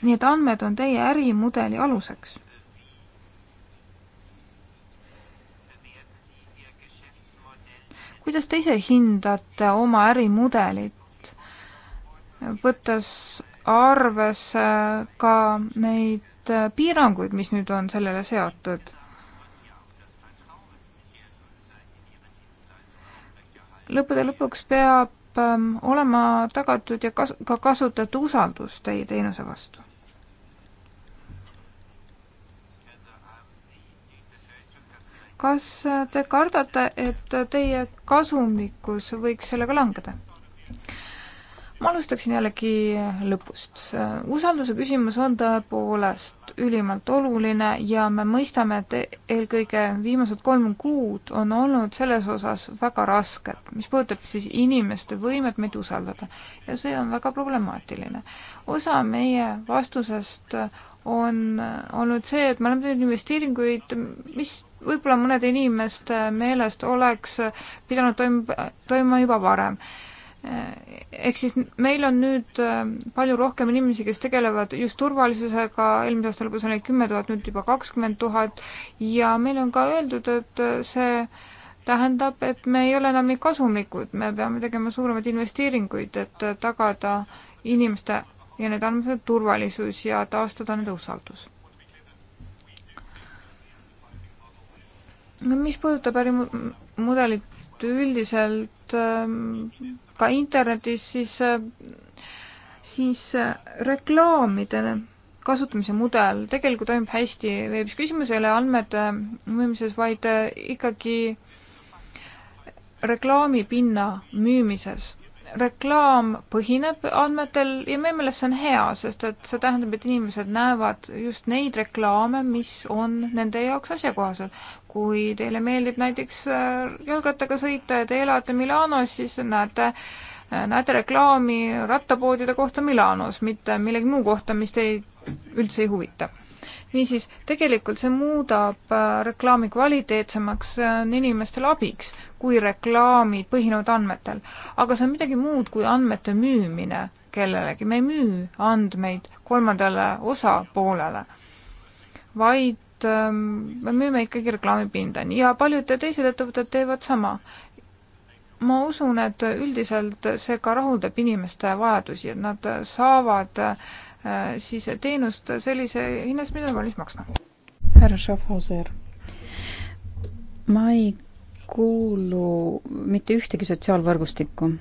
nii et andmed on teie ärimudeli aluseks. kuidas te ise hindate oma ärimudelit, võttes arvesse ka neid piiranguid, mis nüüd on sellele seatud? lõppude lõpuks peab ähm, olema tagatud ja kas-, ka kasutajate usaldus teie teenuse vastu kas te kardate, et teie kasumlikkus võiks sellega langeda? ma alustaksin jällegi lõpust. usalduse küsimus on tõepoolest ülimalt oluline ja me mõistame, et eelkõige viimased kolm kuud on olnud selles osas väga rasked, mis puudutab siis inimeste võimet meid usaldada ja see on väga problemaatiline. osa meie vastusest on olnud see, et me oleme teinud investeeringuid, mis võib-olla mõnede inimeste meelest oleks pidanud toim-, toimuma juba varem ehk siis meil on nüüd äh, palju rohkem inimesi, kes tegelevad just turvalisusega, eelmise aasta lõpus oli kümme tuhat, nüüd juba kakskümmend tuhat ja meil on ka öeldud, et äh, see tähendab, et me ei ole enam nii kasumlikud, me peame tegema suuremaid investeeringuid, et äh, tagada inimeste ja need andmesed turvalisus ja taastada nende usaldus. no mis puudutab ärimudelit üldiselt, ähm, ka internetis, siis, äh, siis äh, reklaamide kasutamise mudel tegelikult toimib hästi veebis. küsimus ei ole andmete äh, müümises, vaid ikkagi reklaamipinna müümises. reklaam põhineb andmetel ja meie meelest see on hea, sest et see tähendab, et inimesed näevad just neid reklaame, mis on nende jaoks asjakohased kui teile meeldib näiteks äh, jalgrattaga sõita ja te elate Milanos, siis näete, äh, näete reklaami rattapoodide kohta Milanos, mitte millegi muu kohta, mis teid üldse ei huvita. niisiis, tegelikult see muudab äh, reklaami kvaliteetsemaks, see on inimestele abiks, kui reklaamid põhinevad andmetel. aga see on midagi muud kui andmete müümine kellelegi, me ei müü andmeid kolmandale osapoolele vaid et ähm, me müüme ikkagi reklaamipinda ja paljud teised ettevõtted teevad sama. ma usun, et üldiselt see ka rahuldab inimeste vajadusi, et nad saavad äh, siis teenust sellise hinnast, mida on valmis maksma. härra Schaffhauser, ma ei kuulu mitte ühtegi sotsiaalvõrgustikku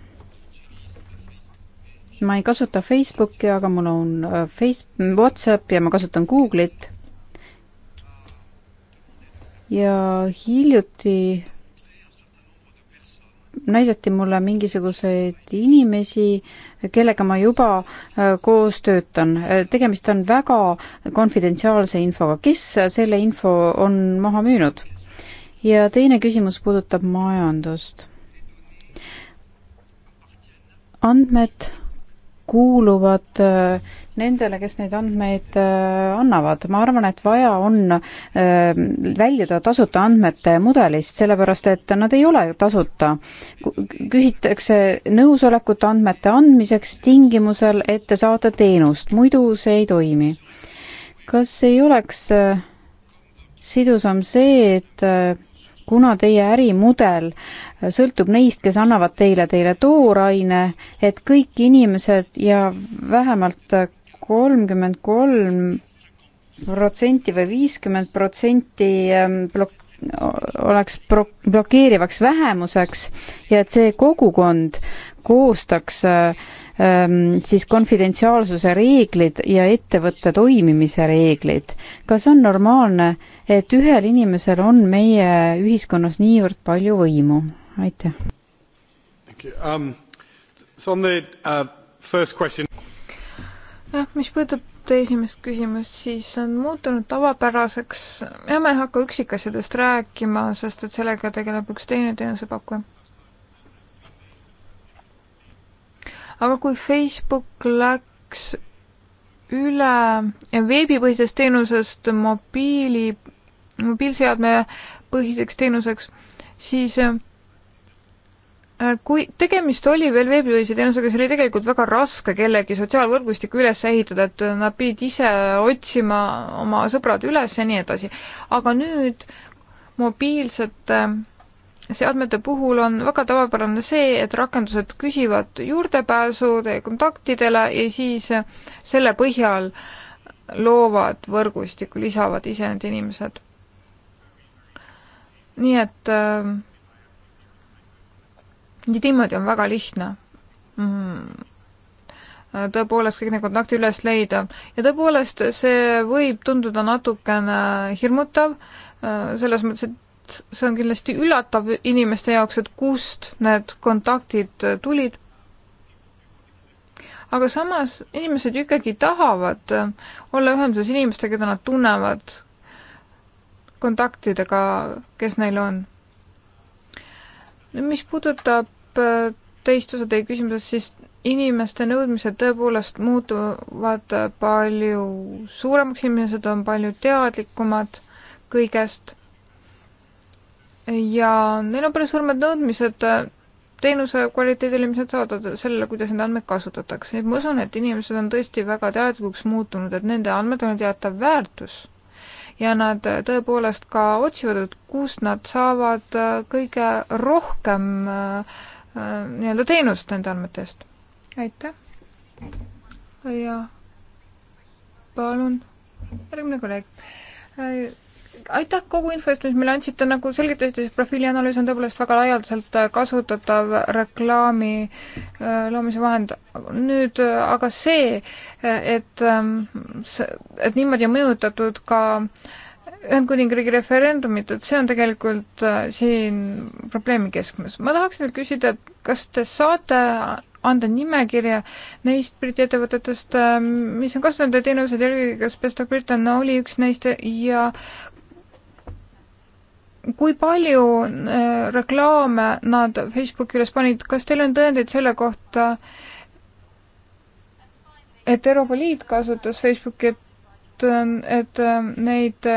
ma ei kasuta Facebooki, aga mul on äh, Face-, Whatsapp ja ma kasutan Google'it ja hiljuti näidati mulle mingisuguseid inimesi, kellega ma juba äh, koos töötan. Äh, tegemist on väga konfidentsiaalse infoga. kes selle info on maha müünud? ja teine küsimus puudutab majandust. andmed kuuluvad äh, nendele, kes neid andmeid äh, annavad. ma arvan, et vaja on äh, väljuda tasuta andmete mudelist, sellepärast et nad ei ole tasuta. küsitakse nõusolekut andmete andmiseks tingimusel, et te saate teenust, muidu see ei toimi. kas ei oleks sidusam see, et kuna teie ärimudel äh, sõltub neist, kes annavad teile, teile tooraine, et kõik inimesed ja vähemalt äh, kolmkümmend kolm protsenti või viiskümmend protsenti ähm, blok-, oleks pro-, blokeerivaks vähemuseks ja et see kogukond koostaks äh, ähm, siis konfidentsiaalsuse reeglid ja ettevõtte toimimise reeglid. kas on normaalne äh, et ühel inimesel on meie ühiskonnas niivõrd palju võimu. aitäh. Um, uh, jah, mis puudutab teie esimest küsimust, siis on muutunud tavapäraseks ja ma ei hakka üksikasjadest rääkima, sest et sellega tegeleb üks teine teenusepakkuja. aga kui Facebook läks üle veebipõhisest teenusest mobiili mobiilseadme põhiseks teenuseks, siis äh, kui tegemist oli veel veebipõhise teenusega, siis oli tegelikult väga raske kellegi sotsiaalvõrgustikku üles ehitada, et nad pidid ise otsima oma sõbrad üles ja nii edasi. aga nüüd mobiilsete äh, seadmete puhul on väga tavapärane see, et rakendused küsivad juurdepääsu teie kontaktidele ja siis äh, selle põhjal loovad võrgustikku, lisavad ise need inimesed nii et äh, niimoodi on väga lihtne mm. tõepoolest kõik need kontakti üles leida ja tõepoolest see võib tunduda natukene hirmutav äh, selles mõttes, et see on kindlasti üllatav inimeste jaoks, et kust need kontaktid tulid. aga samas inimesed ju ikkagi tahavad äh, olla ühenduses inimestega, keda nad tunnevad kontaktidega, kes neil on. mis puudutab äh, teist osa teie küsimusest, siis inimeste nõudmised tõepoolest muutuvad palju suuremaks, inimesed on palju teadlikumad kõigest ja neil on palju suuremad nõudmised äh, teenuse kvaliteedile, mis nad saavad, sellele, kuidas neid andmeid kasutatakse. nii et ma usun, et inimesed on tõesti väga teadlikuks muutunud, et nende andmetel on teatav väärtus ja nad tõepoolest ka otsivad, et kust nad saavad äh, kõige rohkem äh, äh, nii-öelda teenust nende andmetest. aitäh! ja palun, järgmine kolleeg aitäh kogu info eest, mis meile andsite, nagu selgitasite, siis profiilianalüüs on tõepoolest väga laialdaselt äh, kasutatav reklaami äh, loomise vahend. nüüd äh, aga see, et, ähm, et niimoodi on mõjutatud ka Ühendkuningriigi referendumit, et see on tegelikult siin probleemi keskmes. ma tahaksin nüüd küsida, et kas te saate anda nimekirja neist Briti ettevõtetest, mis on kasutanud teie teenuseid, eelkõige kas Best of Britain oli üks neist ja kui palju äh, reklaame nad Facebooki üles panid, kas teil on tõendeid selle kohta, et Euroopa Liit kasutas Facebooki, et, äh, et äh, neid,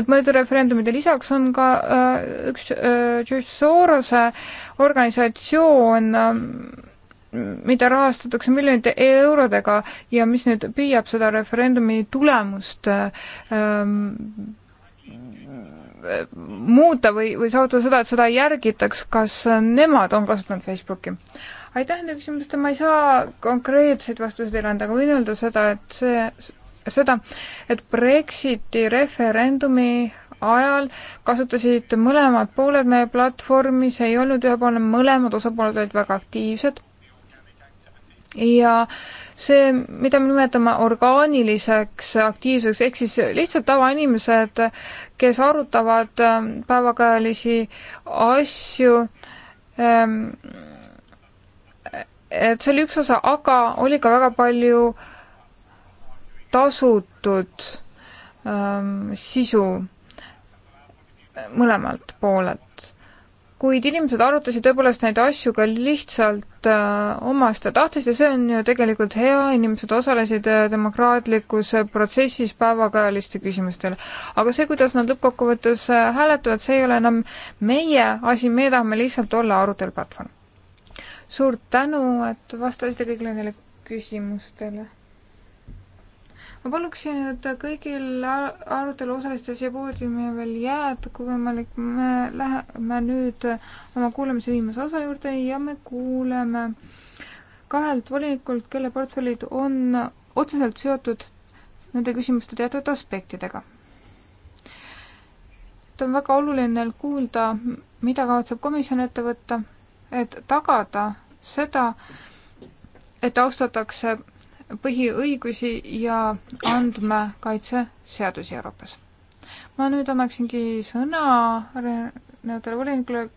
et mõnede referendumide lisaks on ka üks George Sorose organisatsioon, mida rahastatakse miljonite eurodega ja mis nüüd püüab seda referendumi tulemust ähm, muuta või, või saavutada seda, et seda ei järgitaks, kas nemad on kasutanud Facebooki? aitäh nende küsimuste, ma ei saa konkreetseid vastuseid teile anda, aga võin öelda seda, et see, seda, et Brexiti referendumi ajal kasutasid mõlemad pooled meie platvormi, see ei olnud ühepoolne, mõlemad osapooled olid väga aktiivsed ja äh, see, mida me nimetame orgaaniliseks aktiivsuseks, ehk siis lihtsalt tavainimesed, kes arutavad ähm, päevakajalisi asju, ähm, et see oli üks osa, aga oli ka väga palju tasutud ähm, sisu mõlemalt poolelt kuid inimesed arutasid tõepoolest neid asju ka lihtsalt äh, omast tahtest ja see on ju tegelikult hea, inimesed osalesid äh, demokraatlikus äh, protsessis päevakajaliste küsimustele. aga see, kuidas nad lõppkokkuvõttes äh, hääletavad, see ei ole enam meie asi, me tahame lihtsalt olla aruteluplatvorm. suur tänu, et vastasite kõigile neile küsimustele ma paluksin, et kõigil arutelu osalistel siia poodiumi veel jääda, kui võimalik, me läheme nüüd oma kuulamise viimase osa juurde ja me kuuleme kahelt volinikult, kelle portfellid on otseselt seotud nende küsimuste teatud aspektidega. et on väga oluline kuulda, mida kavatseb komisjon ette võtta, et tagada seda, et austatakse põhiõigusi ja andmekaitseseadusi Euroopas. ma nüüd annaksingi sõna Renatele Volinikule,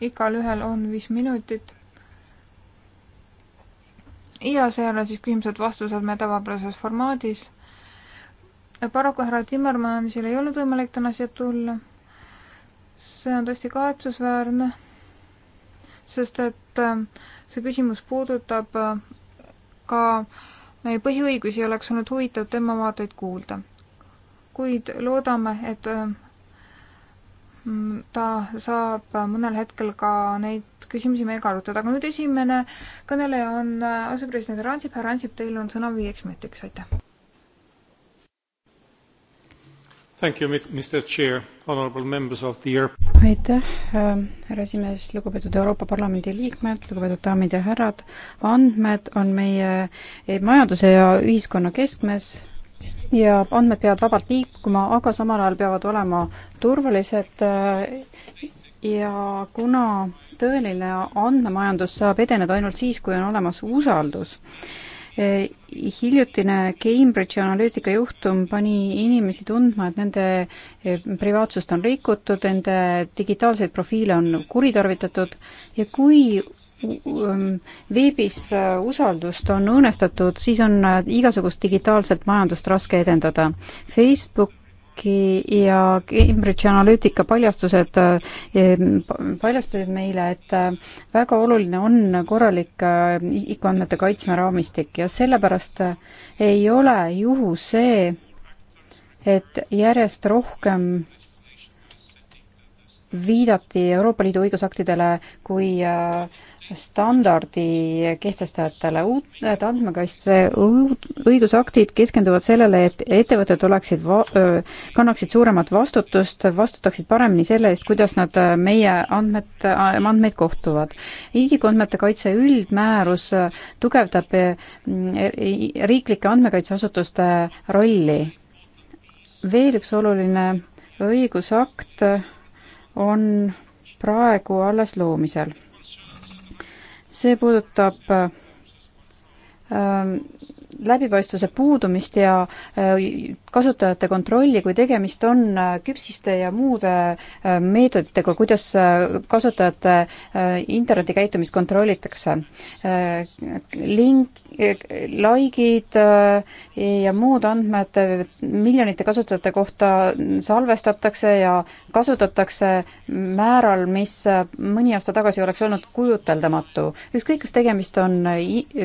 igalühel on viis minutit. ja seejärel siis küsimused-vastused meie tavapärases formaadis. paraku härra Timmermansil ei olnud võimalik täna siia tulla. see on tõesti kahetsusväärne, sest et äh, see küsimus puudutab äh, ka meie põhiõigusi oleks olnud huvitav tema vaateid kuulda. kuid loodame, et mm, ta saab mõnel hetkel ka neid küsimusi meiega arutada, aga nüüd esimene kõneleja on asepresident Ransip, härra Ansip, teil on sõna viieks minutiks, aitäh! You, Chair, aitäh, ähm, härra esimees, lugupeetud Euroopa Parlamendi liikmed, lugupeetud daamid ja härrad, andmed on meie eh, majanduse ja ühiskonna keskmes ja andmed peavad vabalt liikuma, aga samal ajal peavad olema turvalised äh, ja kuna tõeline andmemajandus saab edeneda ainult siis, kui on olemas usaldus, Eh, hiljutine Cambridge'i analüütika juhtum pani inimesi tundma, et nende eh, privaatsust on rikutud, nende digitaalseid profiile on kuritarvitatud ja kui um, veebis äh, usaldust on õõnestatud, siis on äh, igasugust digitaalset majandust raske edendada. Facebook Blacki ja Cambridge Analytica paljastused eh, paljastasid meile, et eh, väga oluline on korralik eh, isikuandmete kaitsmeraamistik ja sellepärast ei ole juhus see, et järjest rohkem viidati Euroopa Liidu õigusaktidele kui äh, standardi kehtestajatele. uued äh, andmekaitse õigusaktid keskenduvad sellele, et ettevõtted oleksid, kannaksid suuremat vastutust, vastutaksid paremini selle eest, kuidas nad äh, meie andmed, äh, andmeid kohtuvad. isikuandmete kaitse üldmäärus tugevdab riiklike andmekaitseasutuste rolli. veel üks oluline õigusakt on praegu alles loomisel see puudutab ähm, läbipaistvuse puudumist ja äh, kasutajate kontrolli, kui tegemist on äh, küpsiste ja muude äh, meetoditega, kuidas kasutajate internetikäitumist kontrollitakse. Link, likeid ja muud andmed miljonite kasutajate kohta salvestatakse ja kasutatakse määral, mis mõni aasta tagasi oleks olnud kujuteldamatu. ükskõik, kas tegemist on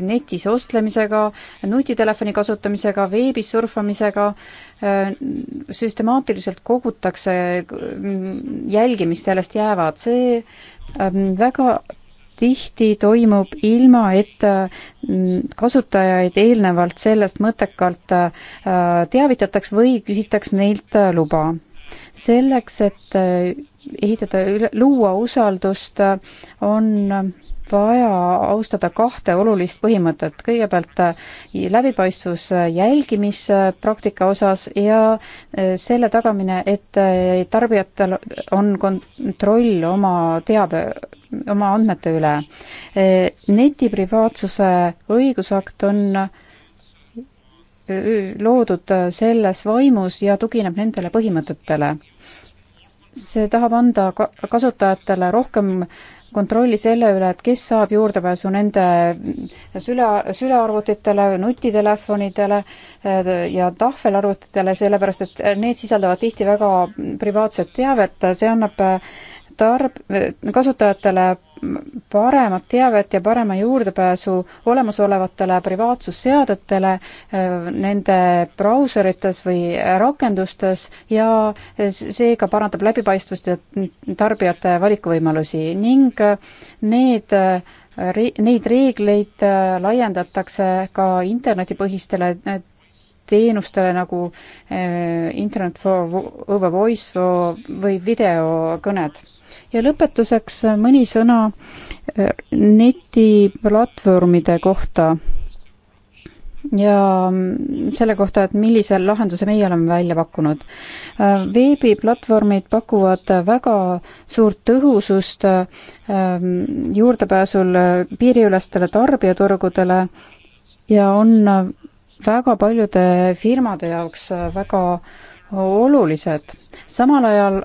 netis ostlemisega, nut-, nutitelefoni kasutamisega, veebis surfamisega, äh, süstemaatiliselt kogutakse äh, jälgi, mis sellest jäävad, see ähm, väga tihti toimub ilma, et äh, kasutajaid eelnevalt sellest mõttekalt teavitataks või küsitaks neilt luba selleks, et äh, ehitada, luua usaldust, äh, on vaja austada kahte olulist põhimõtet. kõigepealt äh, läbipaistvus jälgimispraktika osas ja selle tagamine, et tarbijatel on kontroll oma teabe, oma andmete üle. netiprivaatsuse õigusakt on äh, loodud äh, selles vaimus ja tugineb nendele põhimõtetele. see tahab anda kasutajatele rohkem kontrolli selle üle, et kes saab juurdepääsu nende süle, sülearvutitele, nutitelefonidele äh, ja tahvelarvutitele, sellepärast et need sisaldavad tihti väga privaatset teavet, see annab äh, tarb-, kasutajatele paremat teavet ja parema juurdepääsu olemasolevatele privaatsusseadetele äh, nende brauserites või rakendustes ja seega parandab läbipaistvust ja tarbijate valikuvõimalusi ning äh, need äh, Neid reegleid laiendatakse ka internetipõhistele teenustele nagu eh, Internet for over voice või videokõned. ja lõpetuseks mõni sõna eh, netiplatvormide kohta ja mm, selle kohta, et millise lahenduse meie oleme välja pakkunud. Eh, veebiplatvormid pakuvad väga suurt tõhusust juurdepääsul piiriülestele tarbijaturgudele ja on väga paljude firmade jaoks väga olulised. samal ajal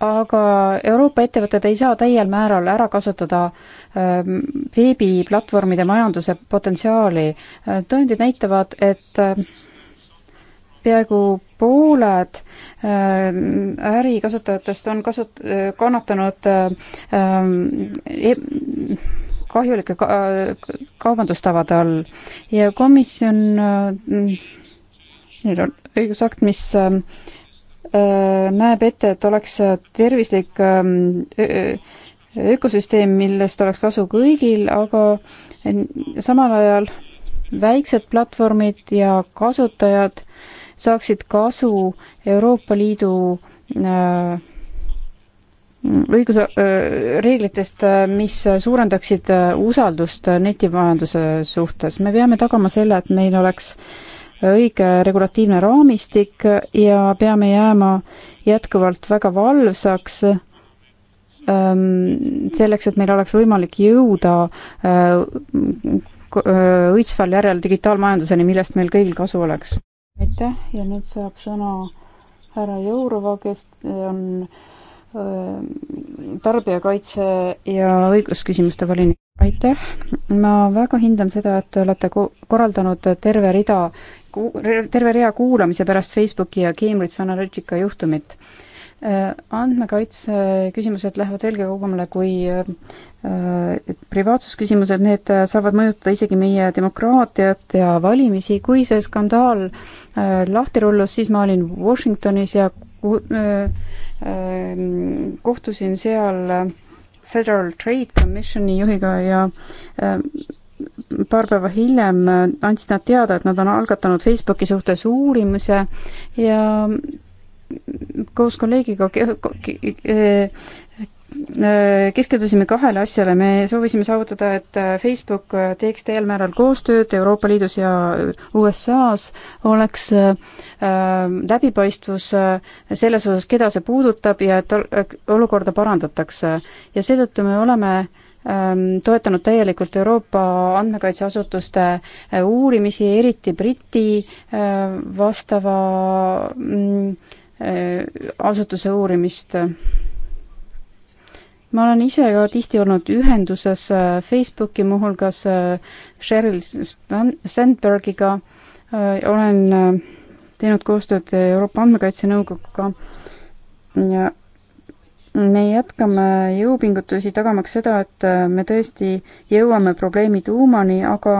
aga Euroopa ettevõtted ei saa täiel määral ära kasutada ähm, veebiplatvormide majanduse potentsiaali. Äh, tõendid näitavad, et ähm, peaaegu pooled äh, ärikasutajatest on kasut-, äh, kannatanud ähm, e-, kahjulike ka kaubandustavade all ja komisjon, äh, neil on õigusakt, mis äh, näeb ette, et oleks tervislik ähm, ökosüsteem, millest oleks kasu kõigil, aga äh, samal ajal väiksed platvormid ja kasutajad saaksid kasu Euroopa Liidu äh, õiguse, reeglitest, mis suurendaksid usaldust äh, netimajanduse suhtes. me peame tagama selle, et meil oleks õige regulatiivne raamistik ja peame jääma jätkuvalt väga valvsaks ähm, selleks, et meil oleks võimalik jõuda äh, äh, õitsval järel digitaalmajanduseni, millest meil kõigil kasu oleks. aitäh ja nüüd saab sõna härra Jourova, kes on äh, tarbijakaitse ja õigusküsimuste volinik, aitäh! ma väga hindan seda, et te olete korraldanud terve rida, terve rea kuulamise pärast Facebooki ja Cambridge Analytica juhtumit. Andmekaitse küsimused lähevad veelgi kaugemale kui privaatsusküsimused, need saavad mõjutada isegi meie demokraatiat ja valimisi, kui see skandaal lahti rullus, siis ma olin Washingtonis ja Ehm, kohtusin seal äh, Federal Trade Commissioni juhiga ja ehm, paar päeva hiljem äh, andsid nad teada, et nad on algatanud Facebooki suhtes uurimise ja mm, koos kolleegiga Äh, keskendusime kahele asjale, me soovisime saavutada, et äh, Facebook äh, teeks täiel määral koostööd Euroopa Liidus ja USA-s, oleks läbipaistvus selles osas, keda see puudutab ja et olukorda parandatakse. ja seetõttu me oleme ähm, toetanud täielikult Euroopa andmekaitseasutuste uurimisi, eriti Briti vastava mm, asutuse uurimist ma olen ise ka tihti olnud ühenduses äh, Facebooki, muuhulgas äh, Sheryl Sandbergiga, äh, olen teinud koostööd Euroopa Andmekaitse Nõukoguga ja me jätkame jõupingutusi, tagamaks seda, et me tõesti jõuame probleemi tuumani, aga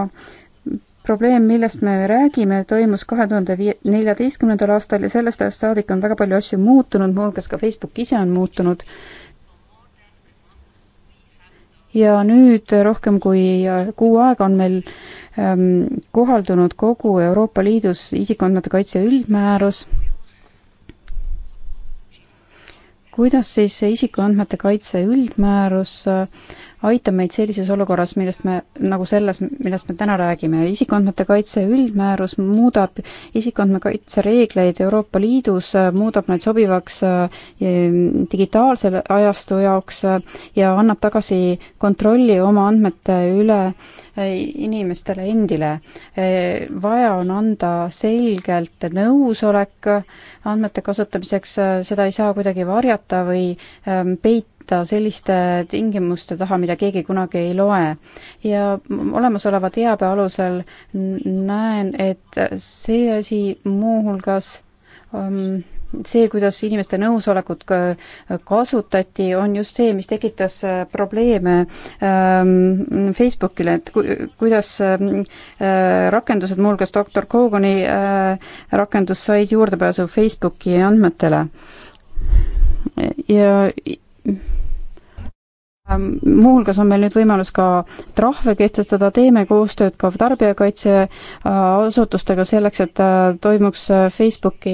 probleem, millest me räägime, toimus kahe tuhande viie, neljateistkümnendal aastal ja sellest ajast saadik on väga palju asju muutunud, muuhulgas ka Facebook ise on muutunud ja nüüd rohkem kui kuu aega on meil ähm, kohaldunud kogu Euroopa Liidus isikuandmete kaitse üldmäärus. kuidas siis see isikuandmete kaitse üldmäärus äh, aitab meid sellises olukorras, millest me, nagu selles, millest me täna räägime. isikuandmete kaitse üldmäärus muudab isikuandmekaitse reegleid Euroopa Liidus, muudab neid sobivaks äh, digitaalse ajastu jaoks äh, ja annab tagasi kontrolli oma andmete üle äh, inimestele endile. vaja on anda selgelt nõusolek andmete kasutamiseks, seda ei saa kuidagi varjata või ähm, peita jätta selliste tingimuste taha, mida keegi kunagi ei loe. ja olemasoleva teabe alusel näen, et see asi muuhulgas um, see, kuidas inimeste nõusolekut äh, kasutati, on just see, mis tekitas äh, probleeme ähm, Facebookile, et ku, kuidas ähm, äh, rakendused, muuhulgas doktor Kogani äh, rakendus, said juurdepääsu Facebooki andmetele. ja Ehm, muuhulgas on meil nüüd võimalus ka trahve kehtestada, teeme koostööd ka tarbijakaitseasutustega äh, selleks, et äh, toimuks äh, Facebooki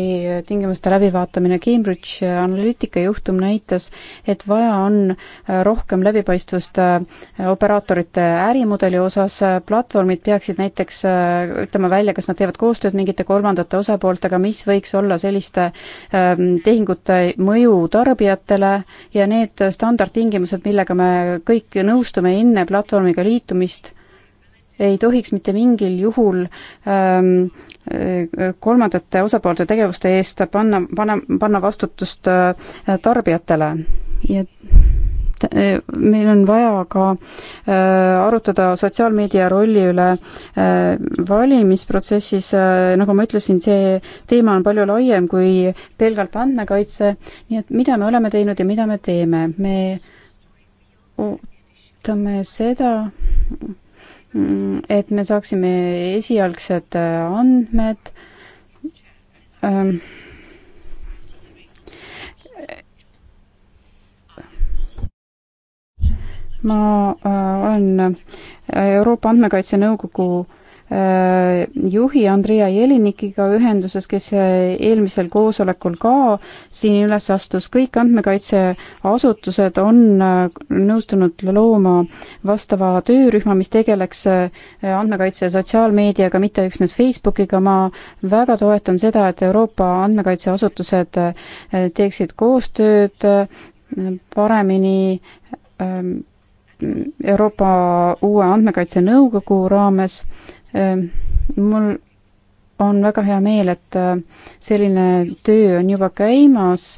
tingimuste läbivaatamine. Cambridge Analytica juhtum näitas, et vaja on rohkem läbipaistvust operaatorite ärimudeli osas, platvormid peaksid näiteks ütlema välja, kas nad teevad koostööd mingite kolmandate osapooltega, mis võiks olla selliste ähm, tehingute mõju tarbijatele ja need standardtingimused, millega me me kõik nõustume enne platvormiga liitumist, ei tohiks mitte mingil juhul ähm, äh, kolmandate osapoolte tegevuste eest panna, panna, panna vastutust äh, tarbijatele. ja äh, meil on vaja ka äh, arutada sotsiaalmeedia rolli üle äh, valimisprotsessis äh,, nagu ma ütlesin, see teema on palju laiem kui pelgalt andmekaitse, nii et mida me oleme teinud ja mida me teeme, me ootame seda, et me saaksime esialgsed andmed ähm, ma äh, olen Euroopa Andmekaitse Nõukogu äh, Äh, juhi Andrea Jelinikiga ühenduses, kes äh, eelmisel koosolekul ka siin üles astus, kõik andmekaitseasutused on äh, nõustunud looma vastava töörühma, mis tegeleks andmekaitse ja sotsiaalmeediaga, mitte üksnes Facebookiga, ma väga toetan seda, et Euroopa andmekaitseasutused teeksid koostööd paremini ähm, Euroopa uue andmekaitse nõukogu raames. Ehm, mul on väga hea meel, et äh, selline töö on juba käimas.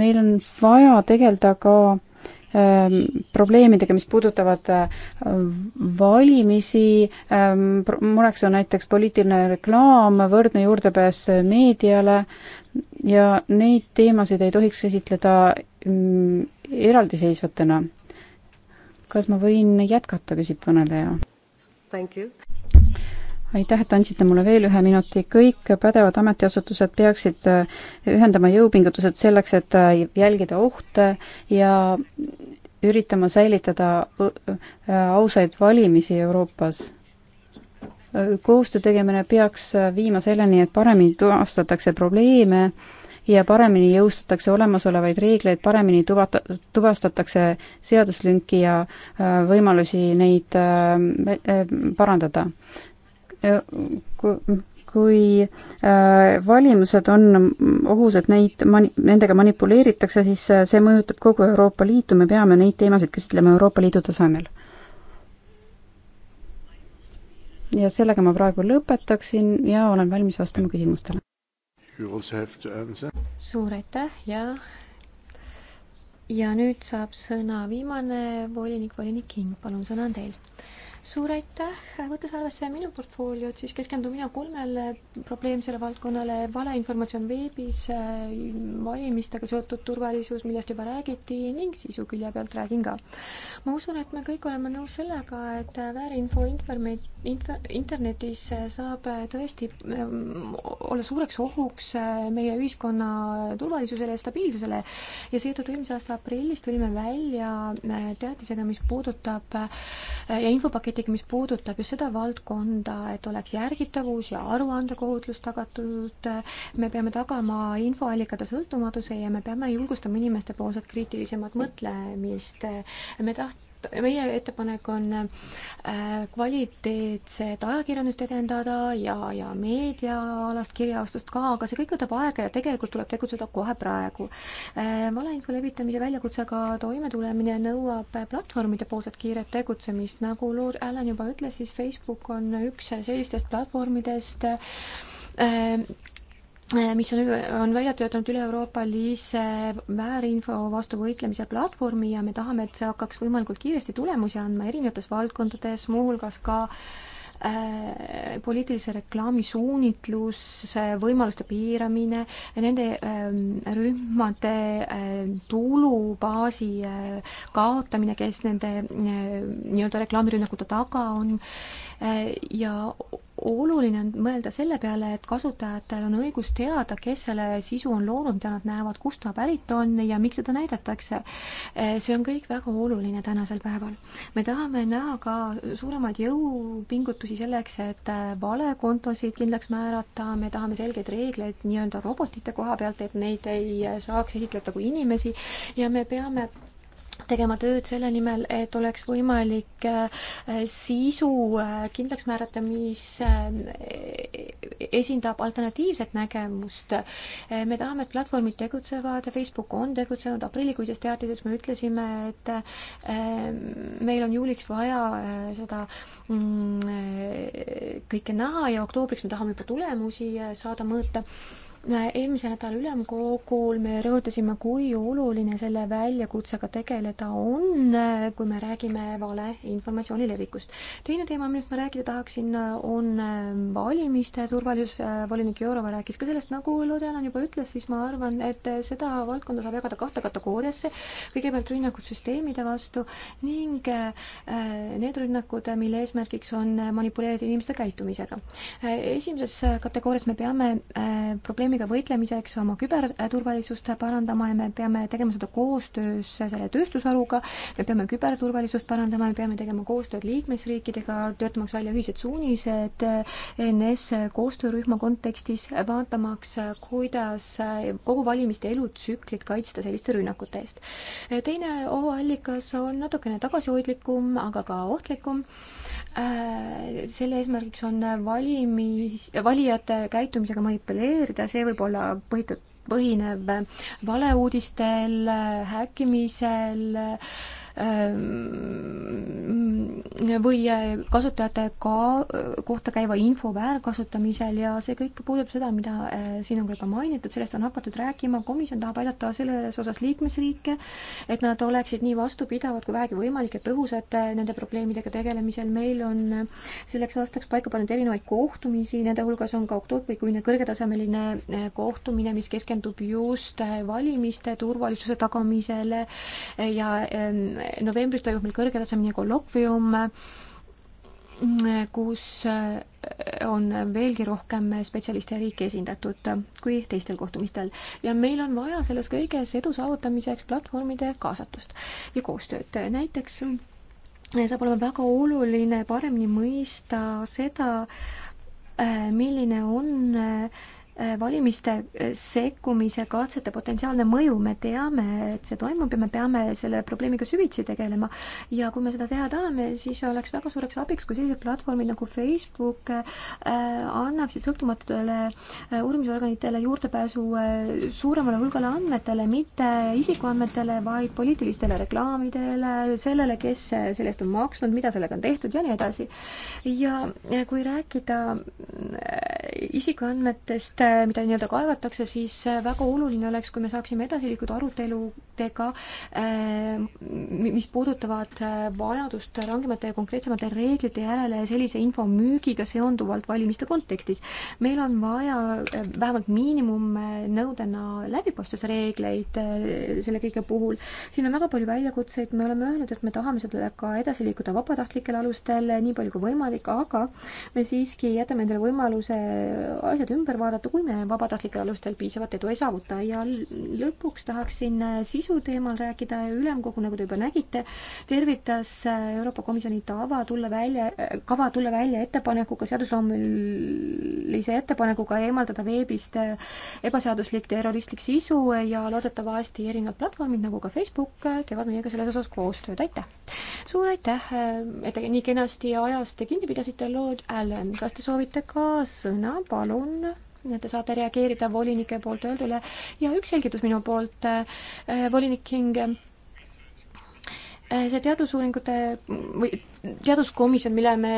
meil on vaja tegeleda ka ehm, probleemidega, mis puudutavad äh, valimisi, ehm, mureks on näiteks poliitiline reklaam, võrdne juurdepääs meediale ja neid teemasid ei tohiks käsitleda mm, eraldiseisvatena kas ma võin jätkata, küsib kõneleja. aitäh, et andsite mulle veel ühe minuti. kõik pädevad ametiasutused peaksid äh, ühendama jõupingutused selleks, et äh, jälgida ohte ja üritama säilitada äh, ausaid valimisi Euroopas koostöö tegemine peaks viima selleni, et paremini tuvastatakse probleeme ja paremini jõustatakse olemasolevaid reegleid, paremini tuvata-, tuvastatakse seaduslünki ja äh, võimalusi neid äh, äh, parandada. kui valimused on ohus, et neid mani-, nendega manipuleeritakse, siis see mõjutab kogu Euroopa Liitu, me peame neid teemasid käsitlema Euroopa Liidu tasemel ja sellega ma praegu lõpetaksin ja olen valmis vastama küsimustele suur aitäh ja ja nüüd saab sõna viimane volinik, volinik King, palun, sõna on teil suur aitäh, võttes arvesse minu portfooliot, siis keskendun mina kolmele probleemsele valdkonnale, valeinformatsioon veebis, valimistega seotud turvalisus, millest juba räägiti, ning sisu külje pealt räägin ka. ma usun, et me kõik oleme nõus sellega, et väärinfo informeet-, inf-, internetis saab tõesti ähm, olla suureks ohuks meie ühiskonna turvalisusele ja stabiilsusele ja seetõttu eelmise aasta aprillis tulime välja äh, teatisega, mis puudutab äh, ja infopaketi poliitika, mis puudutab just seda valdkonda, et oleks järgitavus ja aruandekohutlus tagatud, me peame tagama infoallikate sõltumatuse ja me peame julgustama inimeste poolset kriitilisemat mõtlemist. me taht-, et meie ettepanek on äh, kvaliteetset ajakirjandust edendada ja, ja meediaalast kirjaostust ka, aga see kõik võtab aega ja tegelikult tuleb tegutseda kohe praegu. Äh, valeinfo levitamise väljakutsega toimetulemine nõuab platvormide poolset kiiret tegutsemist, nagu Lord Allan juba ütles, siis Facebook on üks sellistest platvormidest, äh, Eh, mis on, on välja töötanud üle-euroopalise väärinfo vastu võitlemise platvormi ja me tahame, et see hakkaks võimalikult kiiresti tulemusi andma erinevates valdkondades, muuhulgas ka äh, poliitilise reklaami suunitlus äh,, võimaluste piiramine, nende äh, rühmade tulubaasi kaotamine, kes nende nii-öelda reklaamirünnakute taga on ja oluline on mõelda selle peale, et kasutajatel on õigus teada, kes selle sisu on loonud, mida nad näevad, kust ta pärit on ja miks seda näidatakse. see on kõik väga oluline tänasel päeval. me tahame näha ka suuremaid jõupingutusi selleks, et valekontosid kindlaks määrata, me tahame selgeid reegleid nii-öelda robotite koha pealt, et neid ei saaks esitleda kui inimesi ja me peame tegema tööd selle nimel, et oleks võimalik äh, sisu äh, kindlaks määrata, mis äh, esindab alternatiivset nägemust. me tahame, et platvormid tegutsevad, Facebook on tegutsenud, aprillikuises teatises me ütlesime, et meil on juuliks vaja seda mm, kõike näha ja oktoobriks me tahame juba tulemusi saada mõõta eelmise nädala ülemkogul me rõhutasime, kui oluline selle väljakutsega tegeleda on, kui me räägime valeinformatsiooni levikust. teine teema, millest ma rääkida tahaksin, on valimiste turvalisus. volinik Jourova rääkis ka sellest, nagu Lodjan juba ütles, siis ma arvan, et seda valdkonda saab jagada kahte kategooriasse. kõigepealt rünnakud süsteemide vastu ning äh, need rünnakud, mille eesmärgiks on manipuleerida inimeste käitumisega. Äh, esimeses kategoorias me peame äh, probleemi probleemiga võitlemiseks oma küberturvalisust parandama ja me peame tegema seda koostöös selle tööstusharuga, me peame küberturvalisust parandama, me peame tegema koostööd liikmesriikidega, töötamaks välja ühised suunised ENS koostöörühma kontekstis, vaatamaks, kuidas kogu valimiste elutsüklit kaitsta selliste rünnakute eest. teine hooallikas on natukene tagasihoidlikum, aga ka ohtlikum Äh, selle eesmärgiks on valimis, valijate käitumisega manipuleerida, see võib olla põhitud, põhineb valeuudistel, häkkimisel äh,, Ehm, või äh, kasutajate ka kohta käiva info väärkasutamisel ja see kõik puudutab seda, mida äh, siin on ka juba mainitud, sellest on hakatud rääkima, komisjon tahab aidata selles osas liikmesriike, et nad oleksid nii vastupidavad kui vähegi võimalik ja tõhusad äh, nende probleemidega tegelemisel, meil on selleks aastaks paika pannud erinevaid kohtumisi, nende hulgas on ka oktoobrikuine kõrgetasemeline kohtumine, mis keskendub just valimiste turvalisuse tagamisele ja ehm, novembris toimub meil kõrgetasemeline kolokvium, kus on veelgi rohkem spetsialiste ja riiki esindatud kui teistel kohtumistel. ja meil on vaja selles kõiges edu saavutamiseks platvormide kaasatust ja koostööd. näiteks saab olema väga oluline paremini mõista seda, milline on Äh, valimiste äh, sekkumise katsete potentsiaalne mõju, me teame, et see toimub ja me peame selle probleemiga süvitsi tegelema. ja kui me seda teha tahame, siis oleks väga suureks abiks, kui sellised platvormid nagu Facebook äh, annaksid sõltumatutele äh, uurimisorganitele juurdepääsu äh, suuremale hulgale andmetele, mitte isikuandmetele, vaid poliitilistele reklaamidele, sellele, kes äh, selle eest on maksnud, mida sellega on tehtud ja nii edasi. ja kui rääkida isikuandmetest, mida nii-öelda kaevatakse, siis äh, väga oluline oleks, kui me saaksime edasi liikuda aruteludega, äh, mis puudutavad äh, vajadust rangemate ja konkreetsemate reeglite järele sellise info müügiga seonduvalt valimiste kontekstis. meil on vaja vähemalt miinimumnõudena läbipaistvusreegleid selle kõige puhul. siin on väga palju väljakutseid, me oleme öelnud, et me tahame sellega edasi liikuda vabatahtlikel alustel, nii palju kui võimalik, aga me siiski jätame endale võimaluse asjad ümber vaadata, kui me vabatahtlikel alustel piisavat edu ei saavuta ja lõpuks tahaksin äh, sisu teemal rääkida ja ülemkogu, nagu te juba nägite, tervitas äh, Euroopa Komisjoni tava tulla välja, äh, kava tulla välja ettepanekuga, seadusloomulise ettepanekuga eemaldada veebist ebaseaduslik terroristlik sisu ja loodetavasti erinevad platvormid nagu ka Facebook teevad meiega selles osas koostööd, aitäh! suur aitäh, et te nii kenasti ajast kinni pidasite, Lord Allan, kas te soovite ka sõna, palun? te saate reageerida volinike poolt öeldule ja üks selgitus minu poolt, eh, volinik King eh, see teadusuuringute või teaduskomisjon, mille me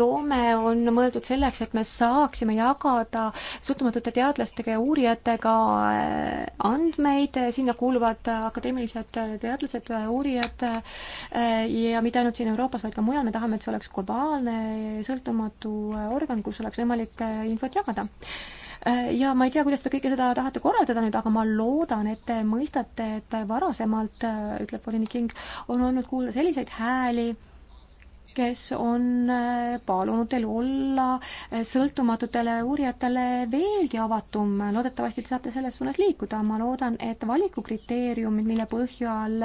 loome, on mõeldud selleks, et me saaksime jagada sõltumatute teadlastega ja uurijatega eh, andmeid, sinna kuuluvad akadeemilised teadlased, uurijad ja mitte ainult siin Euroopas, vaid ka mujal, me tahame, et see oleks globaalne sõltumatu organ, kus oleks võimalik infot jagada Äh, ja ma ei tea, kuidas te kõike seda tahate korraldada nüüd, aga ma loodan, et te mõistate, et varasemalt, äh, ütleb volinik King, on olnud kuulda selliseid hääli, kes on äh, palunud teil olla sõltumatutele uurijatele veelgi avatum. loodetavasti te saate selles suunas liikuda. ma loodan, et valikukriteeriumid, mille põhjal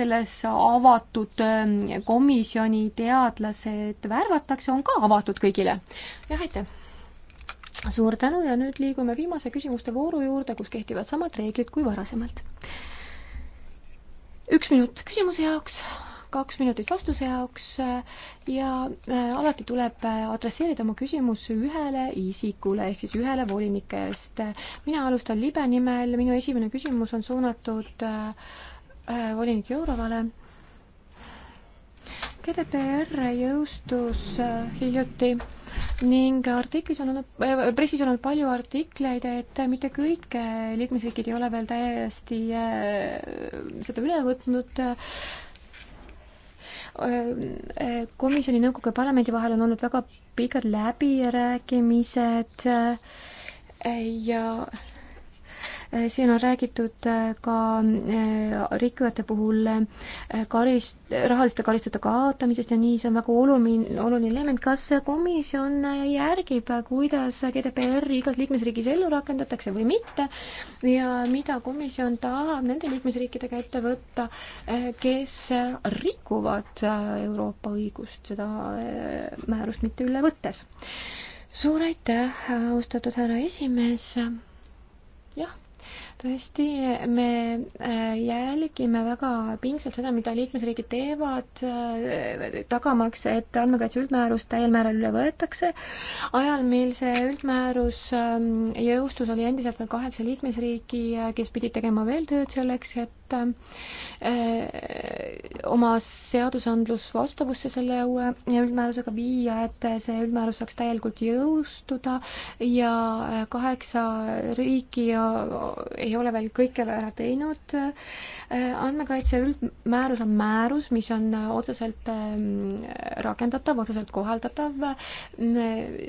selles avatud ähm, komisjoni teadlased värvatakse, on ka avatud kõigile. jah, aitäh! suur tänu ja nüüd liigume viimase küsimuste vooru juurde, kus kehtivad samad reeglid kui varasemalt. üks minut küsimuse jaoks, kaks minutit vastuse jaoks äh, ja äh, alati tuleb äh, adresseerida oma küsimus ühele isikule ehk siis ühele volinikest. mina alustan libe nimel, minu esimene küsimus on suunatud volinik Jourovale GDPR jõustus hiljuti ning artiklis on olnud äh,, pressis on olnud palju artikleid, et mitte kõik liikmesriigid ei ole veel täiesti äh, seda üle võtnud äh, äh,. komisjoni, nõukogu ja parlamendi vahel on olnud väga pikad läbirääkimised äh, ja äh, Eh, siin on räägitud eh, ka eh, rikkujate puhul karist-, rahaliste karistute kaotamisest ja nii, see on väga oluline, oluline element. kas komisjon järgib, kuidas GDPR-i igas liikmesriigis ellu rakendatakse või mitte ja mida komisjon tahab nende liikmesriikidega ette võtta, kes rikuvad Euroopa õigust seda määrust mitte üle võttes? suur aitäh, austatud härra esimees. jah tõesti, me äh, jälgime väga pingsalt seda, mida liikmesriigid teevad, äh, tagamaks, et andmekaitse üldmäärus täiel määral üle võetakse. ajal, mil see üldmäärus ähm, jõustus, oli endiselt veel kaheksa liikmesriiki, äh, kes pidid tegema veel tööd selleks, et et äh, oma seadusandlus vastavusse selle uue üldmäärusega viia, et see üldmäärus saaks täielikult jõustuda ja äh, kaheksa riiki äh, ei ole veel kõike ära teinud. andmekaitse üldmäärus on määrus, mis on otseselt ähm, rakendatav, otseselt kohaldatav.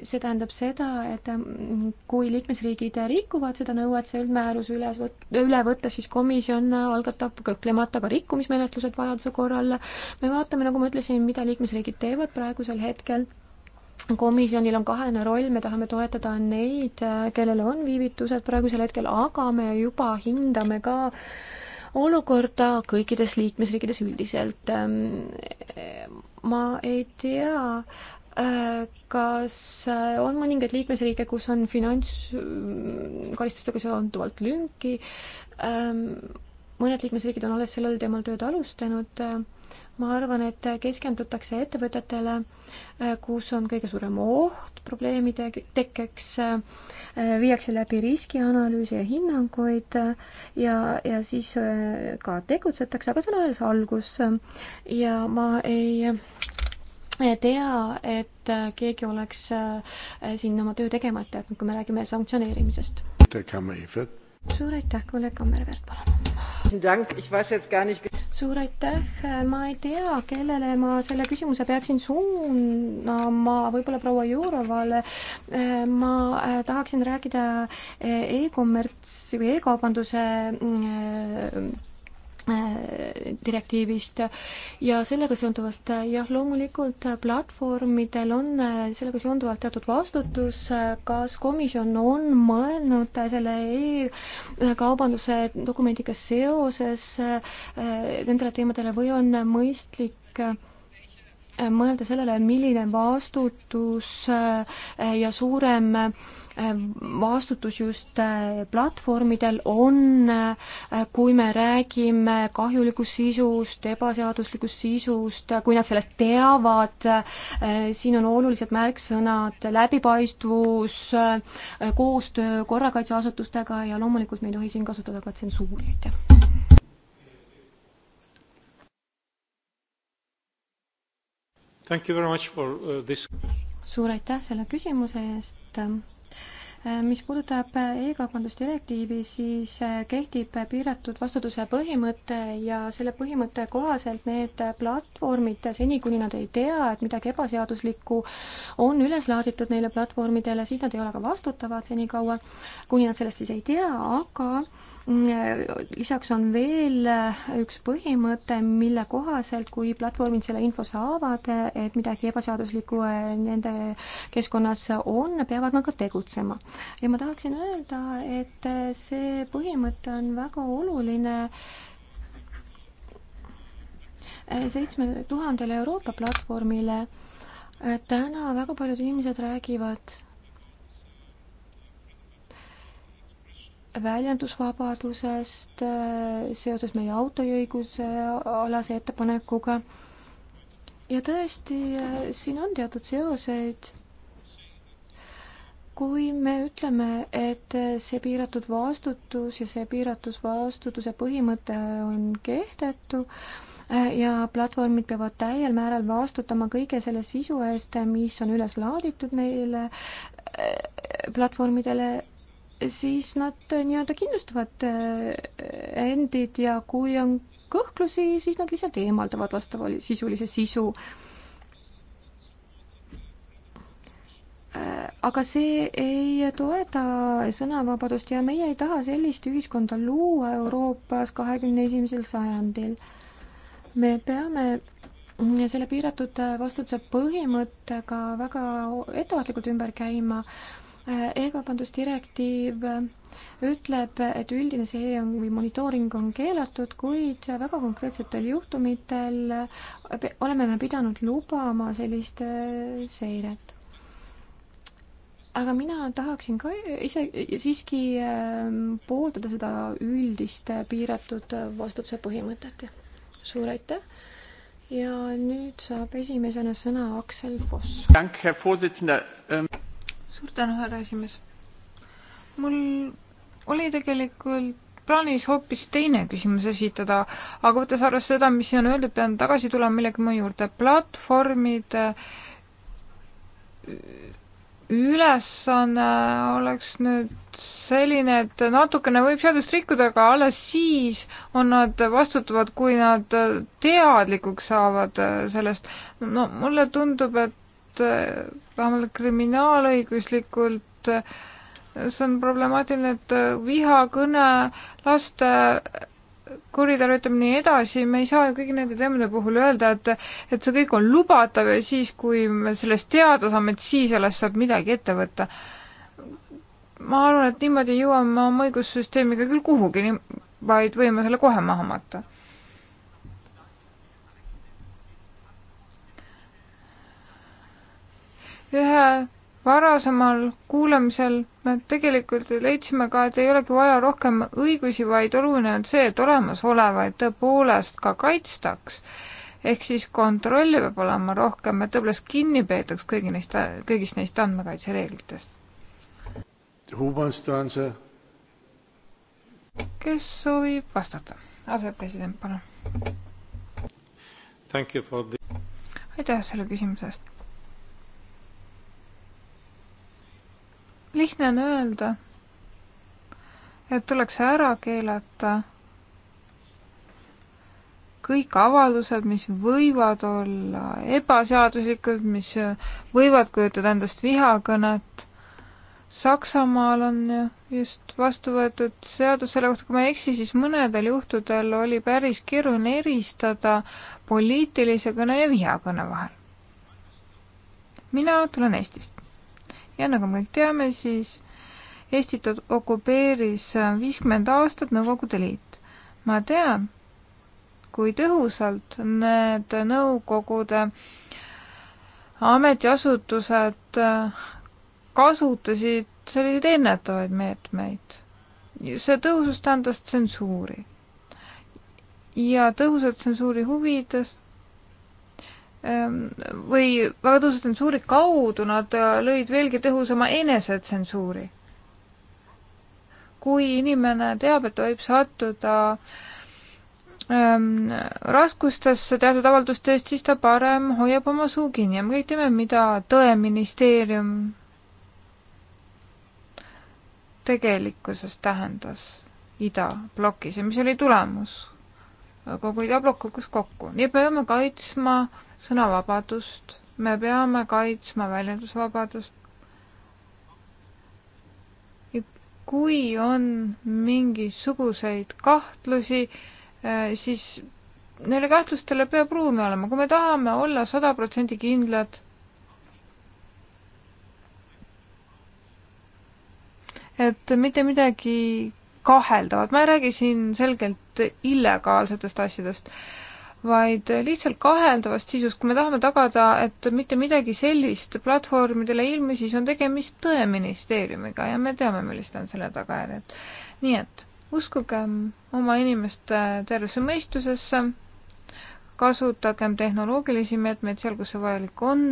see tähendab seda, et ähm, kui liikmesriigid rikuvad seda nõuet, see üldmäärus üles võt-, üle võtta, siis komisjon algatab algatab, kõhklemata ka rikkumismenetlused vajaduse korral. me vaatame, nagu ma ütlesin, mida liikmesriigid teevad praegusel hetkel komisjonil on kahene roll, me tahame toetada neid, kellel on viivitused praegusel hetkel, aga me juba hindame ka olukorda kõikides liikmesriikides üldiselt. ma ei tea, kas on mõningaid liikmesriike, kus on finantskaristustega seonduvalt lünki ähm,? mõned liikmesriigid on alles sellel teemal tööd alustanud. ma arvan, et keskendutakse ettevõtetele, kus on kõige suurem oht probleemide tekkeks, viiakse läbi riskianalüüse ja hinnanguid ja, ja siis äh, ka tegutsetakse, aga see on alles algus ja ma ei tea, et keegi oleks äh, siin oma töö tegemata jätnud, kui me räägime sanktsioneerimisest. tegema ei võta suur aitäh, kolleeg Kammerväärt, palun! suur aitäh, ma ei tea, kellele ma selle küsimuse peaksin suunama, võib-olla proua Jurovale. ma äh, tahaksin rääkida äh, e-kommertsi või e-kaubanduse mm, äh, direktiivist ja sellega seonduvast jah, loomulikult platvormidel on äh, sellega seonduvalt teatud vastutus, kas komisjon on mõelnud selle e-kaubanduse dokumendiga seoses äh, nendele teemadele või on mõistlik äh, Äh, mõelda sellele, milline vastutus äh, ja suurem äh, vastutus just platvormidel on, kui me räägime kahjulikust sisust, ebaseaduslikust sisust, kui nad sellest teavad, siin on olulised märksõnad läbipaistvus, koostöö korrakaitseasutustega ja loomulikult me ei tohi siin kasutada ka tsensuuri, aitäh. Uh, suur aitäh selle küsimuse eest. Äh, mis puudutab äh, e-kaubandusdirektiivi, siis äh, kehtib piiratud vastutuse põhimõte ja selle põhimõtte kohaselt need platvormid seni, kuni nad ei tea, et midagi ebaseaduslikku on üles laaditud neile platvormidele, siis nad ei ole ka vastutavad senikaua, kuni nad sellest siis ei tea, aga lisaks on veel üks põhimõte, mille kohaselt, kui platvormid selle info saavad, et midagi ebaseaduslikku eh, nende keskkonnas on, peavad nad ka tegutsema. ja ma tahaksin öelda, et see põhimõte on väga oluline eh, seitsmele tuhandele Euroopa platvormile. täna väga paljud inimesed räägivad väljendusvabadusest äh, seoses meie autojuhiguse alase ettepanekuga. ja tõesti, äh, siin on teatud seoseid. kui me ütleme, et äh, see piiratud vastutus ja see piiratud vastutuse põhimõte on kehtetu, ja platvormid peavad täiel määral vastutama kõige selle sisu eest, mis on üles laaditud neile platvormidele, siis nad nii-öelda kindlustavad äh, endid ja kui on kõhklusi, siis nad lihtsalt eemaldavad vastava sisulise sisu. Äh, aga see ei toeta sõnavabadust ja meie ei taha sellist ühiskonda luua Euroopas kahekümne esimesel sajandil. me peame Ja selle piiratud äh, vastutuse põhimõttega väga ettevaatlikult ümber käima Äh, e-kaubandusdirektiiv äh, ütleb, et üldine seire või monitooring on keelatud, kuid väga konkreetsetel juhtumitel äh, oleme me pidanud lubama sellist seiret. aga mina tahaksin ka ise siiski pooldada seda üldist piiratud vastutuse põhimõtet. suur aitäh! ja nüüd saab esimesena sõna Aksel Voss suur tänu, härra esimees. mul oli tegelikult plaanis hoopis teine küsimus esitada, aga võttes arvesse seda, mis siin on öeldud, pean tagasi tulema millegi muu juurde. platvormide ülesanne oleks nüüd selline, et natukene võib seadust rikkuda, aga alles siis on nad vastutavad, kui nad teadlikuks saavad sellest. no mulle tundub, et vähemalt kriminaalõiguslikult see on problemaatiline, et vihakõne, laste kuritarvitamine ja nii edasi, me ei saa ju kõigi nende teemade puhul öelda, et et see kõik on lubatav ja siis, kui me sellest teada saame, et siis alles saab midagi ette võtta. ma arvan, et niimoodi jõuame oma õigussüsteemiga küll kuhugi, vaid võime selle kohe maha matta ühel varasemal kuulamisel me tegelikult leidsime ka, et ei olegi vaja rohkem õigusi, vaid oluline on see, et olemasolevaid tõepoolest ka kaitstaks. ehk siis kontrolli peab olema rohkem, et tõepoolest kinni peetaks kõigi neist, kõigist neist andmekaitsereeglitest. kes soovib vastata? asepresident, palun. aitäh selle küsimuse eest lihtne on öelda, et tuleks ära keelata kõik avaldused, mis võivad olla ebaseaduslikud, mis võivad kujutada endast vihakõnet. Saksamaal on just vastu võetud seadus selle kohta, kui ma ei eksi, siis mõnedel juhtudel oli päris keeruline eristada poliitilise kõne ja vihakõne vahel. mina tulen Eestist ja nagu me kõik teame, siis Eestit okupeeris viiskümmend aastat Nõukogude Liit. ma tean, kui tõhusalt need Nõukogude ametiasutused kasutasid selliseid ennetavaid meetmeid. see tõhusus tähendas tsensuuri. ja tõhusa tsensuuri huvides Ehm, või väga tõusnud tsensuuri kaudu nad äh, lõid veelgi tõhusama enesetsensuuri. kui inimene teab, et ta võib sattuda ähm, raskustesse teatud avalduste eest, siis ta parem hoiab oma suu kinni ja me kõik teame, mida Tõeministeerium tegelikkuses tähendas idablokis ja mis oli tulemus kogu idablokk kukkus kokku. nii et me peame kaitsma äh, sõnavabadust, me peame kaitsma väljendusvabadust. kui on mingisuguseid kahtlusi, eh, siis neile kahtlustele peab ruumi olema, kui me tahame olla sada protsenti kindlad, et mitte midagi kaheldavad, ma ei räägi siin selgelt illegaalsetest asjadest äh,, vaid lihtsalt kaheldavast sisust. kui me tahame tagada, et mitte midagi sellist platvormidele ei ilmu, siis on tegemist tõeministeeriumiga ja me teame, millised on selle tagajärjed. nii et uskugem oma inimeste tervise mõistusesse, kasutagem tehnoloogilisi meetmeid seal, kus see vajalik on,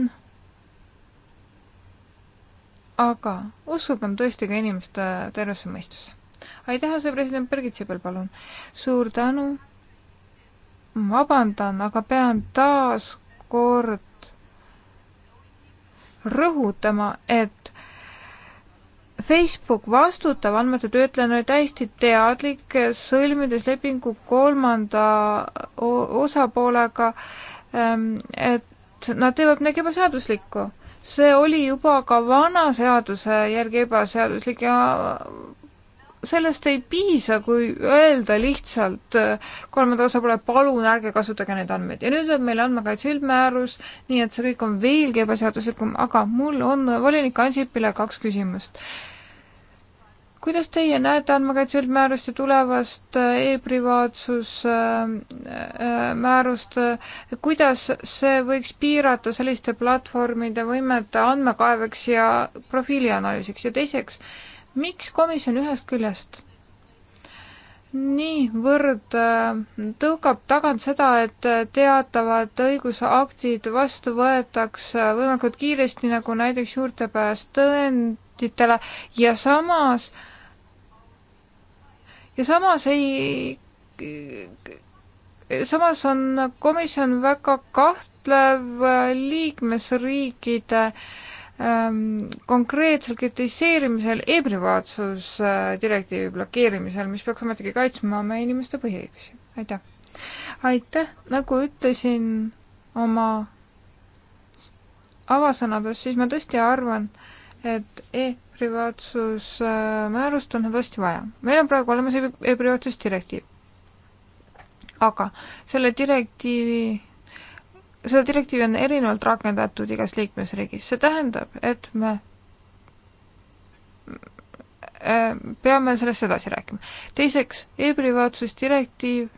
aga uskugem tõesti ka inimeste tervise mõistusse. aitäh, asepresident Birgit Sibel, palun! suur tänu! vabandan, aga pean taas kord rõhutama, et Facebook vastutav andmete töötlejana oli täiesti teadlik, sõlmides lepingu kolmanda osapoolega, ehm, et nad teevad midagi ebaseaduslikku. see oli juba ka vana seaduse järgi ebaseaduslik ja sellest ei piisa, kui öelda lihtsalt kolmanda osapoole, palun ärge kasutage neid andmeid. ja nüüd on meil andmekaitse üldmäärus, nii et see kõik on veelgi ebaseaduslikum, aga mul on volinik Ansipile kaks küsimust. kuidas teie näete andmekaitse üldmäärust ja tulevast äh, e-privaatsusmäärust, äh, äh, kuidas see võiks piirata selliste platvormide võimet andmekaeveks ja profiilianalüüsiks ja teiseks, miks komisjon ühest küljest niivõrd äh, tõukab tagant seda, et äh, teatavad õigusaktid vastu võetakse võimalikult kiiresti, nagu näiteks juurdepääs tõenditele ja samas, ja samas ei, samas on komisjon väga kahtlev äh, liikmesriikide äh, Ehm, konkreetsel kritiseerimisel e-privaatsusdirektiivi blokeerimisel, mis peaks ometigi kaitsma meie inimeste põhiõigusi. aitäh! aitäh, nagu ütlesin oma avasõnades, siis ma tõesti arvan, et e-privaatsusmäärust äh, on hädasti vaja. meil on praegu olemas e-, e-privaatsusdirektiiv. aga selle direktiivi seda direktiivi on erinevalt rakendatud igas liikmesriigis, see tähendab, et me äh, peame sellest edasi rääkima. teiseks e, e-privaatsusdirektiiv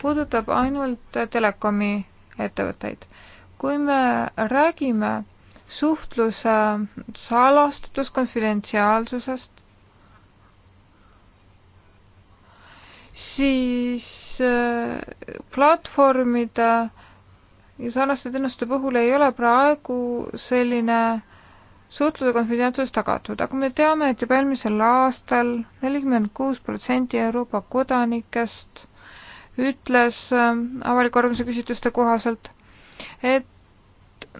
puudutab ainult telekomi ettevõtteid. kui me räägime suhtluse salastatus konfidentsiaalsusest, siis äh, platvormide äh, ja sarnaste teenuste puhul ei ole praegu selline suhtluse konfidentsus tagatud, aga me teame, et juba eelmisel aastal nelikümmend kuus protsenti Euroopa kodanikest ütles ähm, avaliku arvamuse küsitluste kohaselt, et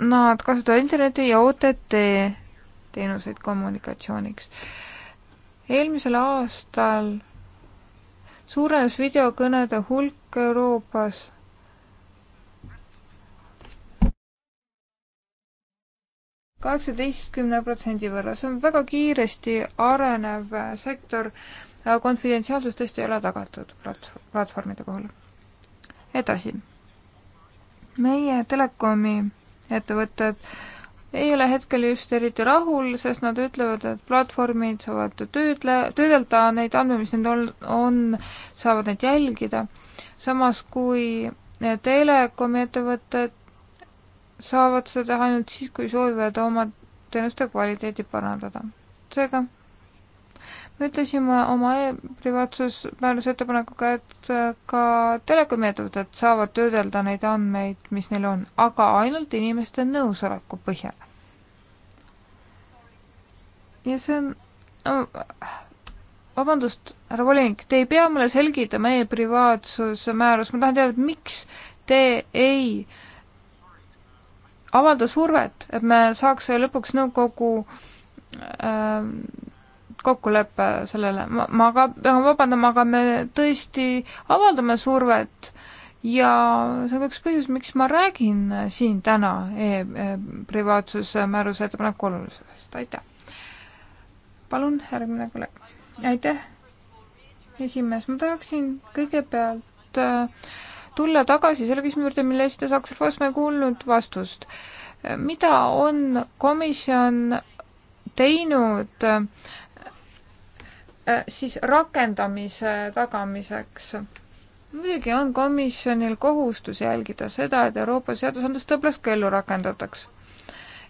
nad kasutavad interneti ja OTT teenuseid kommunikatsiooniks. eelmisel aastal suurenes videokõnede hulk Euroopas kaheksateistkümne protsendi võrra, see on väga kiiresti arenev sektor, konfidentsiaalsus tõesti ei ole tagatud platv-, platvormide puhul. edasi. meie telekomi ettevõtted ei ole hetkel just eriti rahul, sest nad ütlevad, et platvormid saavad töödle-, töödelda neid andmeid, mis neil on, on, saavad neid jälgida. samas kui telekomi ettevõtted saavad seda teha ainult siis, kui soovivad oma teenuste kvaliteeti parandada. seega me ütlesime oma e privaatsusmääruse ettepanekuga, et äh, ka telekomiettevõtted saavad töödelda neid andmeid, mis neil on, aga ainult inimeste nõusoleku põhjal. ja see on vabandust, härra volinik, te ei pea mulle selgitama e-privaatsuse määrust, ma tahan teada, miks te ei äh, avalda survet, et me saaks lõpuks nõukogu äh, kokkuleppe sellele, ma, ma ka pean vabandama, aga me tõesti avaldame survet ja see on üks põhjus, miks ma räägin siin täna e e privaatsuse määruse ettepaneku olulisusest, aitäh. palun, järgmine kolleeg. aitäh, esimees, ma tahaksin kõigepealt äh, tulla tagasi selle küsimuse juurde, mille eest saaks rahvast, ma ei kuulnud vastust. mida on komisjon teinud äh, siis rakendamise tagamiseks? muidugi on komisjonil kohustus jälgida seda, et Euroopa seadusandlust tõepoolest ka ellu rakendataks.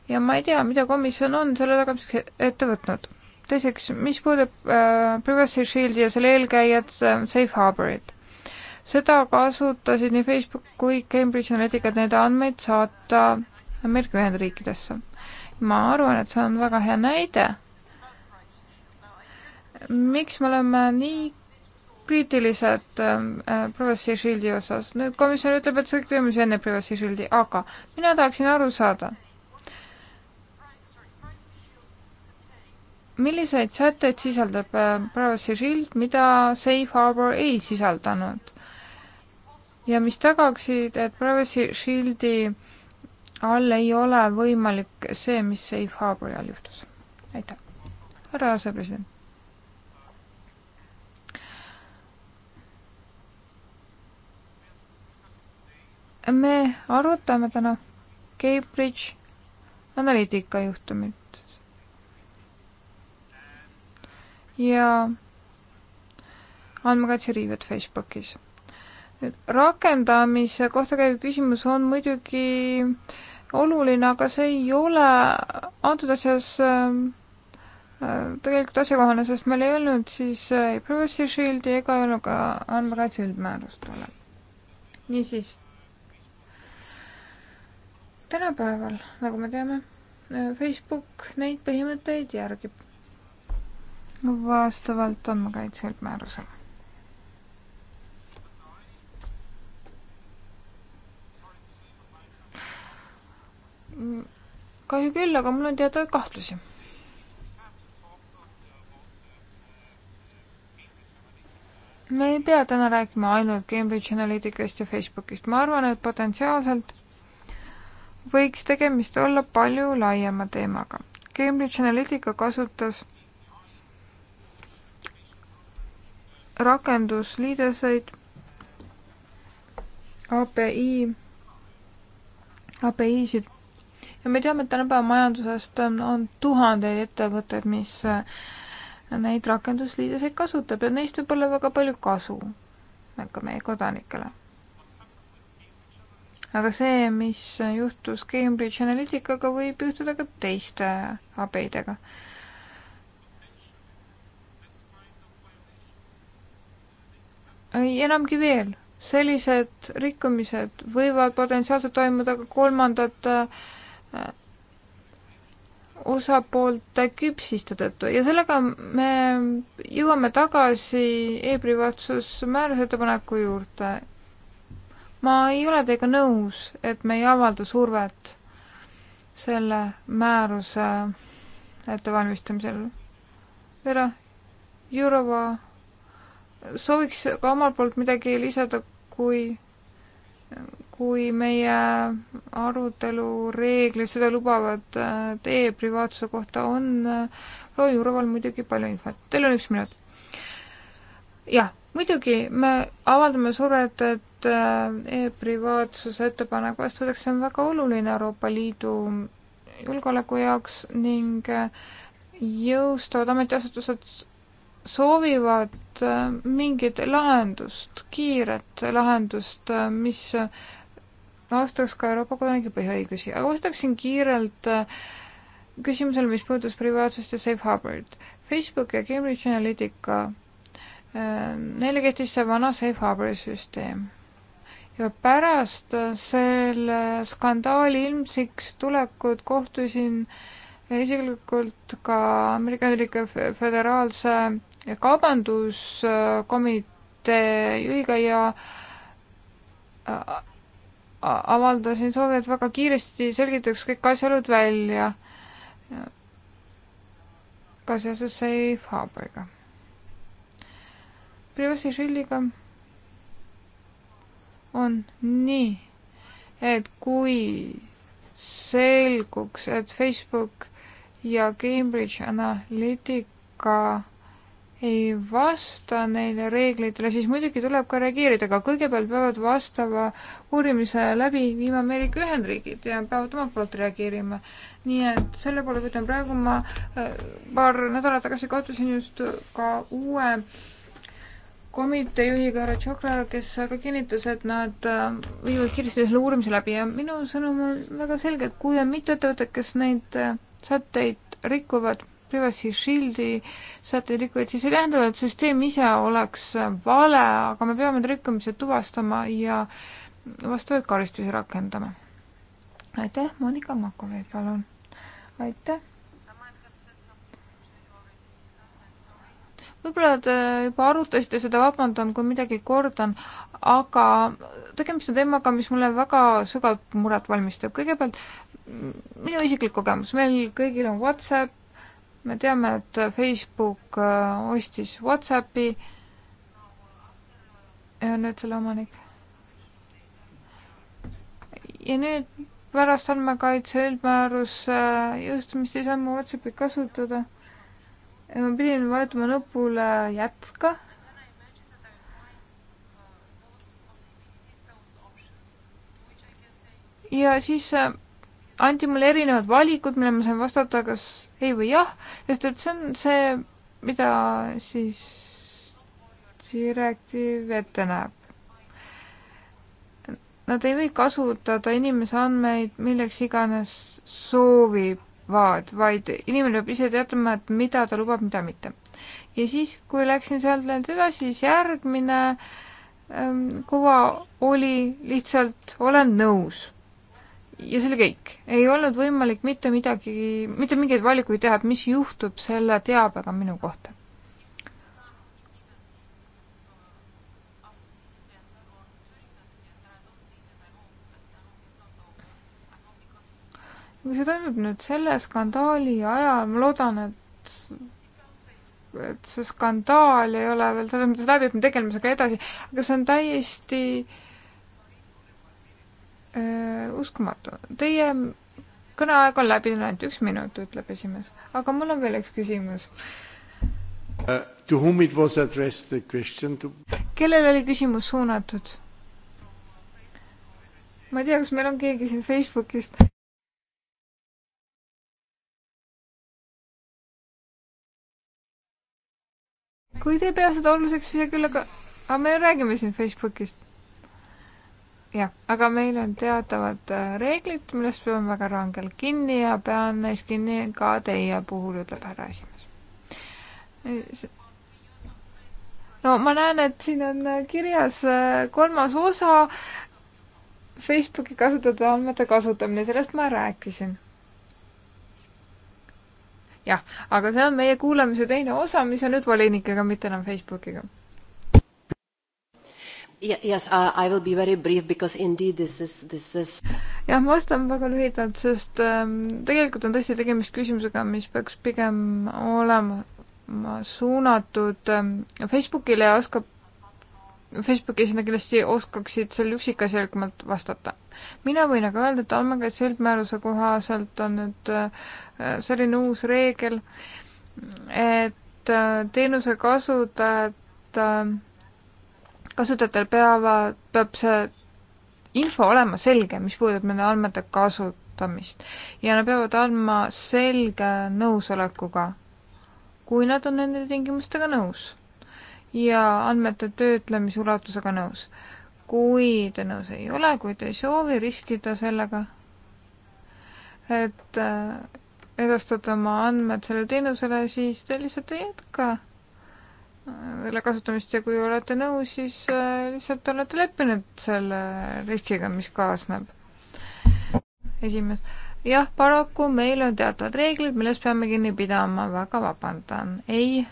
ja ma ei tea, mida komisjon on selle tagamiseks ette võtnud. teiseks, mis puudutab äh, Privacy Shieldi ja selle eelkäijat äh, Safe Harborit seda kasutasid nii Facebook kui Cambridge Analytica, et neid andmeid saata Ameerika Ühendriikidesse. ma arvan, et see on väga hea näide. miks me oleme nii kriitilised ähm, äh, Privacy Shieldi osas. nüüd komisjon ütleb, et see toimus enne Privacy Shieldi, aga mina tahaksin aru saada, milliseid sätteid sisaldab äh, Privacy Shield, mida Safe Harbor ei sisaldanud? ja mis tagaksid, et Privacy Shieldi all ei ole võimalik see, mis Safe Harbori all juhtus. aitäh. härra asepresident. me arutame täna Cambridge Analytica juhtumit. ja andmekaitse riived Facebookis rakendamise kohta käiv küsimus on muidugi oluline, aga see ei ole antud asjas äh, tegelikult asjakohane, sest meil ei olnud siis ei äh, Privacy Shieldi ega ei olnud ka andmekaitse üldmäärust tollal. niisiis, tänapäeval, nagu me teame, äh, Facebook neid põhimõtteid järgib vastavalt andmekaitse üldmäärusele kahju küll, aga mul on teatavaid kahtlusi. me ei pea täna rääkima ainult Cambridge Analyticast ja Facebookist, ma arvan, et potentsiaalselt võiks tegemist olla palju laiema teemaga. Cambridge Analytica kasutas rakendusliideseid API, API-sid ja me teame, et tänapäeva majandusest on tuhandeid ettevõtteid, mis äh, neid rakendusliideseid kasutab ja neist võib olla väga palju kasu ka meie kodanikele. aga see, mis juhtus Cambridge Analyticaga, võib juhtuda ka teiste abeidega. ei, enamgi veel, sellised rikkumised võivad potentsiaalselt toimuda ka kolmandate äh, osapoolte küpsiste tõttu ja sellega me jõuame tagasi e-privaatsusmääruse ettepaneku juurde. ma ei ole teiega nõus, et me ei avalda survet selle määruse ettevalmistamisel. Vera Jurova sooviks ka omalt poolt midagi lisada, kui kui meie arutelureeglid seda lubavad, teie privaatsuse kohta on Loo äh, Juroval muidugi palju infot. Teil on üks minut. jah, muidugi me avaldame survet, et äh, e-privaatsuse ettepanek vastu võetakse, see on väga oluline Euroopa Liidu julgeoleku jaoks ning äh, jõustavad ametiasutused soovivad mingit lahendust, kiiret lahendust, mis austaks ka Euroopa kodanike põhiõigusi, aga vastaksin kiirelt äh, küsimusele, mis puudutas privaatsust ja safe harbor'it. Facebook ja Cambridge Analytica, äh, neile kehtis see vana safe harbor'i süsteem. ja pärast äh, selle skandaali ilmsiks tulekut kohtusin isiklikult ka Ameerika Ühendriikide Föderaalse Kaubanduskomitee juhiga ja avaldasin soovi, et väga kiiresti selgitaks kõik asjaolud välja ka seoses Safe Harboriga. Privacy Shieldiga on nii, et kui selguks, et Facebook ja Cambridge Analytica ei vasta neile reeglitele, siis muidugi tuleb ka reageerida, aga kõigepealt peavad vastava uurimise läbi viima Ameerika Ühendriigid ja peavad omalt poolt reageerima. nii et selle poole pealt on praegu ma äh, paar nädalat tagasi kaotasin just ka uue komitee juhiga härra Tšokra, kes aga kinnitas, et nad äh, viivad kiiresti selle uurimise läbi ja minu sõnum on väga selge, et kui on mitu ettevõtet, kes neid äh, sätteid rikuvad, Privacy Shieldi sätteid rikuvad, siis see tähendab, et süsteem ise oleks vale, aga me peame need rikkumised tuvastama ja vastavaid karistusi rakendama. aitäh, Monika Makovei, palun. aitäh. võib-olla te juba arutasite seda, vabandan, kui midagi kordan, aga tegemist on teemaga, mis mulle väga sügavat muret valmistab. kõigepealt minu isiklik kogemus, meil kõigil on Whatsapp, me teame, et Facebook äh, ostis Whatsappi ja nüüd selle omanik. ja nüüd pärast andmekaitse üldmääruse jõustumist ei saa ma Whatsappi kasutada. ja ma pidin vajutama nupule jätka. ja siis äh, anti mulle erinevad valikud, millele ma sain vastata kas ei või jah, sest et see on see, mida siis direktiiv ette näeb. Nad ei või kasutada inimese andmeid milleks iganes soovivad, vaid inimene peab ise teatama, et mida ta lubab, mida mitte. ja siis, kui läksin sealt edasi, siis järgmine ähm, kuva oli lihtsalt olen nõus ja see oli kõik. ei olnud võimalik mitte midagi, mitte mingeid valikuid teha, et mis juhtub selle teabega minu kohta. kui see toimub nüüd selle skandaali ajal, ma loodan, et et see skandaal ei ole veel selles mõttes läbi, et me tegeleme sellega edasi, aga see on täiesti äh, Äh, uskumatu. Teie kõneaeg on läbi läinud, üks minut, ütleb esimees. aga mul on veel üks küsimus uh,. To whom it was addressed the question to? kellele oli küsimus suunatud? ma ei tea, kas meil on keegi siin Facebookist. kui te ei pea seda oluliseks, siis küll aga, aga me räägime siin Facebookist jah, aga meil on teatavad äh, reeglid, millest peame väga rangelt kinni ja pean neist kinni ka teie puhul, ütleb härra esimees. Äh, no ma näen, et siin on äh, kirjas kolmas osa Facebooki kasutada andmete kasutamine, sellest ma rääkisin. jah, aga see on meie kuulamise teine osa, mis on nüüd volinikega, mitte enam Facebookiga Yes, I will be very brief because indeed this is, this is. jah, ma vastan väga lühidalt, sest ähm, tegelikult on tõesti tegemist küsimusega, mis peaks pigem olema suunatud ähm, Facebookile ja oskab, Facebooki esindaja kindlasti oskaksid seal üksikasjalikumalt vastata. mina võin aga öelda, et andmekaitse üldmääruse kohaselt on nüüd äh, selline uus reegel, et äh, teenuse kasutajad äh, kasutajatel peavad, peab see info olema selge, mis puudutab nende andmete kasutamist ja nad peavad andma selge nõusolekuga, kui nad on nende tingimustega nõus ja andmete töötlemise ulatusega nõus. kui te nõus ei ole, kui te ei soovi riskida sellega, et äh, edastate oma andmed sellele teenusele, siis te lihtsalt ei jätka selle kasutamist ja kui olete nõus, siis äh, lihtsalt olete leppinud selle riskiga, mis kaasneb. esimees, jah, paraku meil on teatavad reeglid, millest peame kinni pidama, väga vabandan. ei,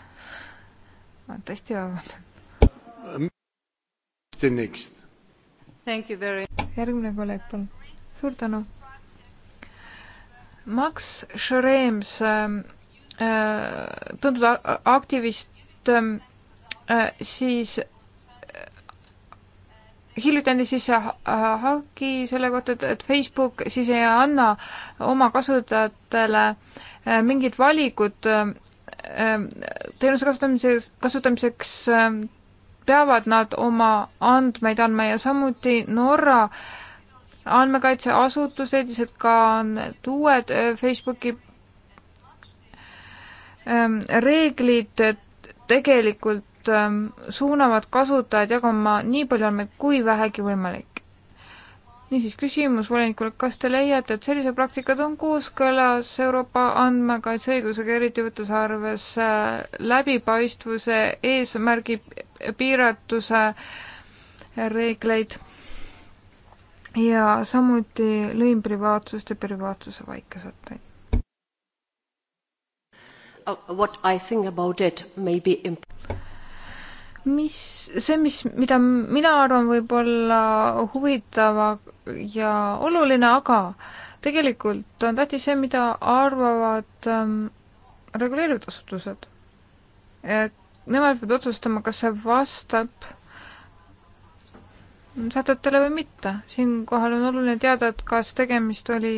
ma tõesti vabandan. järgmine kolleeg, palun. suur tänu. Max Schrems ähm, äh,, tuntud aktivist, Ähm, äh, siis äh, hiljuti andis sisse äh, hagi selle kohta, et, et Facebook siis ei anna oma kasutajatele mingit valikut ähm, ähm, teenuse kasutamiseks, kasutamiseks peavad nad oma andmeid andma ja samuti Norra andmekaitseasutus leidis, et ka need uued Facebooki reeglid tegelikult ähm, suunavad kasutajad jagama nii palju andmeid kui vähegi võimalik. niisiis küsimus volinikule, kas te leiate, et sellised praktikad on kooskõlas Euroopa andmekaitseõigusega, eriti võttes arvesse läbipaistvuse eesmärgi piiratuse reegleid ja samuti lõimprivaatsust ja privaatsuse vaikesätteid? Uh, what I think about it may be mis, see, mis, mida mina arvan, võib olla huvitav ja oluline, aga tegelikult on tähtis see, mida arvavad ähm, reguleerivad asutused. Nemad peavad otsustama, kas see vastab sätetele või mitte. siinkohal on oluline teada, et kas tegemist oli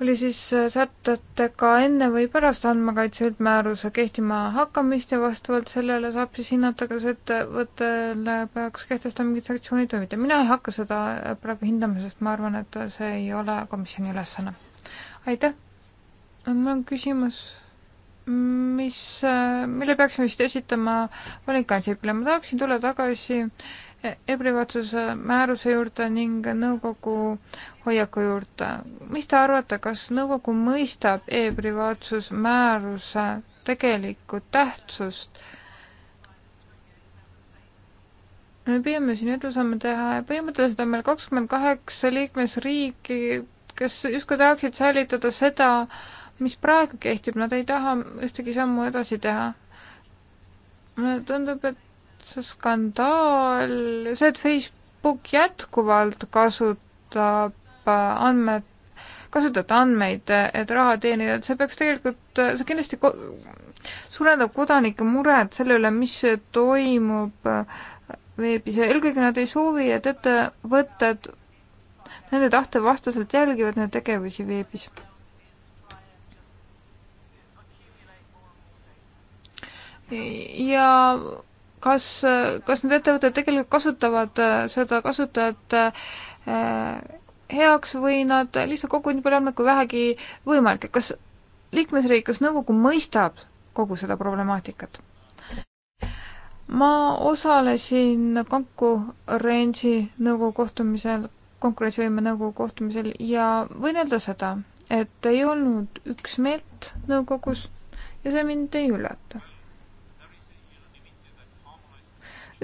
oli siis äh, sätetega enne või pärast andmekaitse üldmääruse kehtima hakkamist ja vastavalt sellele saab siis hinnata, kas ettevõttele peaks kehtestama mingid sanktsioonid või mitte. mina ei hakka seda äh, praegu hindama, sest ma arvan, et äh, see ei ole komisjoni ülesanne. aitäh. mul on küsimus, mis, mille peaksime vist esitama Valentin Ansipile. ma tahaksin tulla tagasi äh, ebavõrdsuse määruse juurde ning nõukogu hoiaku juurde. mis te arvate, kas nõukogu mõistab e-privaatsusmääruse tegelikku tähtsust? me püüame siin edusamme teha ja põhimõtteliselt on meil kakskümmend kaheksa liikmesriiki, kes justkui tahaksid säilitada seda, mis praegu kehtib, nad ei taha ühtegi sammu edasi teha. mulle tundub, et see skandaal, see, et Facebook jätkuvalt kasutab äh, andmed, kasutate andmeid, et raha teenida, et see peaks tegelikult, see kindlasti ko-, suurendab kodanike muret selle üle, mis toimub äh, veebis ja eelkõige nad ei soovi, et ettevõtted nende tahte vastaselt jälgivad neid tegevusi veebis. ja kas, kas need ettevõtted tegelikult kasutavad äh, seda kasutajate äh, heaks või nad lihtsalt koguvad nii palju andmeid kui vähegi võimalik, et kas liikmesriik, kas nõukogu mõistab kogu seda problemaatikat? ma osalesin konkurentsi nõukogu kohtumisel, konkurentsivõime nõukogu kohtumisel ja võin öelda seda, et ei olnud üksmeelt nõukogus ja see mind ei üllata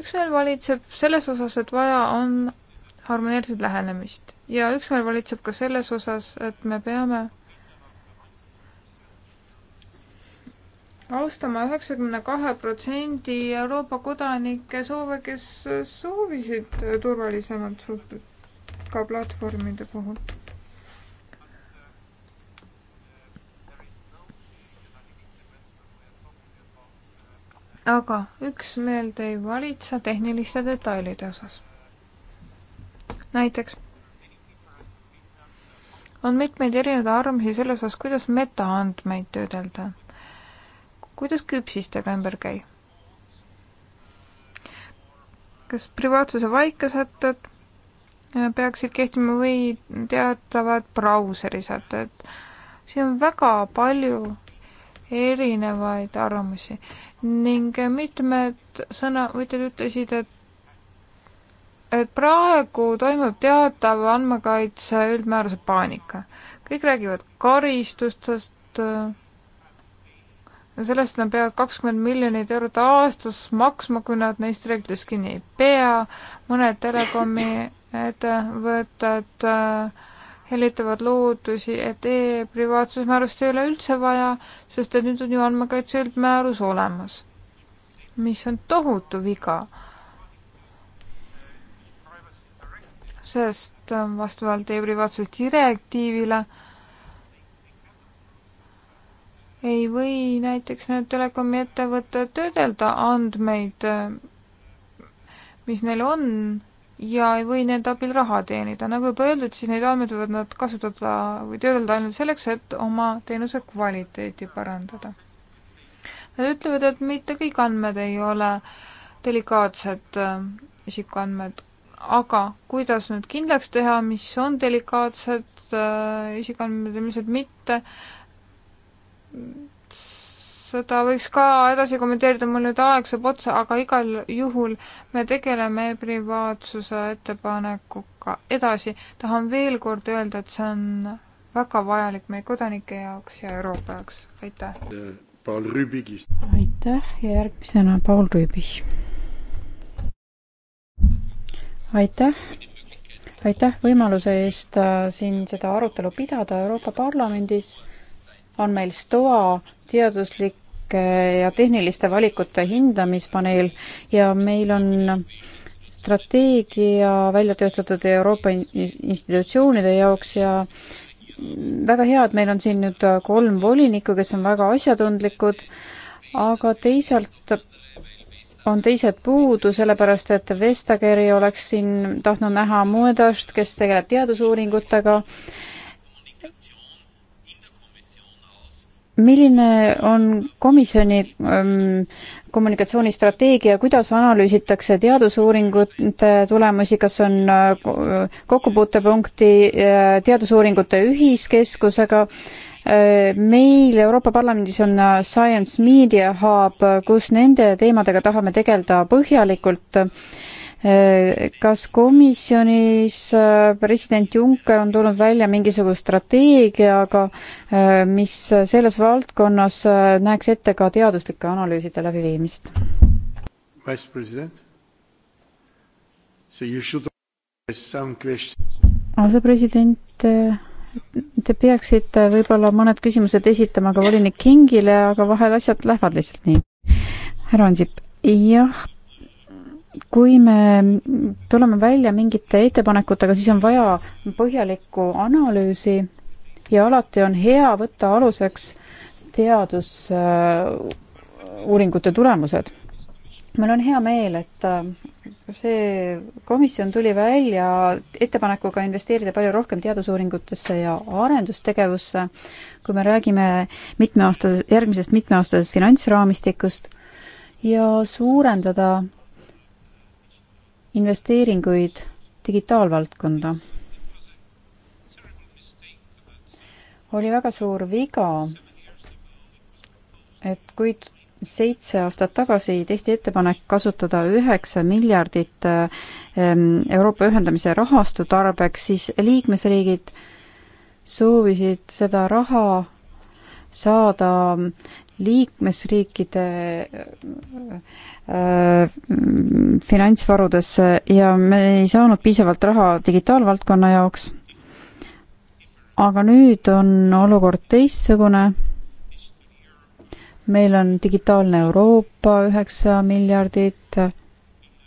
üksmeel valitseb selles osas, et vaja on harmoneeritud lähenemist ja üksmeel valitseb ka selles osas, et me peame austama üheksakümne kahe protsendi Euroopa kodanike soove, kes soovisid turvalisemat suhted ka platvormide puhul aga üksmeelt ei valitse tehniliste detailide osas. näiteks on mitmeid erinevaid arvamusi selles osas, kuidas metaandmeid töödelda, kuidas küpsistega ümber käia. kas privaatsuse vaikesätted äh, peaksid kehtima või teatavad brauserisätted? siin on väga palju erinevaid arvamusi ning mitmed sõnavõtjad ütlesid, et et praegu toimub teatav andmekaitse üldmääruse paanika. kõik räägivad karistustest, sellest nad peavad kakskümmend miljonit eurot aastas maksma, kui nad neist reeglitest kinni ei pea, mõned telekomi ettevõtted et, äh, hellitavad lootusi, et e-privaatsusmäärust ei ole üldse vaja, sest et nüüd on ju andmekaitse üldmäärus olemas, mis on tohutu viga. sest äh, vastavalt e-privaatsuse direktiivile ei või näiteks need telekomi ettevõtted töödelda andmeid, äh, mis neil on ja ei või nende abil raha teenida. nagu juba öeldud, siis neid andmeid võivad nad kasutada või töödelda ainult selleks, et oma teenuse kvaliteeti parandada. Nad ütlevad, et mitte kõik andmed ei ole delikaatsed äh, isikuandmed, aga kuidas nüüd kindlaks teha, mis on delikaatsed äh, isikuandmed ja mis need mitte, seda võiks ka edasi kommenteerida, mul nüüd aeg saab otsa, aga igal juhul me tegeleme e-privaatsuse ettepanekuga edasi. tahan veel kord öelda, et see on väga vajalik meie kodanike jaoks ja Euroopa jaoks, aitäh! Paul Rüübigist. aitäh ja järgmisena Paul Rüübig. aitäh, aitäh võimaluse eest äh, siin seda arutelu pidada Euroopa Parlamendis on meil STOA teaduslik ja tehniliste valikute hindamispaneel ja meil on strateegia välja töötatud Euroopa institutsioonide jaoks ja väga hea, et meil on siin nüüd kolm volinikku, kes on väga asjatundlikud, aga teisalt on teised puudu, sellepärast et Vestageri oleks siin tahtnud näha Moedast, kes tegeleb teadusuuringutega milline on komisjoni ähm, kommunikatsioonistrateegia, kuidas analüüsitakse teadusuuringute tulemusi, kas on äh, kokkupuutepunkti äh, teadusuuringute ühiskeskusega? Äh, meil Euroopa Parlamendis on Science Media Hub, kus nende teemadega tahame tegeleda põhjalikult Äh, kas komisjonis äh, president Juncker on tulnud välja mingisuguse strateegiaga, äh, mis selles valdkonnas näeks ette ka teaduslike analüüside läbiviimist? asepresident, te peaksite võib-olla mõned küsimused esitama ka volinik Kingile, aga vahel asjad lähevad lihtsalt nii. härra Ansip, jah, kui me tuleme välja mingite ettepanekutega, siis on vaja põhjalikku analüüsi ja alati on hea võtta aluseks teadusuuringute tulemused. meil on hea meel, et äh, see komisjon tuli välja ettepanekuga investeerida palju rohkem teadusuuringutesse ja arendustegevusse, kui me räägime mitmeaastase, järgmisest mitmeaastasest finantsraamistikust ja suurendada investeeringuid digitaalvaldkonda. oli väga suur viga, et kui seitse aastat tagasi tehti ettepanek kasutada üheksa miljardit ehm, Euroopa ühendamise rahastu tarbeks, siis liikmesriigid soovisid seda raha saada liikmesriikide Äh, finantsvarudesse ja me ei saanud piisavalt raha digitaalvaldkonna jaoks. aga nüüd on olukord teistsugune. meil on digitaalne Euroopa üheksa miljardit,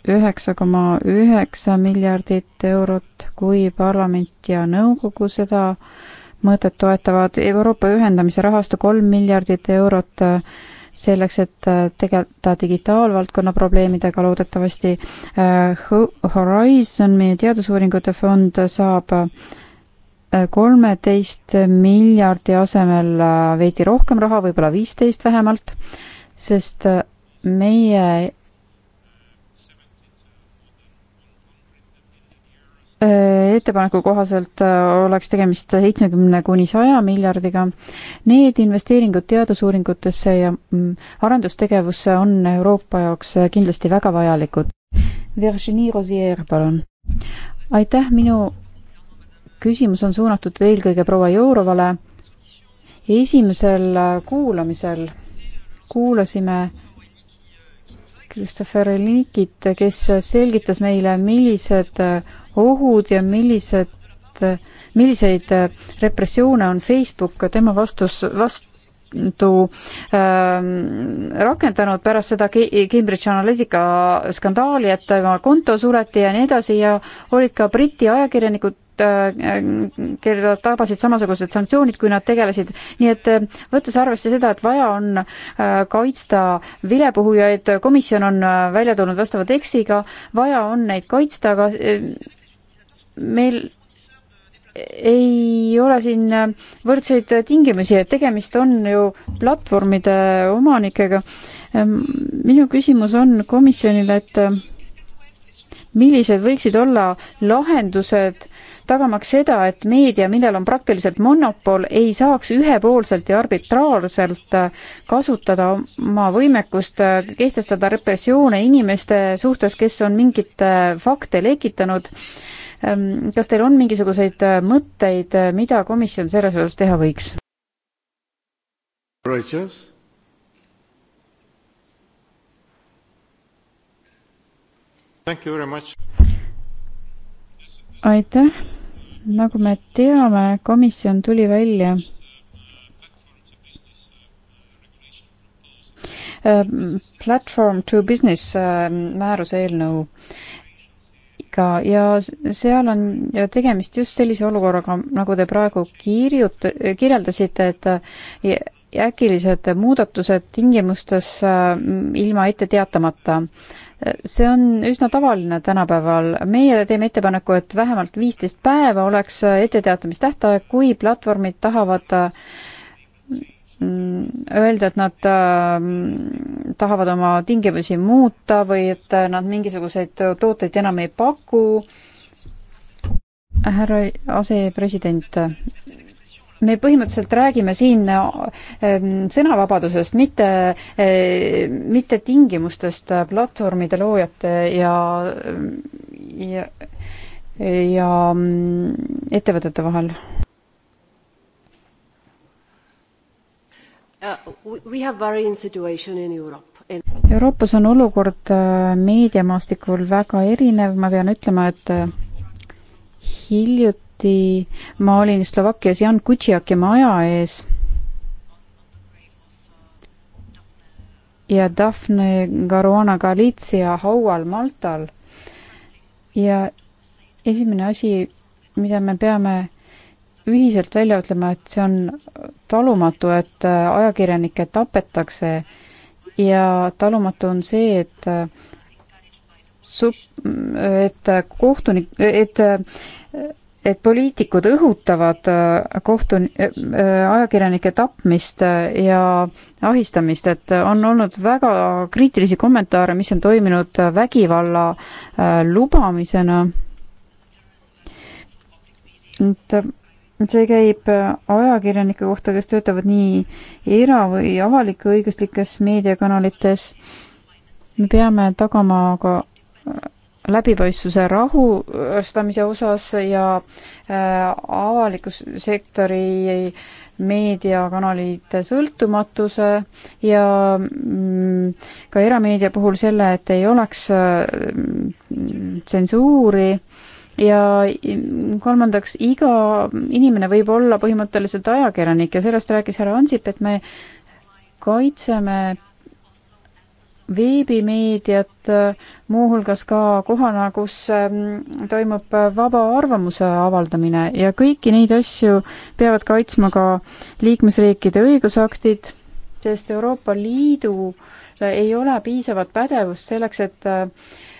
üheksa koma üheksa miljardit eurot, kui parlament ja nõukogu seda mõtet toetavad, Euroopa ühendamise rahastu kolm miljardit eurot selleks, et äh, tegeleda digitaalvaldkonna probleemidega loodetavasti. Äh, Horizon, meie teadusuuringute fond, saab äh, kolmeteist miljardi asemel veidi rohkem raha, võib-olla viisteist vähemalt, sest meie ettepaneku kohaselt oleks tegemist seitsmekümne kuni saja miljardiga. Need investeeringud teadusuuringutesse ja mm, arendustegevusse on Euroopa jaoks kindlasti väga vajalikud. Virginie Rosier, palun. aitäh, minu küsimus on suunatud eelkõige proua Jourovale. esimesel kuulamisel kuulasime Christopher Linkit, kes selgitas meile, millised ohud ja millised, milliseid äh, repressioone on Facebook tema vastus, vastu ähm, rakendanud pärast seda Cambridge Analytica skandaali, et tema konto suleti ja nii edasi ja olid ka Briti ajakirjanikud, äh, keda tabasid samasugused sanktsioonid, kui nad tegelesid. nii et äh, võttes arvesse seda, et vaja on kaitsta vilepuhujaid, komisjon on välja tulnud vastava tekstiga, vaja on neid kaitsta, aga meil ei ole siin võrdseid tingimusi, et tegemist on ju platvormide omanikega. Ehm, minu küsimus on komisjonile, et ehm, millised võiksid olla lahendused tagamaks seda, et meedia, millel on praktiliselt monopol, ei saaks ühepoolselt ja arbitraarselt kasutada oma võimekust kehtestada repressioone inimeste suhtes, kes on mingeid fakte lekitanud Ehm, kas teil on mingisuguseid äh, mõtteid, äh, mida komisjon selles osas teha võiks? Reuters. aitäh, nagu me teame, komisjon tuli välja ehm, platvorm to business ehm, määruse eelnõu no Kreeka ja seal on tegemist just sellise olukorraga, nagu te praegu kirjut-, kirjeldasite, et äkilised muudatused tingimustes mm, ilma ette teatamata. see on üsna tavaline tänapäeval. meie teeme ettepaneku, et vähemalt viisteist päeva oleks etteteatamistähtaeg, kui platvormid tahavad äh, Mm, öelda, et nad ähm, tahavad oma tingimusi muuta või et äh, nad mingisuguseid tooteid enam ei paku. härra asepresident, me põhimõtteliselt räägime siin ähm, sõnavabadusest, mitte, äh, mitte tingimustest platvormide loojate ja, ja, ja mm, ettevõtete vahel. Uh, Euroopas on olukord äh, meediamaastikul väga erinev, ma pean ütlema, et äh, hiljuti ma olin Slovakkias Jan Kutšiaki maja ees ja Daphne Caruana Galizia haual Maltal ja esimene asi, mida me peame ühiselt välja ütlema, et see on talumatu, et äh, ajakirjanikke tapetakse ja talumatu on see, et äh, sub-, et äh, kohtunik, et et poliitikud õhutavad kohtun-, ajakirjanike tapmist ja ahistamist, et on olnud väga kriitilisi kommentaare, mis on toiminud vägivalla lubamisena. et see käib äh, ajakirjanike kohta, kes töötavad nii era- või avalik-õiguslikes meediakanalites. me peame tagama ka äh, läbipaistvuse rahustamise osas ja äh, avaliku sektori meediakanalite sõltumatuse ja mm, ka erameedia puhul selle, et ei oleks tsensuuri ja kolmandaks, iga inimene võib olla põhimõtteliselt ajakirjanik ja sellest rääkis härra Ansip, et me kaitseme veebimeediat, muuhulgas ka kohana, kus ähm, toimub vaba arvamuse avaldamine ja kõiki neid asju peavad kaitsma ka liikmesriikide õigusaktid, sest Euroopa Liidul ei ole piisavat pädevust selleks, et äh,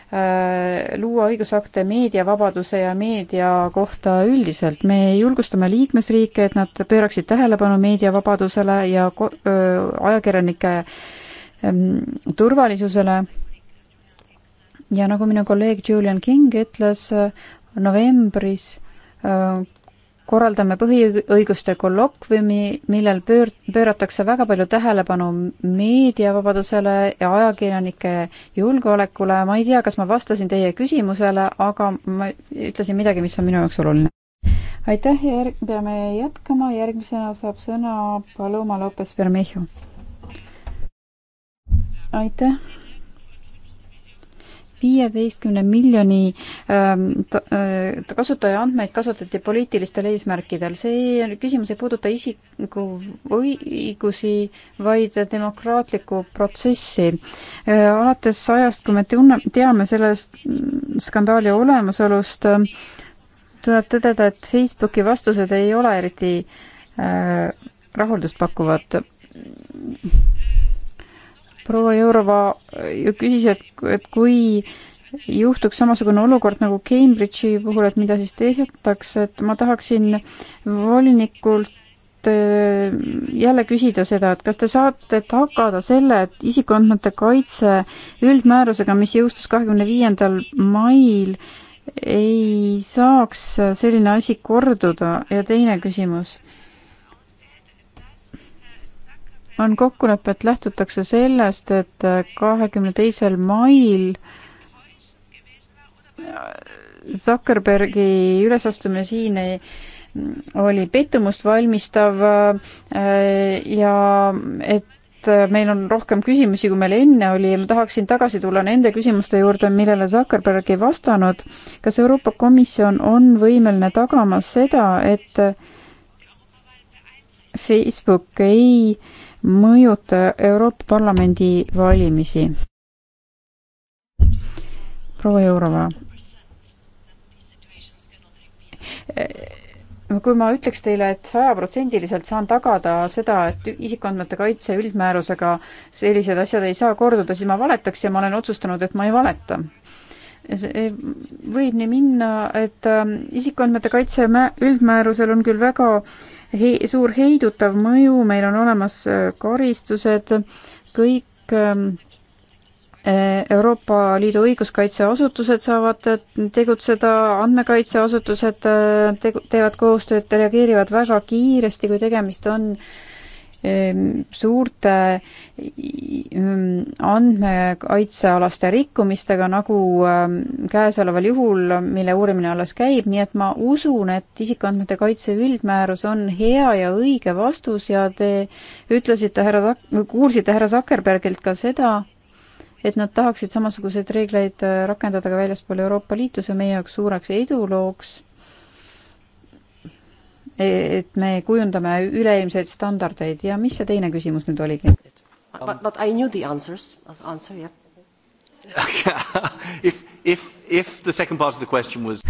Äh, luua õigusakte meediavabaduse ja meedia kohta üldiselt. me julgustame liikmesriike, et nad pööraksid tähelepanu meediavabadusele ja ajakirjanike turvalisusele. ja nagu minu kolleeg Julian King ütles, novembris korraldame põhiõiguste kollokviumi, millel pöör-, pööratakse väga palju tähelepanu meediavabadusele ja ajakirjanike julgeolekule, ma ei tea, kas ma vastasin teie küsimusele, aga ma ütlesin midagi, mis on minu jaoks oluline. aitäh ja järg-, peame jätkama, järgmisena saab sõna Paloma Lopez Bermejo. aitäh viieteistkümne miljoni ähm, äh, kasutaja andmeid kasutati poliitilistel eesmärkidel. see küsimus ei puuduta isiku õigusi, vaid demokraatlikku protsessi. Äh, alates ajast, kui me tunne, teame selle skandaali olemasolust, tuleb tõdeda, et Facebooki vastused ei ole eriti äh, rahuldust pakuvad proua Jourova ju küsis, et, et kui juhtuks samasugune olukord nagu Cambridge'i puhul, et mida siis tehtakse, et ma tahaksin volinikult äh, jälle küsida seda, et kas te saate tagada selle, et isikuandmete kaitse üldmäärusega, mis jõustus kahekümne viiendal mail, ei saaks selline asi korduda ja teine küsimus on kokkulepe, et lähtutakse sellest, et kahekümne teisel mail Zuckerbergi ülesastumine siin ei, oli pettumust valmistav äh, ja et meil on rohkem küsimusi, kui meil enne oli ja ma tahaksin tagasi tulla nende küsimuste juurde, millele Zuckerberg ei vastanud. kas Euroopa Komisjon on võimeline tagama seda, et Facebook ei äh, mõjuta Euroopa Parlamendi valimisi. proua Jourova. kui ma ütleks teile et, et sajaprotsendiliselt saan tagada seda, et isikuandmete kaitse üldmäärusega sellised asjad ei saa korduda, siis ma valetaks ja ma olen otsustanud, et ma ei valeta see võib nii minna, et ähm, isikuandmete kaitse üldmäärusel on küll väga äh, hei, suur heidutav mõju, meil on olemas äh, karistused, kõik ähm, äh, Euroopa Liidu õiguskaitseasutused saavad äh, tegutseda, andmekaitseasutused tegu-, teevad koostööd, reageerivad väga kiiresti, kui tegemist on äh, Ehm, suurte ehm, andmekaitsealaste rikkumistega, nagu ehm, käesoleval juhul, mille uurimine alles käib, nii et ma usun, et isikuandmete kaitse üldmäärus on hea ja õige vastus ja te ütlesite härra Sak-, kuulsite härra Zuckerbergilt ka seda, et nad tahaksid samasuguseid reegleid äh, rakendada ka väljaspool Euroopa Liitu, see on meie jaoks suureks edulooks et me kujundame üleilmseid standardeid ja mis see teine küsimus nüüd oligi? But, but I knew the answers, answer jah yeah. if, if, if the second part of the question was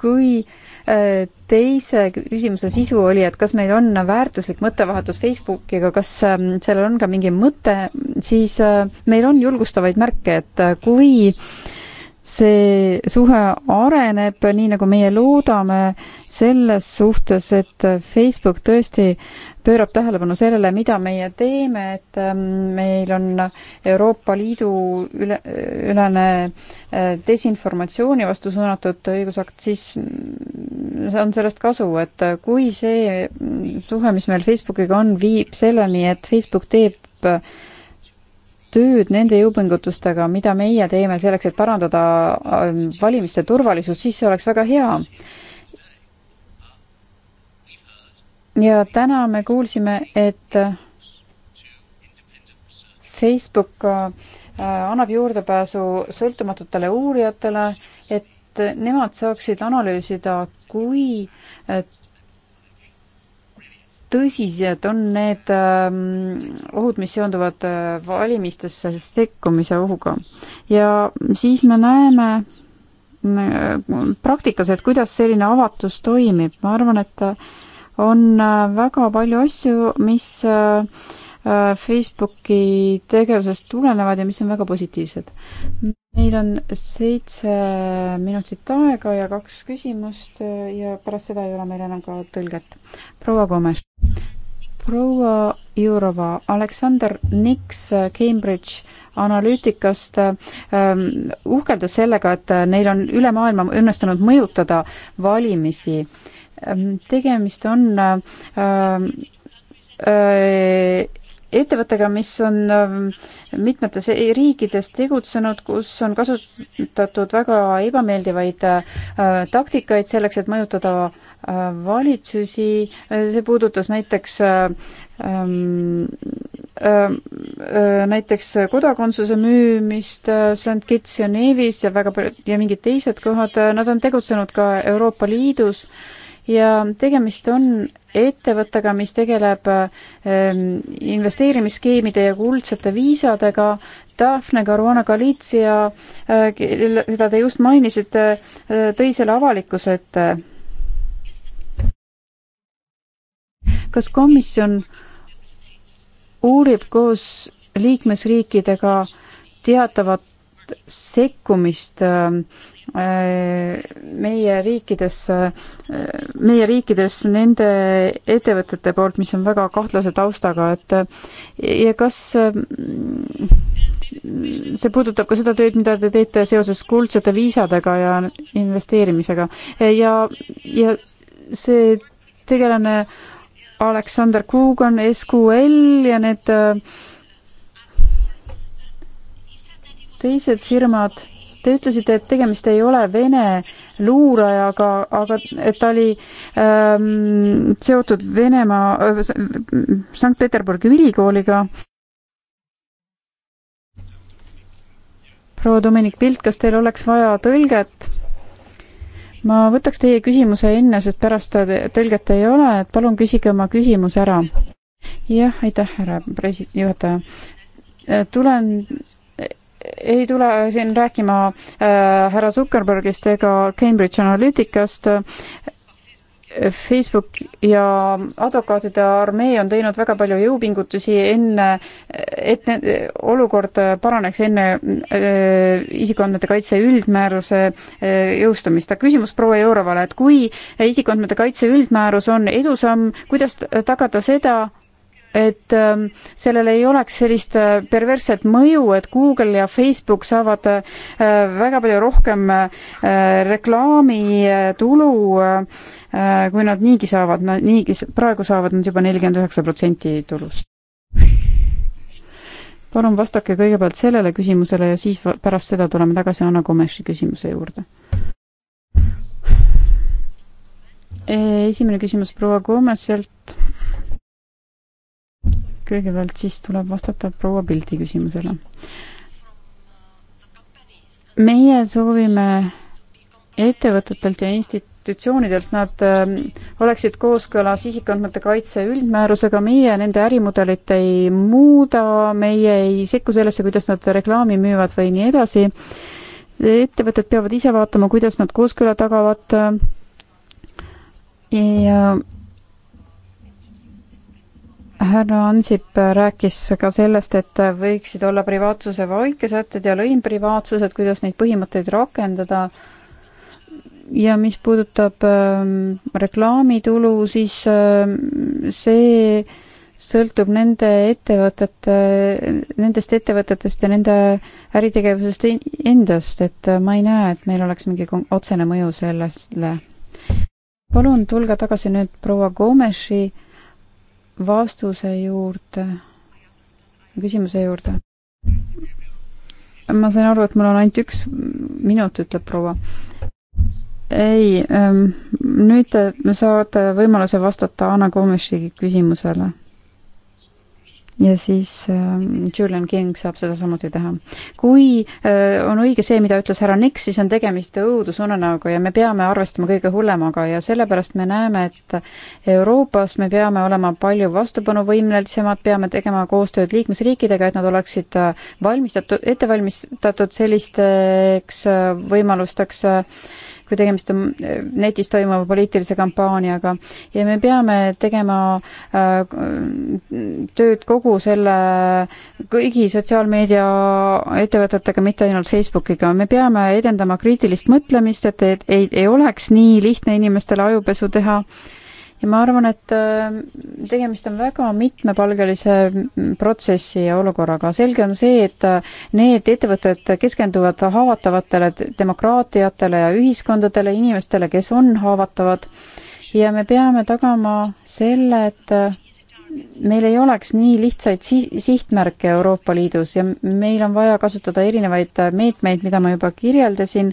kui äh, teise küsimuse sisu oli, et kas meil on väärtuslik mõttevahetus Facebookiga, kas ähm, sellel on ka mingi mõte, siis äh, meil on julgustavaid märke, et äh, kui äh, see suhe areneb, nii nagu meie loodame, selles suhtes, et Facebook tõesti pöörab tähelepanu sellele, mida meie teeme, et ähm, meil on Euroopa Liidu üle, ülene äh, desinformatsiooni vastu suunatud õigusakt, siis mm, on sellest kasu, et kui see mm, suhe, mis meil Facebookiga on, viib selleni, et Facebook teeb tööd nende jõupingutustega, mida meie teeme selleks, et parandada ähm, valimiste turvalisust, siis see oleks väga hea. ja täna me kuulsime, et Facebook äh, annab juurdepääsu sõltumatutele uurijatele, et nemad saaksid analüüsida, kui äh, tõsised on need ähm, ohud, mis seonduvad äh, valimistesse sekkumise ohuga. ja siis me näeme äh, praktikas, et kuidas selline avatus toimib, ma arvan, et äh, on väga palju asju, mis äh, Äh, Facebooki tegevusest tulenevad ja mis on väga positiivsed. meil on seitse minutit aega ja kaks küsimust äh, ja pärast seda ei ole meil enam ka tõlget. proua Komes. proua Jurova, Aleksander Niks Cambridge analüütikast ähm, uhkeldas sellega, et äh, neil on üle maailma õnnestunud mõjutada valimisi. Ähm, tegemist on äh, äh, ettevõttega, mis on ähm, mitmetes e-, riikides tegutsenud, kus on kasutatud väga ebameeldivaid äh, taktikaid selleks, et mõjutada äh, valitsusi, see puudutas näiteks äh, ähm, ähm, näiteks kodakondsuse müümist St Kitts ja Nevis ja väga palju ja mingid teised kohad, nad on tegutsenud ka Euroopa Liidus äh, ja tegemist on ettevõttega, mis tegeleb ähm, investeerimisskeemide ja kuldsete viisadega. Daphne Caruana Galizia, äh, keda te just mainisite, äh, tõi selle avalikkuse ette. kas komisjon uurib koos liikmesriikidega teatavat sekkumist äh, meie riikides, meie riikides nende ettevõtete poolt, mis on väga kahtlase taustaga, et ja kas see puudutab ka seda tööd, mida te teete seoses kuldsete viisadega ja investeerimisega ja, ja see tegelane Aleksander Kuugan, SQL ja need äh, teised firmad Te ütlesite, et tegemist ei ole Vene luurajaga, aga et ta oli ähm, seotud Venemaa äh,, Sankt-Peterburgi ülikooliga. proua Dominik Pilt, kas teil oleks vaja tõlget? ma võtaks teie küsimuse enne, sest pärast tõlget ei ole, et palun küsige oma küsimus ära. jah, aitäh, härra presi-, juhataja. Äh, tulen ei tule siin rääkima äh, härra Zuckerbergist ega Cambridge Analyticast. Facebook ja advokaatide armee on teinud väga palju jõupingutusi enne, et olukord paraneks enne äh, isikuandmete kaitse üldmääruse äh, jõustumist. aga küsimus proua Jourovale, et kui isikuandmete kaitse üldmäärus on edusamm, kuidas tagada seda, et ähm, sellel ei oleks sellist äh, perversset mõju, et Google ja Facebook saavad äh, väga palju rohkem äh, reklaamitulu, kui nad niigi saavad, nad niigi, praegu saavad nad juba nelikümmend üheksa protsenti tulust. palun vastake kõigepealt sellele küsimusele ja siis pärast seda tuleme tagasi Anna Komeši küsimuse juurde. esimene küsimus proua Komeselt kõigepealt siis tuleb vastata proua Pildi küsimusele. meie soovime ettevõtetelt ja institutsioonidelt, nad ähm, oleksid kooskõlas isikuandmete kaitse üldmäärusega, meie nende ärimudelit ei muuda, meie ei sekku sellesse, kuidas nad reklaami müüvad või nii edasi. ettevõtted peavad ise vaatama, kuidas nad kooskõla tagavad ja härra Ansip rääkis ka sellest, et võiksid olla privaatsuse vaikesätted ja lõimprivaatsused, kuidas neid põhimõtteid rakendada. ja mis puudutab äh, reklaamitulu, siis äh, see sõltub nende ettevõtete, nendest ettevõtetest ja nende äritegevusest endast, et äh, ma ei näe, et meil oleks mingi otsene mõju sellele. palun tulge tagasi nüüd proua Gomeshi äh, vastuse juurde, küsimuse juurde. ma sain aru, et mul on ainult üks minut, ütleb proua. ei, ähm, nüüd te saate võimaluse vastata Anna Komeši küsimusele ja siis äh, Julian King saab seda samuti teha. kui äh, on õige see, mida ütles härra Nix, siis on tegemist õudusunenäoga ja me peame arvestama kõige hullemaga ja sellepärast me näeme, et Euroopas me peame olema palju vastupanuvõimelisemad, peame tegema koostööd liikmesriikidega, et nad oleksid äh, valmistatud, ette valmistatud sellisteks äh, võimalusteks äh, kui tegemist on äh, netis toimuva poliitilise kampaaniaga. ja me peame tegema äh, tööd kogu selle, kõigi sotsiaalmeedia ettevõtetega, mitte ainult Facebookiga. me peame edendama kriitilist mõtlemist, et, et ei, ei oleks nii lihtne inimestele ajupesu teha ja ma arvan, et äh, tegemist on väga mitmepalgelise mm, protsessi ja olukorraga. selge on see, et äh, need ettevõtted keskenduvad haavatavatele demokraatiatele ja ühiskondadele, inimestele, kes on haavatavad ja me peame tagama selle, et äh, meil ei oleks nii lihtsaid si-, sihtmärke Euroopa Liidus ja meil on vaja kasutada erinevaid meetmeid, mida ma juba kirjeldasin,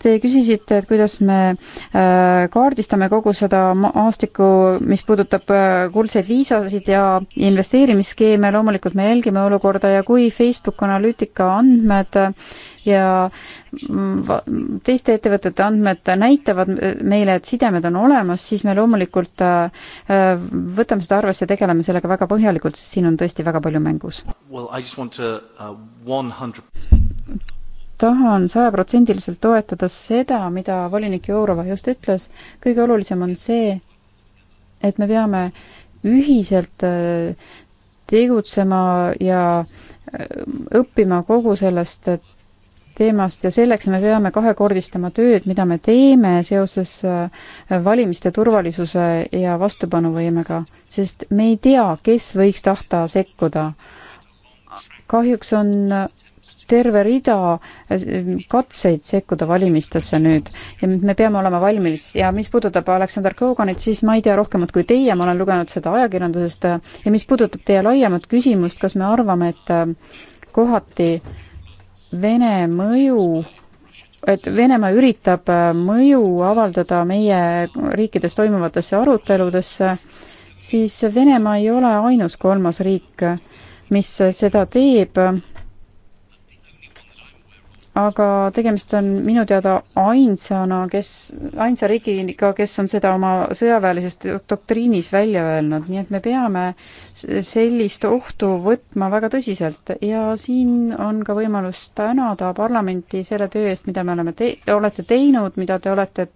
Te küsisite, et kuidas me äh, kaardistame kogu seda maastikku, mis puudutab äh, kuldseid viisasid ja investeerimisskeeme, loomulikult me jälgime olukorda ja kui Facebook analüütika andmed äh, ja mm, teiste ettevõtete andmed näitavad meile, et sidemed on olemas, siis me loomulikult võtame seda arvesse ja tegeleme sellega väga põhjalikult, sest siin on tõesti väga palju mängus well, tahan sajaprotsendiliselt toetada seda, mida volinik Jourova just ütles, kõige olulisem on see, et me peame ühiselt äh, tegutsema ja äh, õppima kogu sellest äh, teemast ja selleks me peame kahekordistama tööd, mida me teeme seoses valimiste turvalisuse ja vastupanuvõimega, sest me ei tea, kes võiks tahta sekkuda. kahjuks on terve rida eh, katseid sekkuda valimistesse nüüd ja me peame olema valmis ja mis puudutab Aleksander Koganit, siis ma ei tea rohkemat kui teie, ma olen lugenud seda ajakirjandusest ja mis puudutab teie laiemat küsimust, kas me arvame, et eh, kohati Vene mõju et Venemaa üritab eh, mõju avaldada meie riikides toimuvatesse aruteludesse, siis Venemaa ei ole ainus kolmas riik, mis seda teeb aga tegemist on minu teada ainsana, kes, ainsa riigiga, kes on seda oma sõjaväelises doktriinis välja öelnud, nii et me peame sellist ohtu võtma väga tõsiselt ja siin on ka võimalus tänada parlamenti selle töö eest, mida me oleme te-, olete teinud, mida te olete,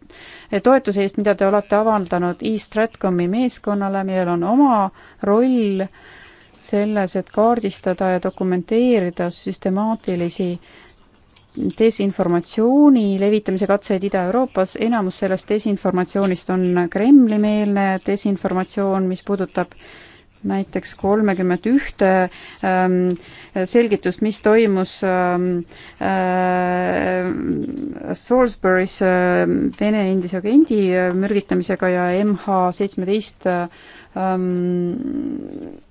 toetuse eest, mida te olete avaldanud E-Stratcomi meeskonnale, millel on oma roll selles, et kaardistada ja dokumenteerida süstemaatilisi äh, desinformatsiooni levitamise katseid Ida-Euroopas, enamus sellest desinformatsioonist on Kremli-meelne desinformatsioon, mis puudutab näiteks kolmekümmet ühte ähm, selgitust, mis toimus ähm, äh, Salisbury's äh, Vene endise agendi äh, mürgitamisega ja MH seitsmeteist ähm,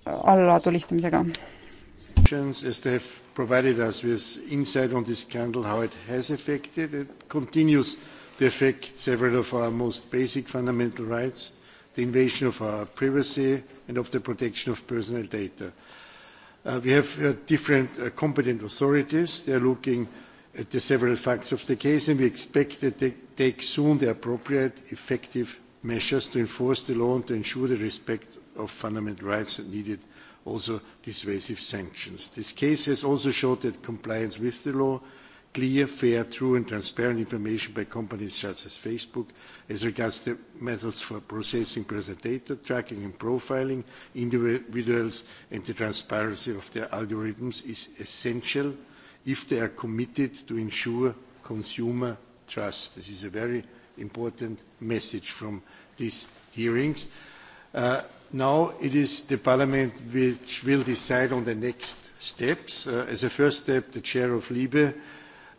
allatulistamisega questions as they have provided us with insight on this scandal, how it has affected and continues to affect several of our most basic fundamental rights, the invasion of our privacy and of the protection of personal data. Uh, we have uh, different uh, competent authorities. They are looking at the several facts of the case, and we expect that they take soon the appropriate, effective measures to enforce the law and to ensure the respect of fundamental rights needed also dissuasive sanctions. This case has also showed that compliance with the law, clear, fair, true and transparent information by companies such as Facebook as regards the methods for processing personal data, tracking and profiling individuals and the transparency of their algorithms is essential if they are committed to ensure consumer trust. This is a very important message from these hearings. Uh, Now it is the Parliament which will decide on the next steps. Uh, as a first step, the Chair of Libe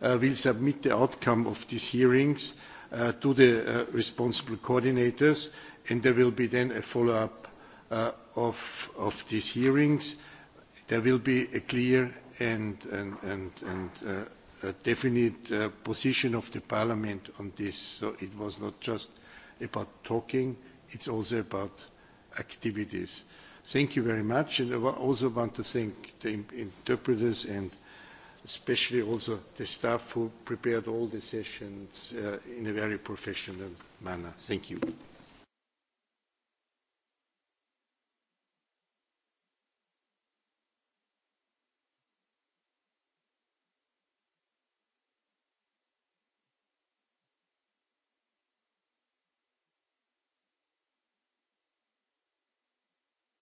uh, will submit the outcome of these hearings uh, to the uh, responsible coordinators, and there will be then a follow-up uh, of, of these hearings. There will be a clear and, and, and, and uh, a definite uh, position of the Parliament on this. So it was not just about talking, it's also about activities. Thank you very much. And I also want to thank the interpreters and especially also the staff who prepared all the sessions uh, in a very professional manner. Thank you.